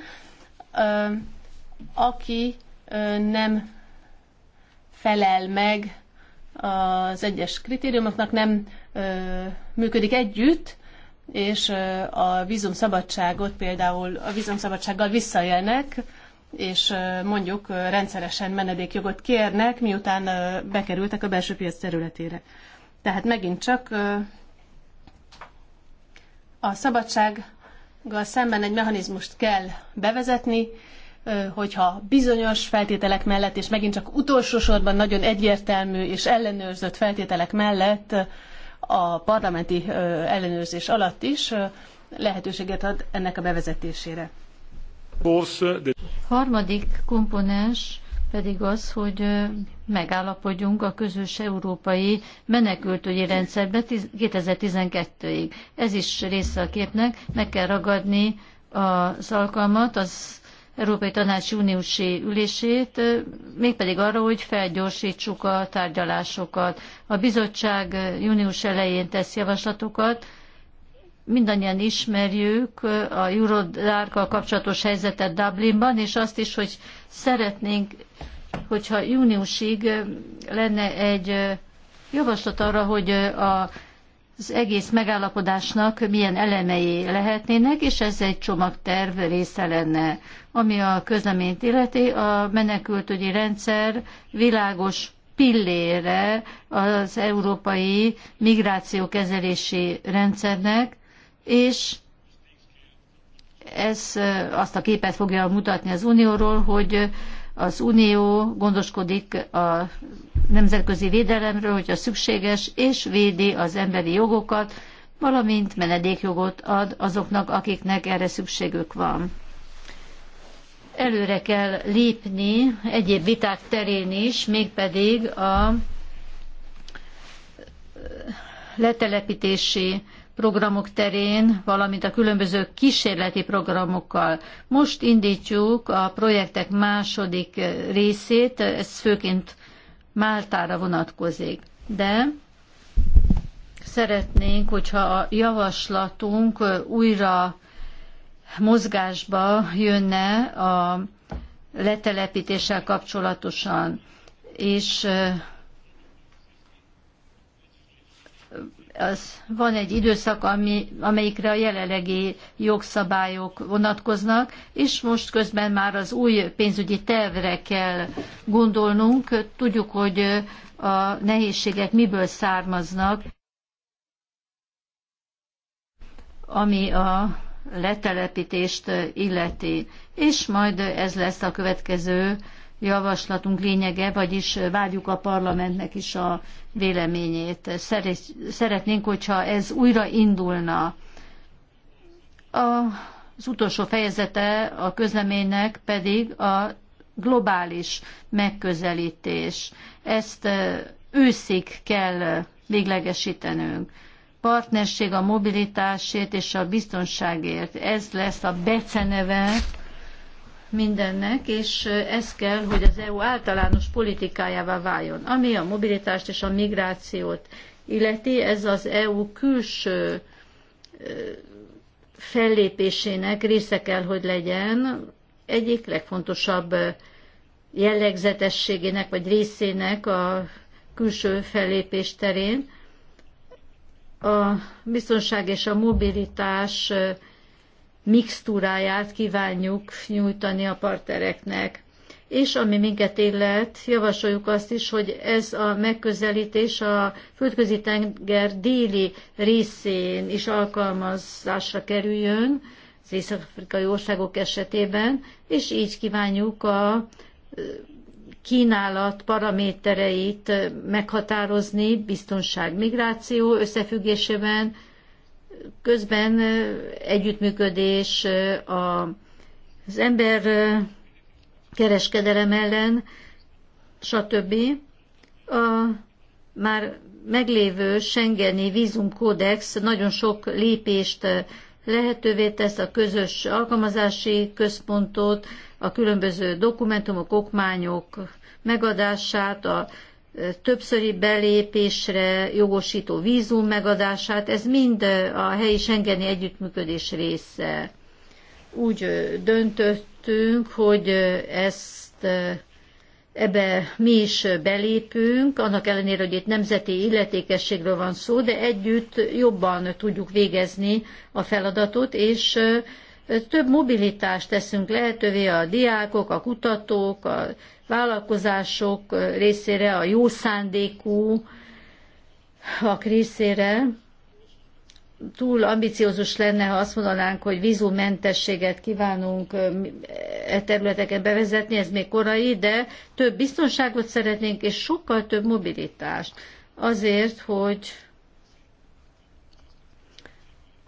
aki nem felel meg az egyes kritériumoknak, nem működik együtt, és a vízumszabadságot például a vízumszabadsággal visszaélnek, és mondjuk rendszeresen menedékjogot kérnek, miután bekerültek a belső piac területére. Tehát megint csak a szabadsággal szemben egy mechanizmust kell bevezetni, hogyha bizonyos feltételek mellett, és megint csak utolsó sorban nagyon egyértelmű és ellenőrzött feltételek mellett a parlamenti ellenőrzés alatt is lehetőséget ad ennek a bevezetésére. Harmadik komponens pedig az, hogy megállapodjunk a közös európai menekültügyi rendszerbe 2012-ig. Ez is része a képnek, meg kell ragadni az alkalmat, az Európai Tanács júniusi ülését, mégpedig arra, hogy felgyorsítsuk a tárgyalásokat. A bizottság június elején tesz javaslatokat, mindannyian ismerjük a Eurodárkkal kapcsolatos helyzetet Dublinban, és azt is, hogy szeretnénk, hogyha júniusig lenne egy javaslat arra, hogy a az egész megállapodásnak milyen elemei lehetnének, és ez egy csomagterv része lenne. Ami a közleményt illeti, a menekültügyi rendszer világos pillére az európai migrációkezelési rendszernek, és ez azt a képet fogja mutatni az Unióról, hogy az Unió gondoskodik a nemzetközi védelemről, hogyha szükséges, és védi az emberi jogokat, valamint menedékjogot ad azoknak, akiknek erre szükségük van. Előre kell lépni egyéb viták terén is, mégpedig a letelepítési programok terén, valamint a különböző kísérleti programokkal. Most indítjuk a projektek második részét, ez főként Máltára vonatkozik. De szeretnénk, hogyha a javaslatunk újra mozgásba jönne a letelepítéssel kapcsolatosan, és az van egy időszak, ami, amelyikre a jelenlegi jogszabályok vonatkoznak, és most közben már az új pénzügyi tervre kell gondolnunk. Tudjuk, hogy a nehézségek miből származnak, ami a letelepítést illeti. És majd ez lesz a következő javaslatunk lényege, vagyis várjuk a parlamentnek is a véleményét. Szeretnénk, hogyha ez újra indulna. Az utolsó fejezete a közleménynek pedig a globális megközelítés. Ezt őszig kell véglegesítenünk. Partnerség a mobilitásért és a biztonságért. Ez lesz a beceneve mindennek, és ez kell, hogy az EU általános politikájává váljon. Ami a mobilitást és a migrációt illeti, ez az EU külső fellépésének része kell, hogy legyen egyik legfontosabb jellegzetességének vagy részének a külső fellépés terén. A biztonság és a mobilitás mixtúráját kívánjuk nyújtani a partnereknek. És ami minket illet, javasoljuk azt is, hogy ez a megközelítés a földközi tenger déli részén is alkalmazásra kerüljön, az észak-afrikai országok esetében, és így kívánjuk a kínálat paramétereit meghatározni biztonság migráció összefüggésében, közben együttműködés az ember kereskedelem ellen, stb. A már meglévő Schengeni vízumkódex nagyon sok lépést lehetővé tesz a közös alkalmazási központot, a különböző dokumentumok, okmányok megadását, a többszöri belépésre jogosító vízum megadását, ez mind a helyi Schengeni együttműködés része. Úgy döntöttünk, hogy ezt ebbe mi is belépünk, annak ellenére, hogy itt nemzeti illetékességről van szó, de együtt jobban tudjuk végezni a feladatot, és több mobilitást teszünk lehetővé a diákok, a kutatók, a vállalkozások részére, a jó szándékú a részére túl ambiciózus lenne, ha azt mondanánk, hogy vízumentességet kívánunk e területeken bevezetni, ez még korai, de több biztonságot szeretnénk, és sokkal több mobilitást. Azért, hogy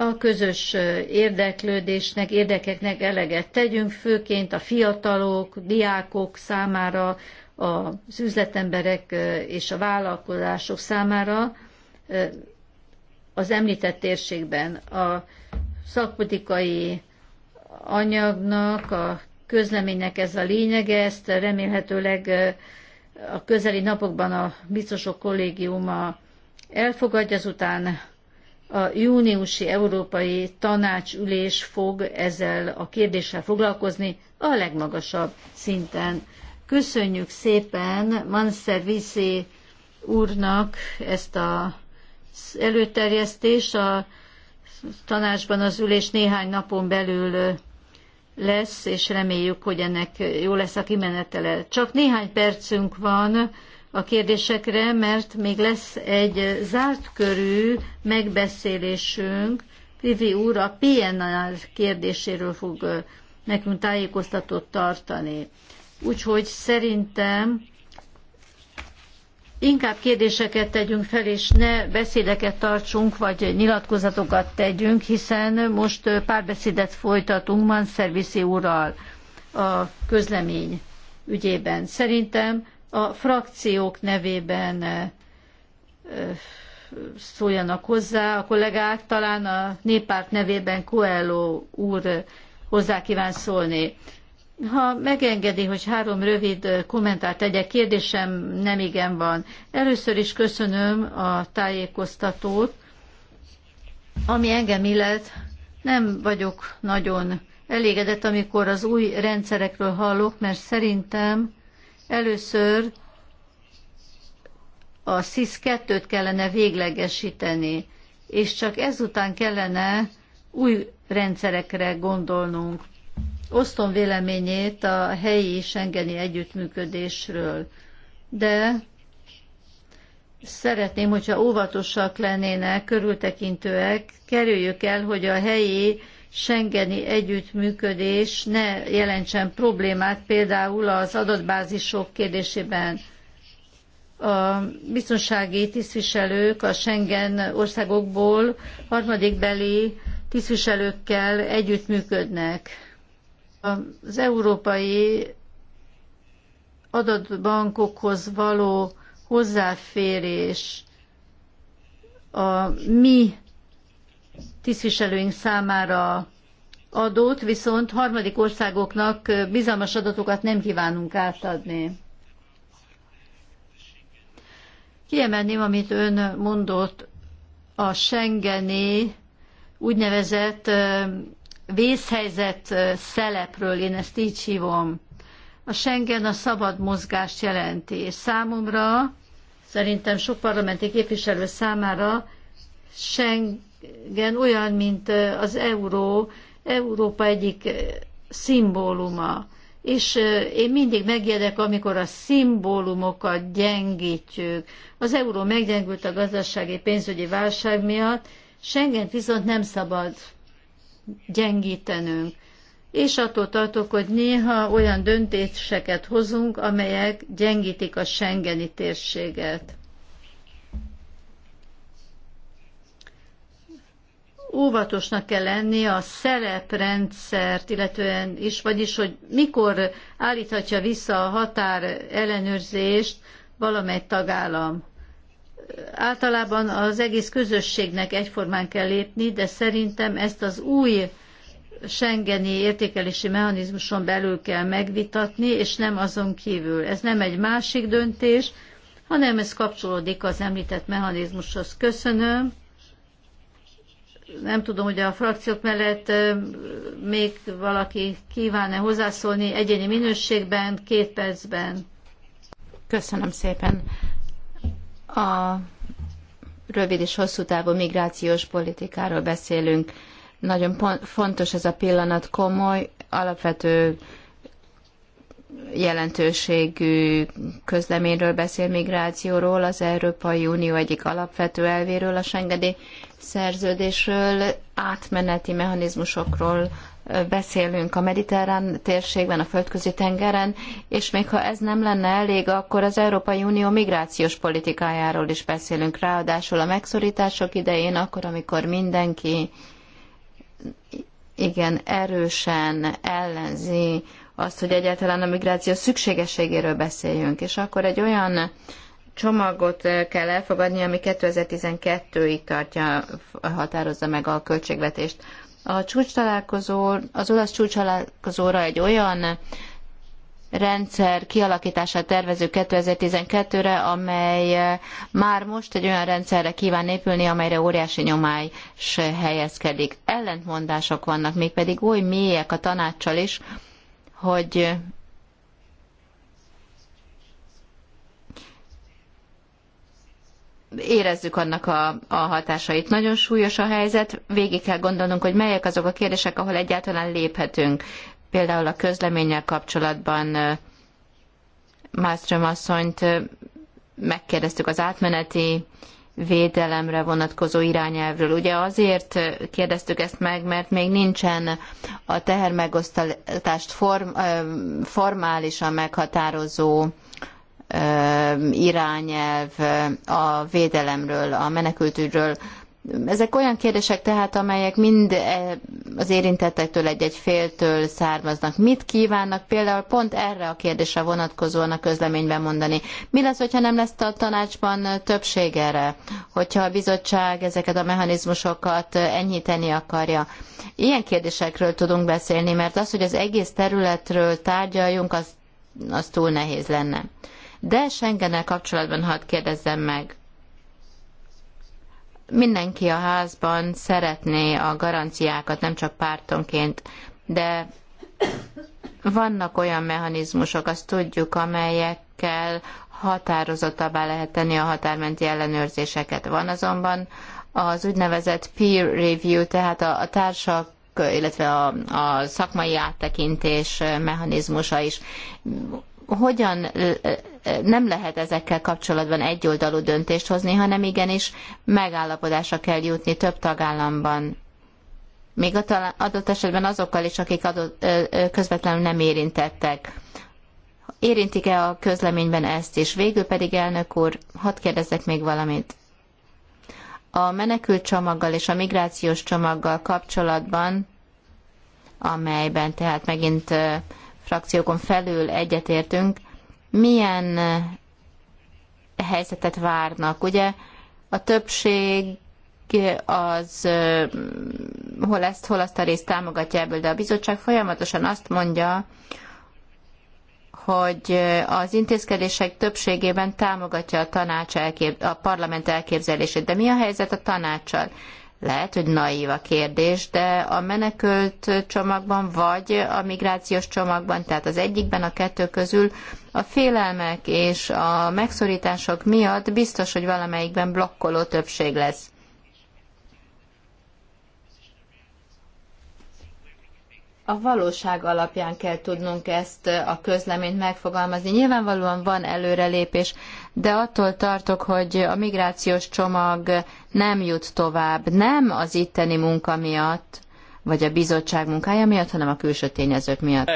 a közös érdeklődésnek, érdekeknek eleget tegyünk, főként a fiatalok, diákok számára, az üzletemberek és a vállalkozások számára az említett térségben. A szakpolitikai anyagnak, a közleménynek ez a lényege, ezt remélhetőleg a közeli napokban a biztosok kollégiuma elfogadja, azután a júniusi Európai Tanácsülés fog ezzel a kérdéssel foglalkozni a legmagasabb szinten. Köszönjük szépen Viszi úrnak ezt az előterjesztést. A tanácsban az ülés néhány napon belül lesz, és reméljük, hogy ennek jó lesz a kimenetele. Csak néhány percünk van a kérdésekre, mert még lesz egy zárt körű megbeszélésünk. Vivi úr a PNR kérdéséről fog nekünk tájékoztatót tartani. Úgyhogy szerintem inkább kérdéseket tegyünk fel, és ne beszédeket tartsunk, vagy nyilatkozatokat tegyünk, hiszen most párbeszédet folytatunk Manszervisi úrral a közlemény ügyében. Szerintem a frakciók nevében szóljanak hozzá a kollégák, talán a néppárt nevében Coelho úr hozzá kíván szólni. Ha megengedi, hogy három rövid kommentárt tegyek, kérdésem nem igen van. Először is köszönöm a tájékoztatót. Ami engem illet, nem vagyok nagyon elégedett, amikor az új rendszerekről hallok, mert szerintem Először a SZISZ 2-t kellene véglegesíteni, és csak ezután kellene új rendszerekre gondolnunk. Osztom véleményét a helyi Schengeni együttműködésről, de szeretném, hogyha óvatosak lennének, körültekintőek, kerüljük el, hogy a helyi Schengeni együttműködés ne jelentsen problémát például az adatbázisok kérdésében. A biztonsági tisztviselők a Schengen országokból harmadik beli tisztviselőkkel együttműködnek. Az európai adatbankokhoz való hozzáférés a mi tisztviselőink számára adót, viszont harmadik országoknak bizalmas adatokat nem kívánunk átadni. Kiemelném, amit ön mondott, a Schengeni úgynevezett vészhelyzet szelepről, én ezt így hívom. A Schengen a szabad mozgást jelenti, és számomra, szerintem sok parlamenti képviselő számára Schengen igen, olyan, mint az euró, Európa egyik szimbóluma. És én mindig megjedek, amikor a szimbólumokat gyengítjük. Az euró meggyengült a gazdasági pénzügyi válság miatt, Schengen viszont nem szabad gyengítenünk. És attól tartok, hogy néha olyan döntéseket hozunk, amelyek gyengítik a Schengeni térséget. óvatosnak kell lenni a szereprendszert, illetően is, vagyis, hogy mikor állíthatja vissza a határ ellenőrzést valamely tagállam. Általában az egész közösségnek egyformán kell lépni, de szerintem ezt az új Schengeni értékelési mechanizmuson belül kell megvitatni, és nem azon kívül. Ez nem egy másik döntés, hanem ez kapcsolódik az említett mechanizmushoz. Köszönöm nem tudom, hogy a frakciók mellett még valaki kívánne hozzászólni egyéni minőségben, két percben. Köszönöm szépen. A rövid és hosszú távú migrációs politikáról beszélünk. Nagyon fontos ez a pillanat, komoly, alapvető jelentőségű közleményről beszél migrációról, az Európai Unió egyik alapvető elvéről, a Schengeni szerződésről, átmeneti mechanizmusokról beszélünk a mediterrán térségben, a földközi tengeren, és még ha ez nem lenne elég, akkor az Európai Unió migrációs politikájáról is beszélünk. Ráadásul a megszorítások idején, akkor, amikor mindenki igen erősen ellenzi azt, hogy egyáltalán a migráció szükségességéről beszéljünk, és akkor egy olyan csomagot eh, kell elfogadni, ami 2012-ig tartja, határozza meg a költségvetést. A csúcs találkozó, az olasz csúcs találkozóra egy olyan rendszer kialakítását tervező 2012-re, amely eh, már most egy olyan rendszerre kíván épülni, amelyre óriási nyomás helyezkedik. Ellentmondások vannak, mégpedig oly mélyek a tanácsal is, hogy érezzük annak a, a hatásait. Nagyon súlyos a helyzet, végig kell gondolnunk, hogy melyek azok a kérdések, ahol egyáltalán léphetünk. Például a közleménnyel kapcsolatban Mástrom asszonyt megkérdeztük az átmeneti védelemre vonatkozó irányelvről. Ugye azért kérdeztük ezt meg, mert még nincsen a tehermegosztást form, formálisan meghatározó irányelv, a védelemről, a menekültügyről. Ezek olyan kérdések tehát, amelyek mind az érintettektől, egy-egy féltől származnak. Mit kívánnak például pont erre a kérdésre vonatkozóan a közleményben mondani? Mi lesz, hogyha nem lesz a tanácsban többség erre? Hogyha a bizottság ezeket a mechanizmusokat enyhíteni akarja? Ilyen kérdésekről tudunk beszélni, mert az, hogy az egész területről tárgyaljunk, az, az túl nehéz lenne. De Schengennel kapcsolatban hadd kérdezzem meg. Mindenki a házban szeretné a garanciákat, nem csak pártonként, de vannak olyan mechanizmusok, azt tudjuk, amelyekkel határozottabbá lehet tenni a határmenti ellenőrzéseket. Van azonban az úgynevezett peer review, tehát a, a társak illetve a, a szakmai áttekintés mechanizmusa is. Hogyan nem lehet ezekkel kapcsolatban egyoldalú döntést hozni, hanem igenis megállapodásra kell jutni több tagállamban. Még adott esetben azokkal is, akik adott, közvetlenül nem érintettek. Érintik-e a közleményben ezt is? Végül pedig, elnök úr, hadd kérdezzek még valamit. A menekült csomaggal és a migrációs csomaggal kapcsolatban, amelyben tehát megint frakciókon felül egyetértünk, milyen eh, helyzetet várnak. Ugye a többség eh, az eh, hol ezt, hol azt a részt támogatja ebből, de a bizottság folyamatosan azt mondja, hogy az intézkedések többségében támogatja a tanács elkép, a parlament elképzelését. De mi a helyzet a tanácssal? Lehet, hogy naív a kérdés, de a menekült csomagban vagy a migrációs csomagban, tehát az egyikben a kettő közül a félelmek és a megszorítások miatt biztos, hogy valamelyikben blokkoló többség lesz. a valóság alapján kell tudnunk ezt a közleményt megfogalmazni. Nyilvánvalóan van előrelépés, de attól tartok, hogy a migrációs csomag nem jut tovább, nem az itteni munka miatt, vagy a bizottság munkája miatt, hanem a külső tényezők miatt.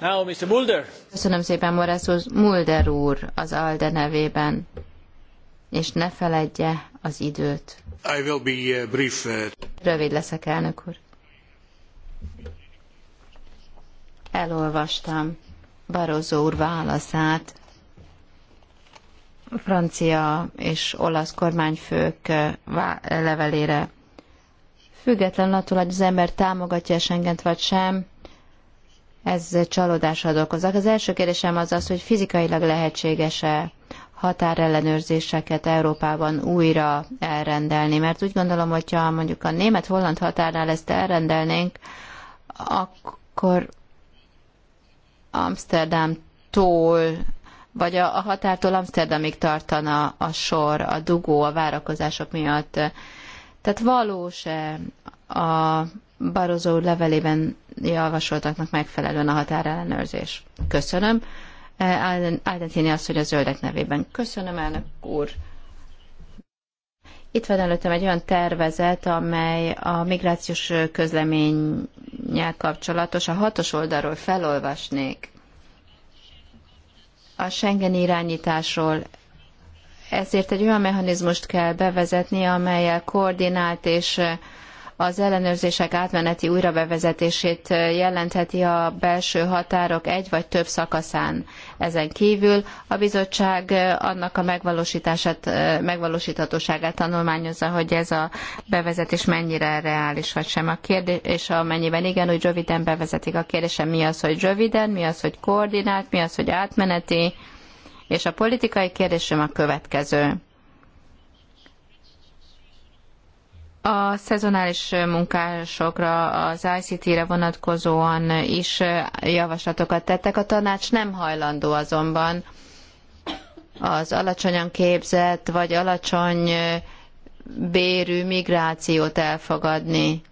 Now, Mr. Mulder. Köszönöm szépen, Morászhoz. Mulder úr az ALDE nevében. És ne feledje az időt. I will be uh, brief. Uh, Rövid leszek, elnök úr. elolvastam Barozó úr válaszát francia és olasz kormányfők eh, levelére. Független attól, hogy az ember támogatja Schengent vagy sem, ez csalódás ad okozak. Az első kérdésem az az, hogy fizikailag lehetséges-e határellenőrzéseket Európában újra elrendelni, mert úgy gondolom, hogyha mondjuk a német-holland határnál ezt elrendelnénk, akkor Amsterdamtól, vagy a, a határtól Amsterdamig tartana a sor, a dugó a várakozások miatt. Tehát valós-e a Barozó levelében javasoltaknak megfelelően a határellenőrzés? Köszönöm. Áldentini azt, hogy a zöldek nevében. Köszönöm, elnök úr. Itt van előttem egy olyan tervezet, amely a migrációs közleménnyel kapcsolatos. A hatos oldalról felolvasnék a Schengen irányításról. Ezért egy olyan mechanizmust kell bevezetni, amelyel koordinált és az ellenőrzések átmeneti újrabevezetését jelentheti a belső határok egy vagy több szakaszán. Ezen kívül a bizottság annak a megvalósítását, megvalósíthatóságát tanulmányozza, hogy ez a bevezetés mennyire reális vagy sem. A kérdés, és amennyiben igen, úgy röviden bevezetik. A kérdésem mi az, hogy röviden, mi az, hogy koordinált, mi az, hogy átmeneti, és a politikai kérdésem a következő A szezonális munkásokra, az ICT-re vonatkozóan is javaslatokat tettek. A tanács nem hajlandó azonban az alacsonyan képzett vagy alacsony bérű migrációt elfogadni.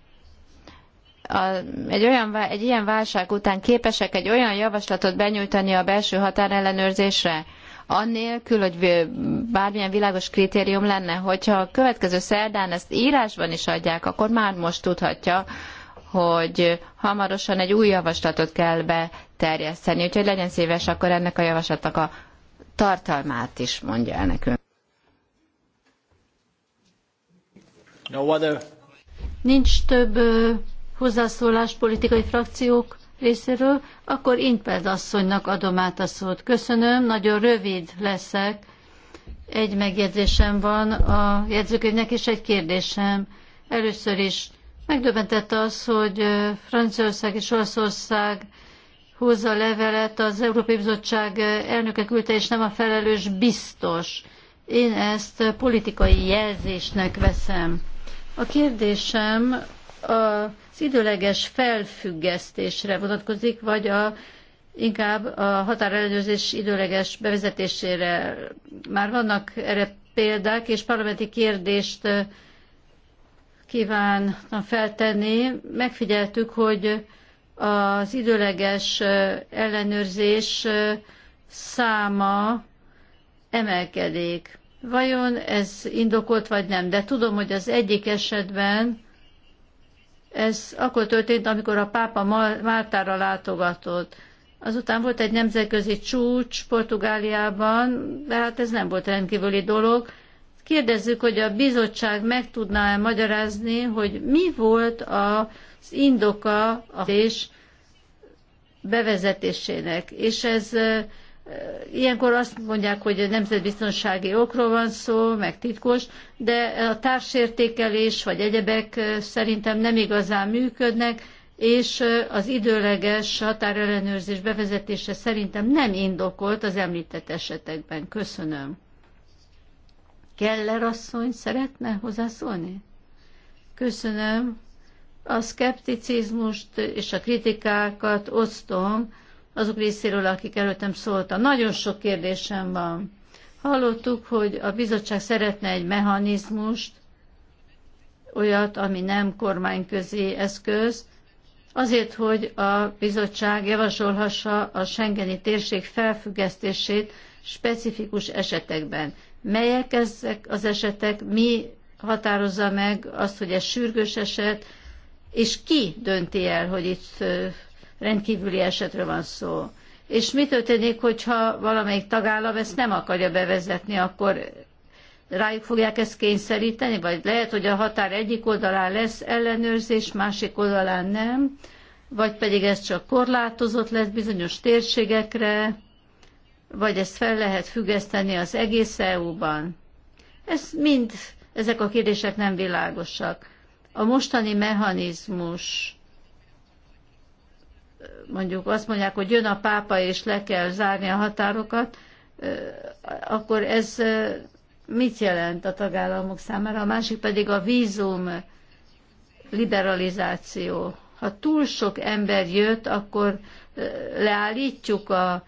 A, egy, olyan, egy ilyen válság után képesek egy olyan javaslatot benyújtani a belső határellenőrzésre, annélkül, hogy bármilyen világos kritérium lenne, hogyha a következő szerdán ezt írásban is adják, akkor már most tudhatja, hogy hamarosan egy új javaslatot kell beterjeszteni. Úgyhogy legyen szíves, akkor ennek a javaslatnak a tartalmát is mondja el nekünk. No other. Nincs több hozzászólás politikai frakciók részéről, akkor Intpeld asszonynak adom át a szót. Köszönöm, nagyon rövid leszek. Egy megjegyzésem van a jegyzőkönyvnek, és egy kérdésem. Először is megdöbbentett az, hogy Franciaország és Olaszország húzza levelet, az Európai Bizottság elnöke küldte, és nem a felelős biztos. Én ezt politikai jelzésnek veszem. A kérdésem az időleges felfüggesztésre vonatkozik, vagy a, inkább a határellenőrzés időleges bevezetésére. Már vannak erre példák, és parlamenti kérdést kívánna feltenni. Megfigyeltük, hogy az időleges ellenőrzés száma emelkedik. Vajon ez indokolt vagy nem? De tudom, hogy az egyik esetben ez akkor történt, amikor a pápa Máltára látogatott. Azután volt egy nemzetközi csúcs Portugáliában, de hát ez nem volt rendkívüli dolog. Kérdezzük, hogy a bizottság meg tudná-e magyarázni, hogy mi volt az indoka a és bevezetésének, és ez Ilyenkor azt mondják, hogy nemzetbiztonsági okról van szó, meg titkos, de a társértékelés vagy egyebek szerintem nem igazán működnek, és az időleges határellenőrzés bevezetése szerintem nem indokolt az említett esetekben. Köszönöm. Keller asszony szeretne hozzászólni? Köszönöm. A szkepticizmust és a kritikákat osztom, azok részéről, akik előttem szóltak. Nagyon sok kérdésem van. Hallottuk, hogy a bizottság szeretne egy mechanizmust, olyat, ami nem kormányközi eszköz, azért, hogy a bizottság javasolhassa a Schengeni térség felfüggesztését specifikus esetekben. Melyek ezek az esetek, mi határozza meg azt, hogy ez sürgős eset, és ki dönti el, hogy itt rendkívüli esetről van szó. És mi történik, hogyha valamelyik tagállam ezt nem akarja bevezetni, akkor rájuk fogják ezt kényszeríteni, vagy lehet, hogy a határ egyik oldalán lesz ellenőrzés, másik oldalán nem, vagy pedig ez csak korlátozott lesz bizonyos térségekre, vagy ezt fel lehet függeszteni az egész EU-ban. Ez mind, ezek a kérdések nem világosak. A mostani mechanizmus mondjuk azt mondják, hogy jön a pápa és le kell zárni a határokat, akkor ez mit jelent a tagállamok számára? A másik pedig a vízum liberalizáció. Ha túl sok ember jött, akkor leállítjuk a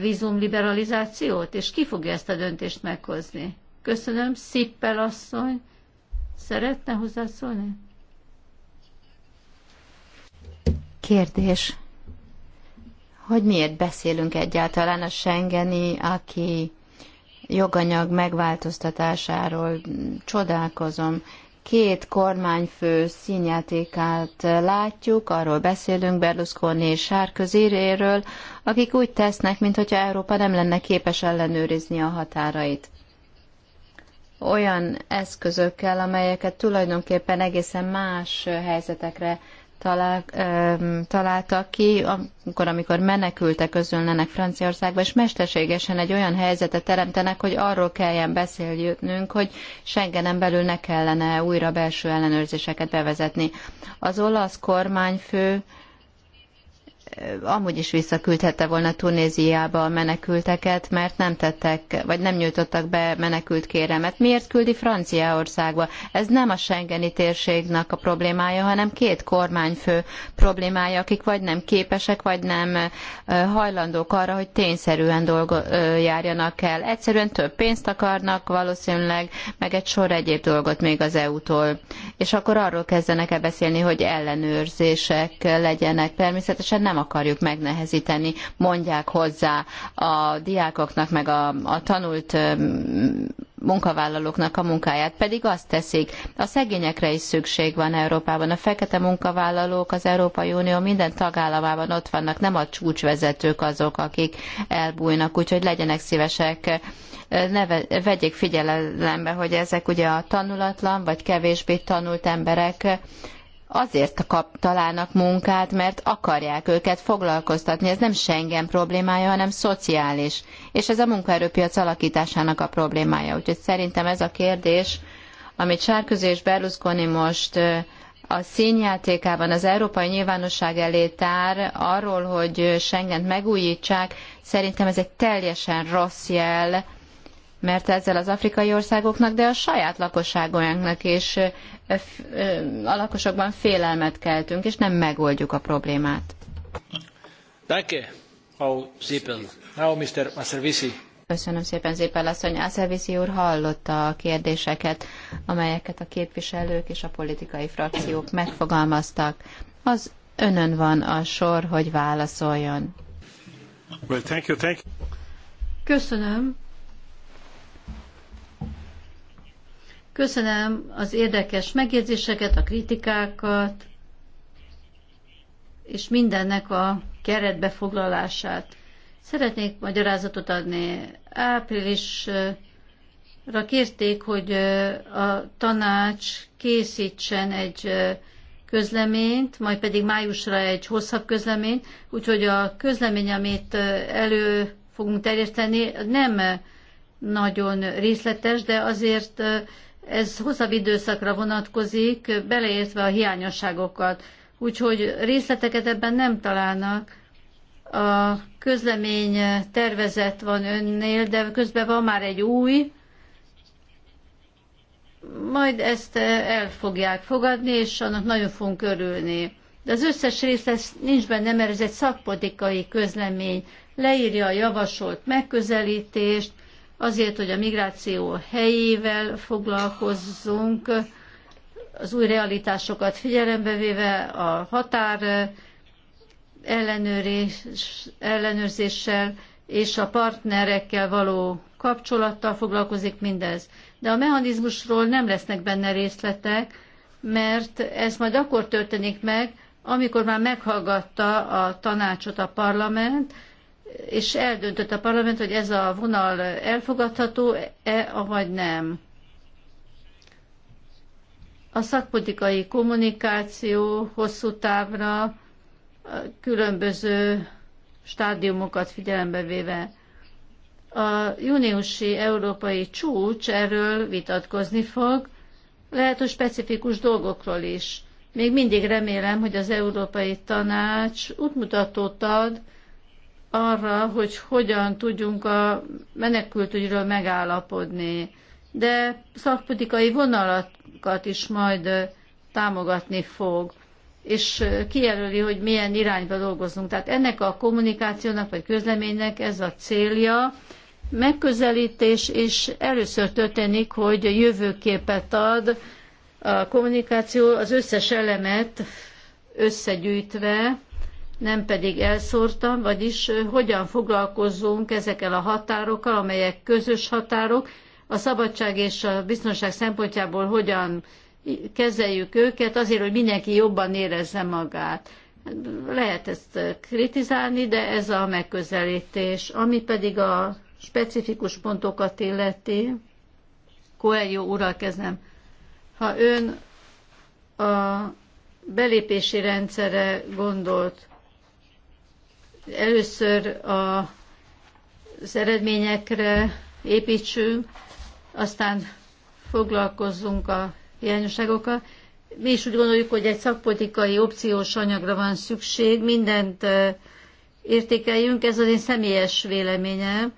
vízum liberalizációt, és ki fogja ezt a döntést meghozni? Köszönöm, Szippel asszony. Szeretne hozzászólni? Kérdés hogy miért beszélünk egyáltalán a Schengeni, aki joganyag megváltoztatásáról csodálkozom. Két kormányfő színjátékát látjuk, arról beszélünk Berlusconi és Sárközéréről, akik úgy tesznek, mintha Európa nem lenne képes ellenőrizni a határait olyan eszközökkel, amelyeket tulajdonképpen egészen más helyzetekre találtak ki, amikor, amikor menekültek özönlenek Franciaországba, és mesterségesen egy olyan helyzetet teremtenek, hogy arról kelljen beszélnünk, hogy Schengenen belül ne kellene újra belső ellenőrzéseket bevezetni. Az olasz kormányfő amúgy is visszaküldhette volna Tunéziába a menekülteket, mert nem tettek, vagy nem nyújtottak be menekült kéremet. Miért küldi Franciaországba? Ez nem a Schengeni térségnek a problémája, hanem két kormányfő problémája, akik vagy nem képesek, vagy nem hajlandók arra, hogy tényszerűen dolgo, járjanak el. Egyszerűen több pénzt akarnak valószínűleg, meg egy sor egyéb dolgot még az EU-tól. És akkor arról kezdenek e beszélni, hogy ellenőrzések legyenek. Természetesen nem a akarjuk megnehezíteni, mondják hozzá a diákoknak, meg a, a tanult munkavállalóknak a munkáját, pedig azt teszik. A szegényekre is szükség van Európában. A fekete munkavállalók az Európai Unió minden tagállamában ott vannak, nem a csúcsvezetők azok, akik elbújnak, úgyhogy legyenek szívesek ne vegyék figyelembe, hogy ezek ugye a tanulatlan vagy kevésbé tanult emberek, azért kap, találnak munkát, mert akarják őket foglalkoztatni. Ez nem Schengen problémája, hanem szociális. És ez a munkaerőpiac alakításának a problémája. Úgyhogy szerintem ez a kérdés, amit Sárközi és Berlusconi most a színjátékában az európai nyilvánosság elé tár arról, hogy Schengent megújítsák, szerintem ez egy teljesen rossz jel, mert ezzel az afrikai országoknak, de a saját lakosságoknak és a lakosokban félelmet keltünk, és nem megoldjuk a problémát. Danke, Frau Zippel. Now, Mr. Maservisi. Köszönöm szépen, Zippel asszony. Maservisi úr hallotta a kérdéseket, amelyeket a képviselők és a politikai frakciók megfogalmaztak. Az önön van a sor, hogy válaszoljon. Well, thank you, thank you. Köszönöm. Köszönöm az érdekes megjegyzéseket, a kritikákat, és mindennek a keretbe foglalását. Szeretnék magyarázatot adni. Áprilisra kérték, hogy a tanács készítsen egy közleményt, majd pedig májusra egy hosszabb közleményt, úgyhogy a közlemény, amit elő fogunk terjeszteni, nem nagyon részletes, de azért ez hosszabb időszakra vonatkozik, beleértve a hiányosságokat. Úgyhogy részleteket ebben nem találnak. A közlemény tervezet van önnél, de közben van már egy új, majd ezt el fogják fogadni, és annak nagyon fogunk örülni. De az összes részlet nincs benne, mert ez egy szakpolitikai közlemény. Leírja a javasolt megközelítést, azért, hogy a migráció helyével foglalkozzunk, az új realitásokat figyelembe véve, a határ ellenőrés, ellenőrzéssel és a partnerekkel való kapcsolattal foglalkozik mindez. De a mechanizmusról nem lesznek benne részletek, mert ez majd akkor történik meg, amikor már meghallgatta a tanácsot a parlament, és eldöntött a parlament, hogy ez a vonal elfogadható-e, vagy nem. A szakpolitikai kommunikáció hosszú távra különböző stádiumokat figyelembe véve. A júniusi európai csúcs erről vitatkozni fog, lehet, hogy specifikus dolgokról is. Még mindig remélem, hogy az Európai Tanács útmutatót ad, arra, hogy hogyan tudjunk a menekültügyről megállapodni, de szakpolitikai vonalakat is majd támogatni fog, és kijelöli, hogy milyen irányba dolgozunk. Tehát ennek a kommunikációnak vagy közleménynek ez a célja, megközelítés, és először történik, hogy jövőképet ad a kommunikáció az összes elemet összegyűjtve, nem pedig elszórtan, vagyis hogyan foglalkozzunk ezekkel a határokkal, amelyek közös határok, a szabadság és a biztonság szempontjából hogyan kezeljük őket, azért, hogy mindenki jobban érezze magát. Lehet ezt kritizálni, de ez a megközelítés. Ami pedig a specifikus pontokat illeti, Coelho úrral kezdem. Ha ön a belépési rendszere gondolt, Először a, az eredményekre építsünk, aztán foglalkozzunk a hiányosságokkal. Mi is úgy gondoljuk, hogy egy szakpolitikai opciós anyagra van szükség, mindent értékeljünk, ez az én személyes véleményem.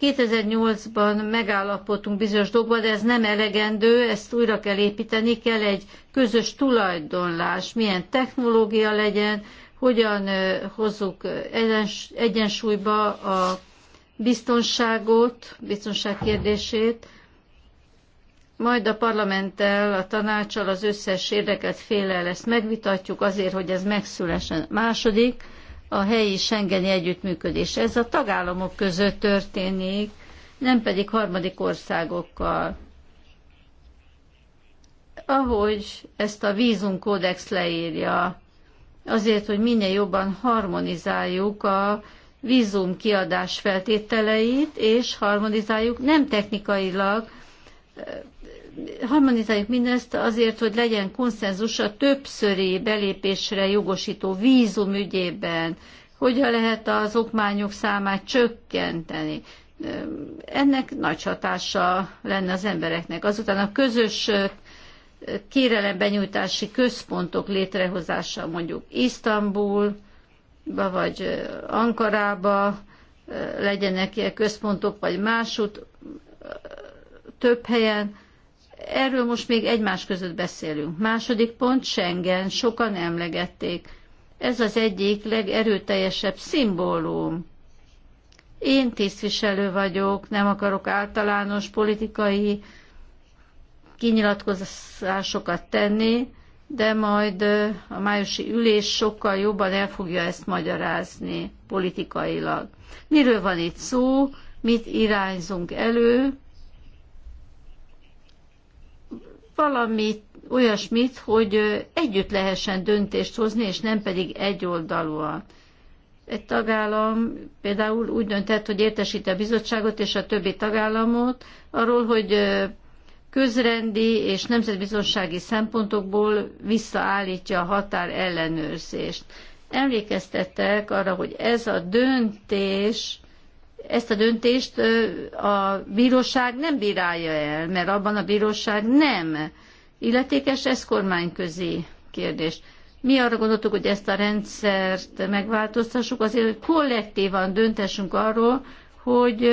2008-ban megállapodtunk bizonyos dolgokban, de ez nem elegendő, ezt újra kell építeni, kell egy közös tulajdonlás, milyen technológia legyen, hogyan hozzuk egyensúlyba a biztonságot, biztonság kérdését, majd a parlamenttel, a tanácsal az összes érdeket félel ezt megvitatjuk azért, hogy ez megszülesen. Második, a helyi Schengeni együttműködés. Ez a tagállamok között történik, nem pedig harmadik országokkal. Ahogy ezt a vízunkódex leírja, azért, hogy minél jobban harmonizáljuk a vízum kiadás feltételeit, és harmonizáljuk nem technikailag, eh, harmonizáljuk mindezt azért, hogy legyen konszenzus a többszöri belépésre jogosító vízum ügyében, hogyan lehet az okmányok számát csökkenteni. Eh, ennek nagy hatása lenne az embereknek. Azután a közös eh, kérelembenyújtási központok létrehozása mondjuk Isztambulba vagy Ankarába, legyenek ilyen központok, vagy másút több helyen. Erről most még egymás között beszélünk. Második pont Schengen, sokan emlegették. Ez az egyik legerőteljesebb szimbólum. Én tisztviselő vagyok, nem akarok általános politikai uh, kinyilatkozásokat tenni, de majd a májusi ülés sokkal jobban el fogja ezt magyarázni politikailag. Miről van itt szó, mit irányzunk elő, valamit, olyasmit, hogy együtt lehessen döntést hozni, és nem pedig egyoldalúan. Egy tagállam például úgy döntett, hogy értesíti a bizottságot és a többi tagállamot arról, hogy közrendi és nemzetbiztonsági szempontokból visszaállítja a határ ellenőrzést. Emlékeztettek arra, hogy ez a döntés, ezt a döntést a bíróság nem bírálja el, mert abban a bíróság nem illetékes, ez kormányközi kérdés. Mi arra gondoltuk, hogy ezt a rendszert megváltoztassuk, azért, hogy kollektívan döntessünk arról, hogy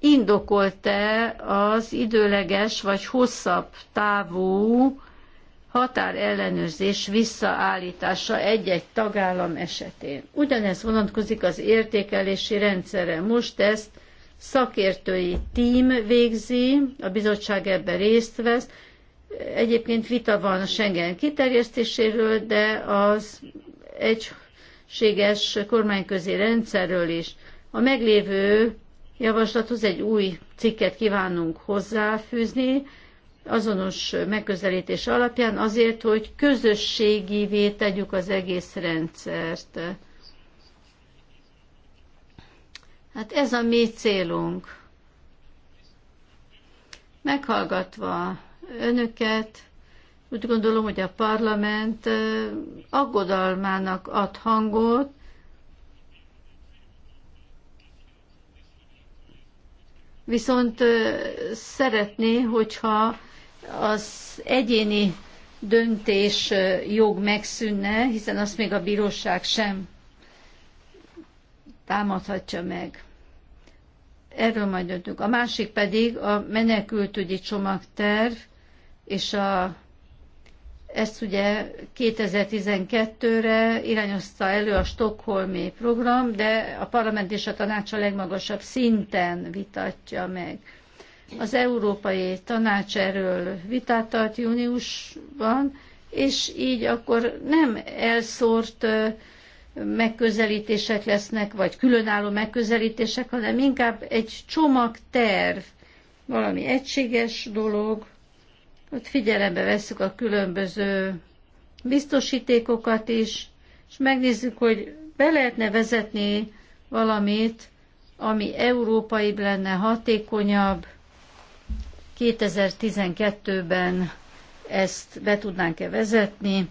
indokolt-e az időleges vagy hosszabb távú határellenőrzés visszaállítása egy-egy tagállam esetén. Ugyanez vonatkozik az értékelési rendszerre. Most ezt szakértői tím végzi, a bizottság ebben részt vesz. Egyébként vita van a Schengen kiterjesztéséről, de az egységes kormányközi rendszerről is. A meglévő javaslathoz egy új cikket kívánunk hozzáfűzni, azonos megközelítés alapján azért, hogy közösségivé tegyük az egész rendszert. Hát ez a mi célunk. Meghallgatva önöket, úgy gondolom, hogy a parlament aggodalmának ad hangot, viszont szeretné, hogyha az egyéni döntés jog megszűnne, hiszen azt még a bíróság sem támadhatja meg. Erről majd döntünk. A másik pedig a menekültügyi csomagterv és a ezt ugye 2012-re irányozta elő a Stockholmi program, de a parlament és a tanács a legmagasabb szinten vitatja meg. Az Európai Tanács erről vitát tart júniusban, és így akkor nem elszórt megközelítések lesznek, vagy különálló megközelítések, hanem inkább egy csomagterv, valami egységes dolog, ott figyelembe vesszük a különböző biztosítékokat is, és megnézzük, hogy be lehetne vezetni valamit, ami európai lenne hatékonyabb. 2012-ben ezt be tudnánk-e vezetni.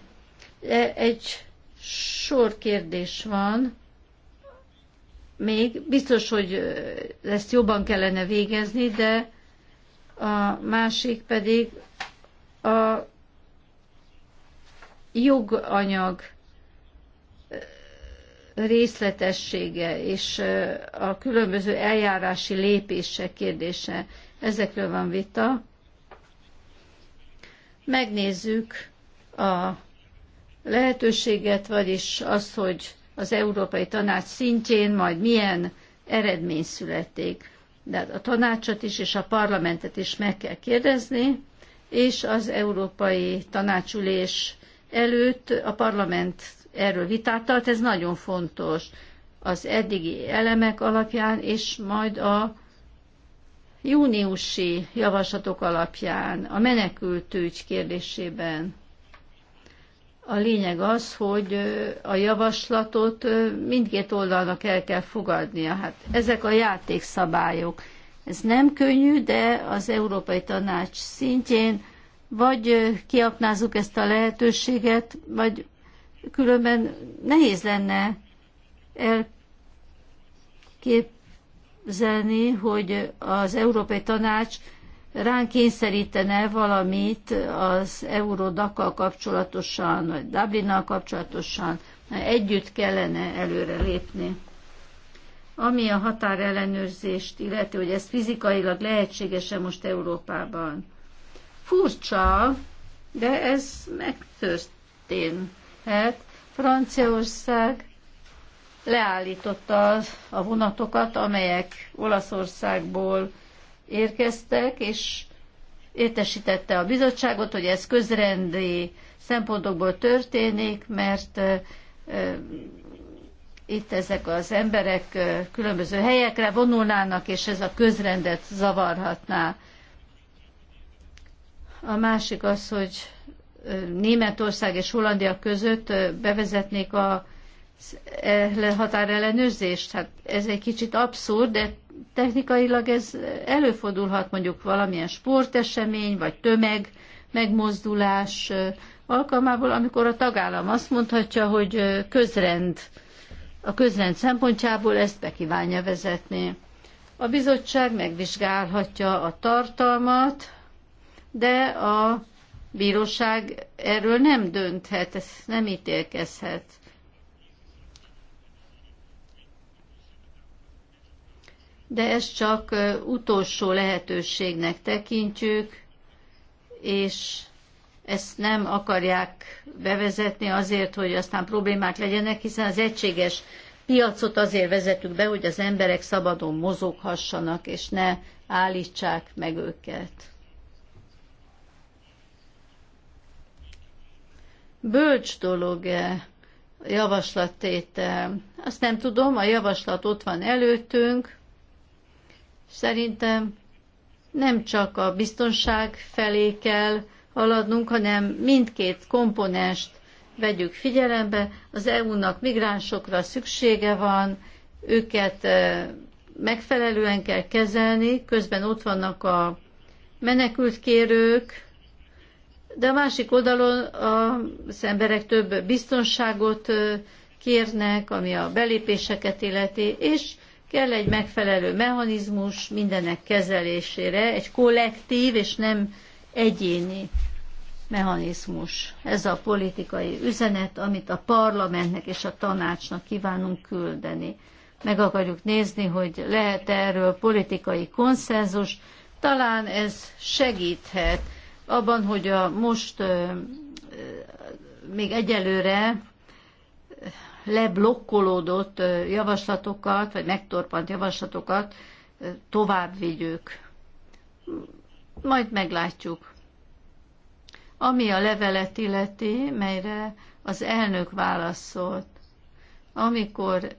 E, egy sor kérdés van, még biztos, hogy ezt jobban kellene végezni, de a másik pedig a joganyag részletessége és a különböző eljárási lépések kérdése, ezekről van vita. Megnézzük a lehetőséget, vagyis az, hogy az Európai Tanács szintjén majd milyen eredmény születik. De hát a tanácsot is és a parlamentet is meg kell kérdezni, és az Európai Tanácsülés előtt a parlament erről vitát tart, ez nagyon fontos az eddigi elemek alapján, és majd a júniusi javaslatok alapján, a menekültügy kérdésében. A lényeg az, hogy a javaslatot mindkét oldalnak el kell fogadnia. Hát ezek a játékszabályok. Ez nem könnyű, de az Európai Tanács szintjén vagy kiaknázzuk ezt a lehetőséget, vagy különben nehéz lenne elképzelni, hogy az Európai Tanács ránk kényszerítene valamit az eurodakkal kapcsolatosan, vagy Dublinnal kapcsolatosan. Együtt kellene előre lépni. Ami a határellenőrzést illeti, hogy ez fizikailag lehetséges-e most Európában. Furcsa, de ez megtörténhet. Franciaország leállította a vonatokat, amelyek Olaszországból érkeztek, és értesítette a bizottságot, hogy ez közrendi szempontokból történik, mert itt ezek az emberek különböző helyekre vonulnának, és ez a közrendet zavarhatná. A másik az, hogy Németország és Hollandia között bevezetnék a határellenőrzést. Hát ez egy kicsit abszurd, de technikailag ez előfordulhat mondjuk valamilyen sportesemény, vagy tömeg megmozdulás alkalmából, amikor a tagállam azt mondhatja, hogy közrend a közrend szempontjából ezt kívánja vezetni. A bizottság megvizsgálhatja a tartalmat, de a bíróság erről nem dönthet, ez nem ítélkezhet. De ezt csak utolsó lehetőségnek tekintjük, és ezt nem akarják bevezetni azért, hogy aztán problémák legyenek, hiszen az egységes piacot azért vezetük be, hogy az emberek szabadon mozoghassanak, és ne állítsák meg őket. Bölcs dolog -e javaslattétel? Azt nem tudom, a javaslat ott van előttünk. Szerintem nem csak a biztonság felé kell, haladnunk, hanem mindkét komponest vegyük figyelembe. Az EU-nak migránsokra szüksége van, őket megfelelően kell kezelni, közben ott vannak a menekültkérők, de a másik oldalon az emberek több biztonságot kérnek, ami a belépéseket illeti, és kell egy megfelelő mechanizmus mindenek kezelésére, egy kollektív és nem egyéni mechanizmus. Ez a politikai üzenet, amit a parlamentnek és a tanácsnak kívánunk küldeni. Meg akarjuk nézni, hogy lehet -e erről politikai konszenzus. Talán ez segíthet abban, hogy a most még egyelőre leblokkolódott javaslatokat, vagy megtorpant javaslatokat tovább vigyük majd meglátjuk. Ami a levelet illeti, melyre az elnök válaszolt, amikor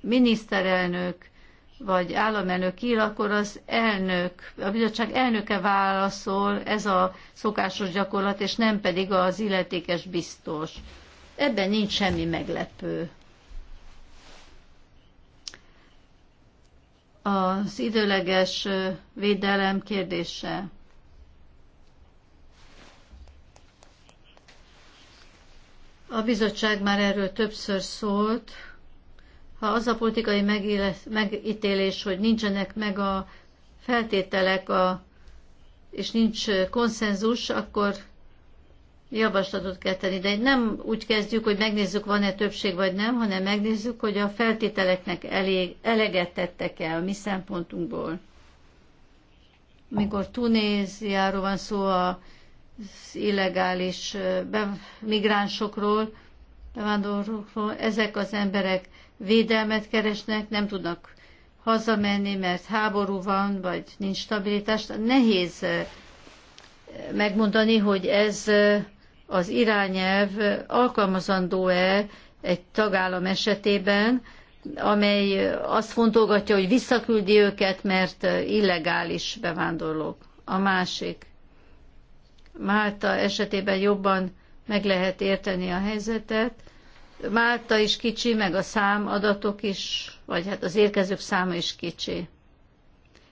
miniszterelnök vagy államelnök ír, akkor az elnök, a bizottság elnöke válaszol, ez a szokásos gyakorlat, és nem pedig az illetékes biztos. Ebben nincs semmi meglepő. az időleges védelem kérdése. A bizottság már erről többször szólt. Ha az a politikai megítélés, hogy nincsenek meg a feltételek a, és nincs konszenzus, akkor javaslatot kell tenni. De nem úgy kezdjük, hogy megnézzük, van-e többség vagy nem, hanem megnézzük, hogy a feltételeknek elég, eleget tettek-e a mi szempontunkból. Mikor Tunéziáról van szó az illegális migránsokról, bevándorlókról, ezek az emberek védelmet keresnek, nem tudnak hazamenni, mert háború van, vagy nincs stabilitás. Nehéz megmondani, hogy ez az irányelv alkalmazandó-e egy tagállam esetében, amely azt fontolgatja, hogy visszaküldi őket, mert illegális bevándorlók. A másik. Málta esetében jobban meg lehet érteni a helyzetet. Málta is kicsi, meg a számadatok is, vagy hát az érkezők száma is kicsi.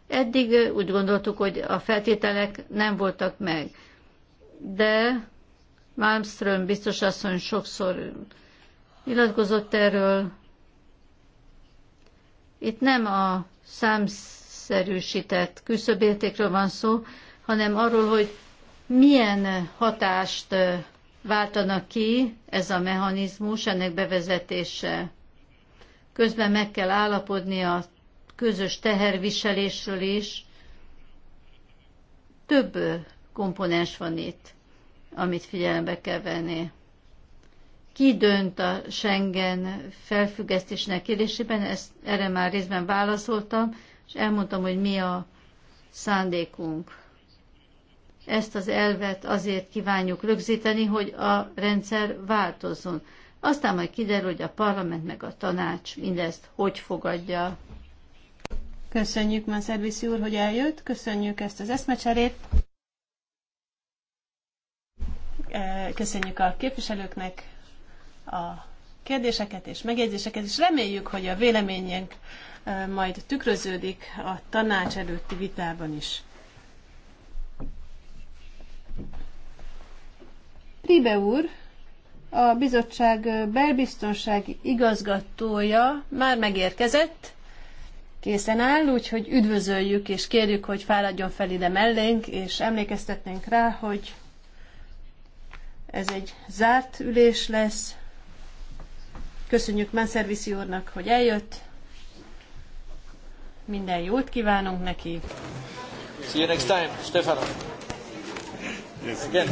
Eddig úgy gondoltuk, hogy a feltételek nem voltak meg, de Malmström biztos asszony sokszor nyilatkozott erről. Itt nem a számszerűsített küszöbértékről van szó, hanem arról, hogy milyen hatást váltanak ki ez a mechanizmus, ennek bevezetése. Közben meg kell állapodni a közös teherviselésről is. Több komponens van itt amit figyelembe kell venni. Ki dönt a Schengen felfüggesztésnek kérdésében, ezt erre már részben válaszoltam, és elmondtam, hogy mi a szándékunk. Ezt az elvet azért kívánjuk rögzíteni, hogy a rendszer változzon. Aztán majd kiderül, hogy a parlament meg a tanács mindezt hogy fogadja. Köszönjük, Manszerviszi úr, hogy eljött, köszönjük ezt az eszmecserét köszönjük a képviselőknek a kérdéseket és megjegyzéseket, és reméljük, hogy a véleményünk majd tükröződik a tanács előtti vitában is. Pribe úr, a bizottság belbiztonsági igazgatója már megérkezett, készen áll, úgyhogy üdvözöljük és kérjük, hogy fáradjon fel ide mellénk, és emlékeztetnénk rá, hogy ez egy zárt ülés lesz. Köszönjük Manservisi úrnak, hogy eljött. Minden jót kívánunk neki. See you next time, Stefano. Yes. Again.